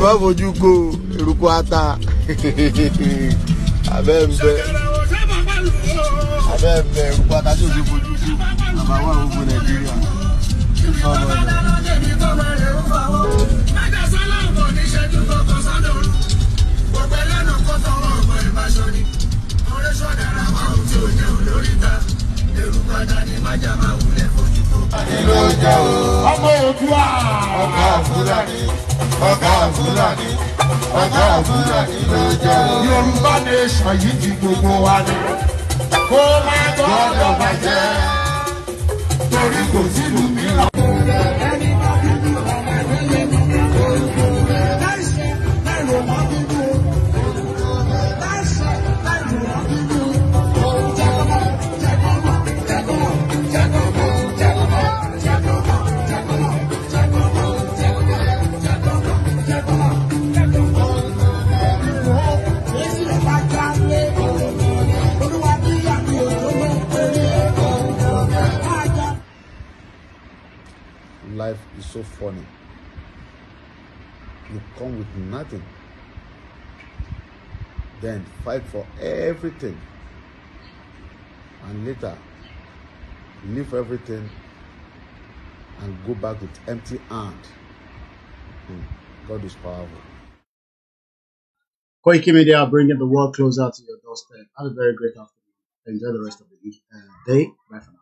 má fojú ko eruku ata abẹ́ ń bẹ abẹ́ ń bẹ eruku ata tí o ti fojú ko bàbá wà gbogbo nàìjíríà ọ̀rẹ́sọ̀dà làwọn ohun tí ò jẹun lórí ta èrò padà ní májàmáwulẹ̀ fojú. Fúlàní ló jẹ́ o. Ọmọ Oòduà. Ọ̀gá Fúlàní, ọ̀gá Yorùbá nation yìí ti gbogbo wa ni. Kó má gbọ́dọ̀ bàjẹ́ torí kò sílùú mìíràn. so funny. You come with nothing. Then fight for everything. And later, leave everything and go back with empty hand. Hmm. God is powerful. Koiki Media are bringing the world closer to your doorstep. Have a very great afternoon. Enjoy the rest of the day. Bye for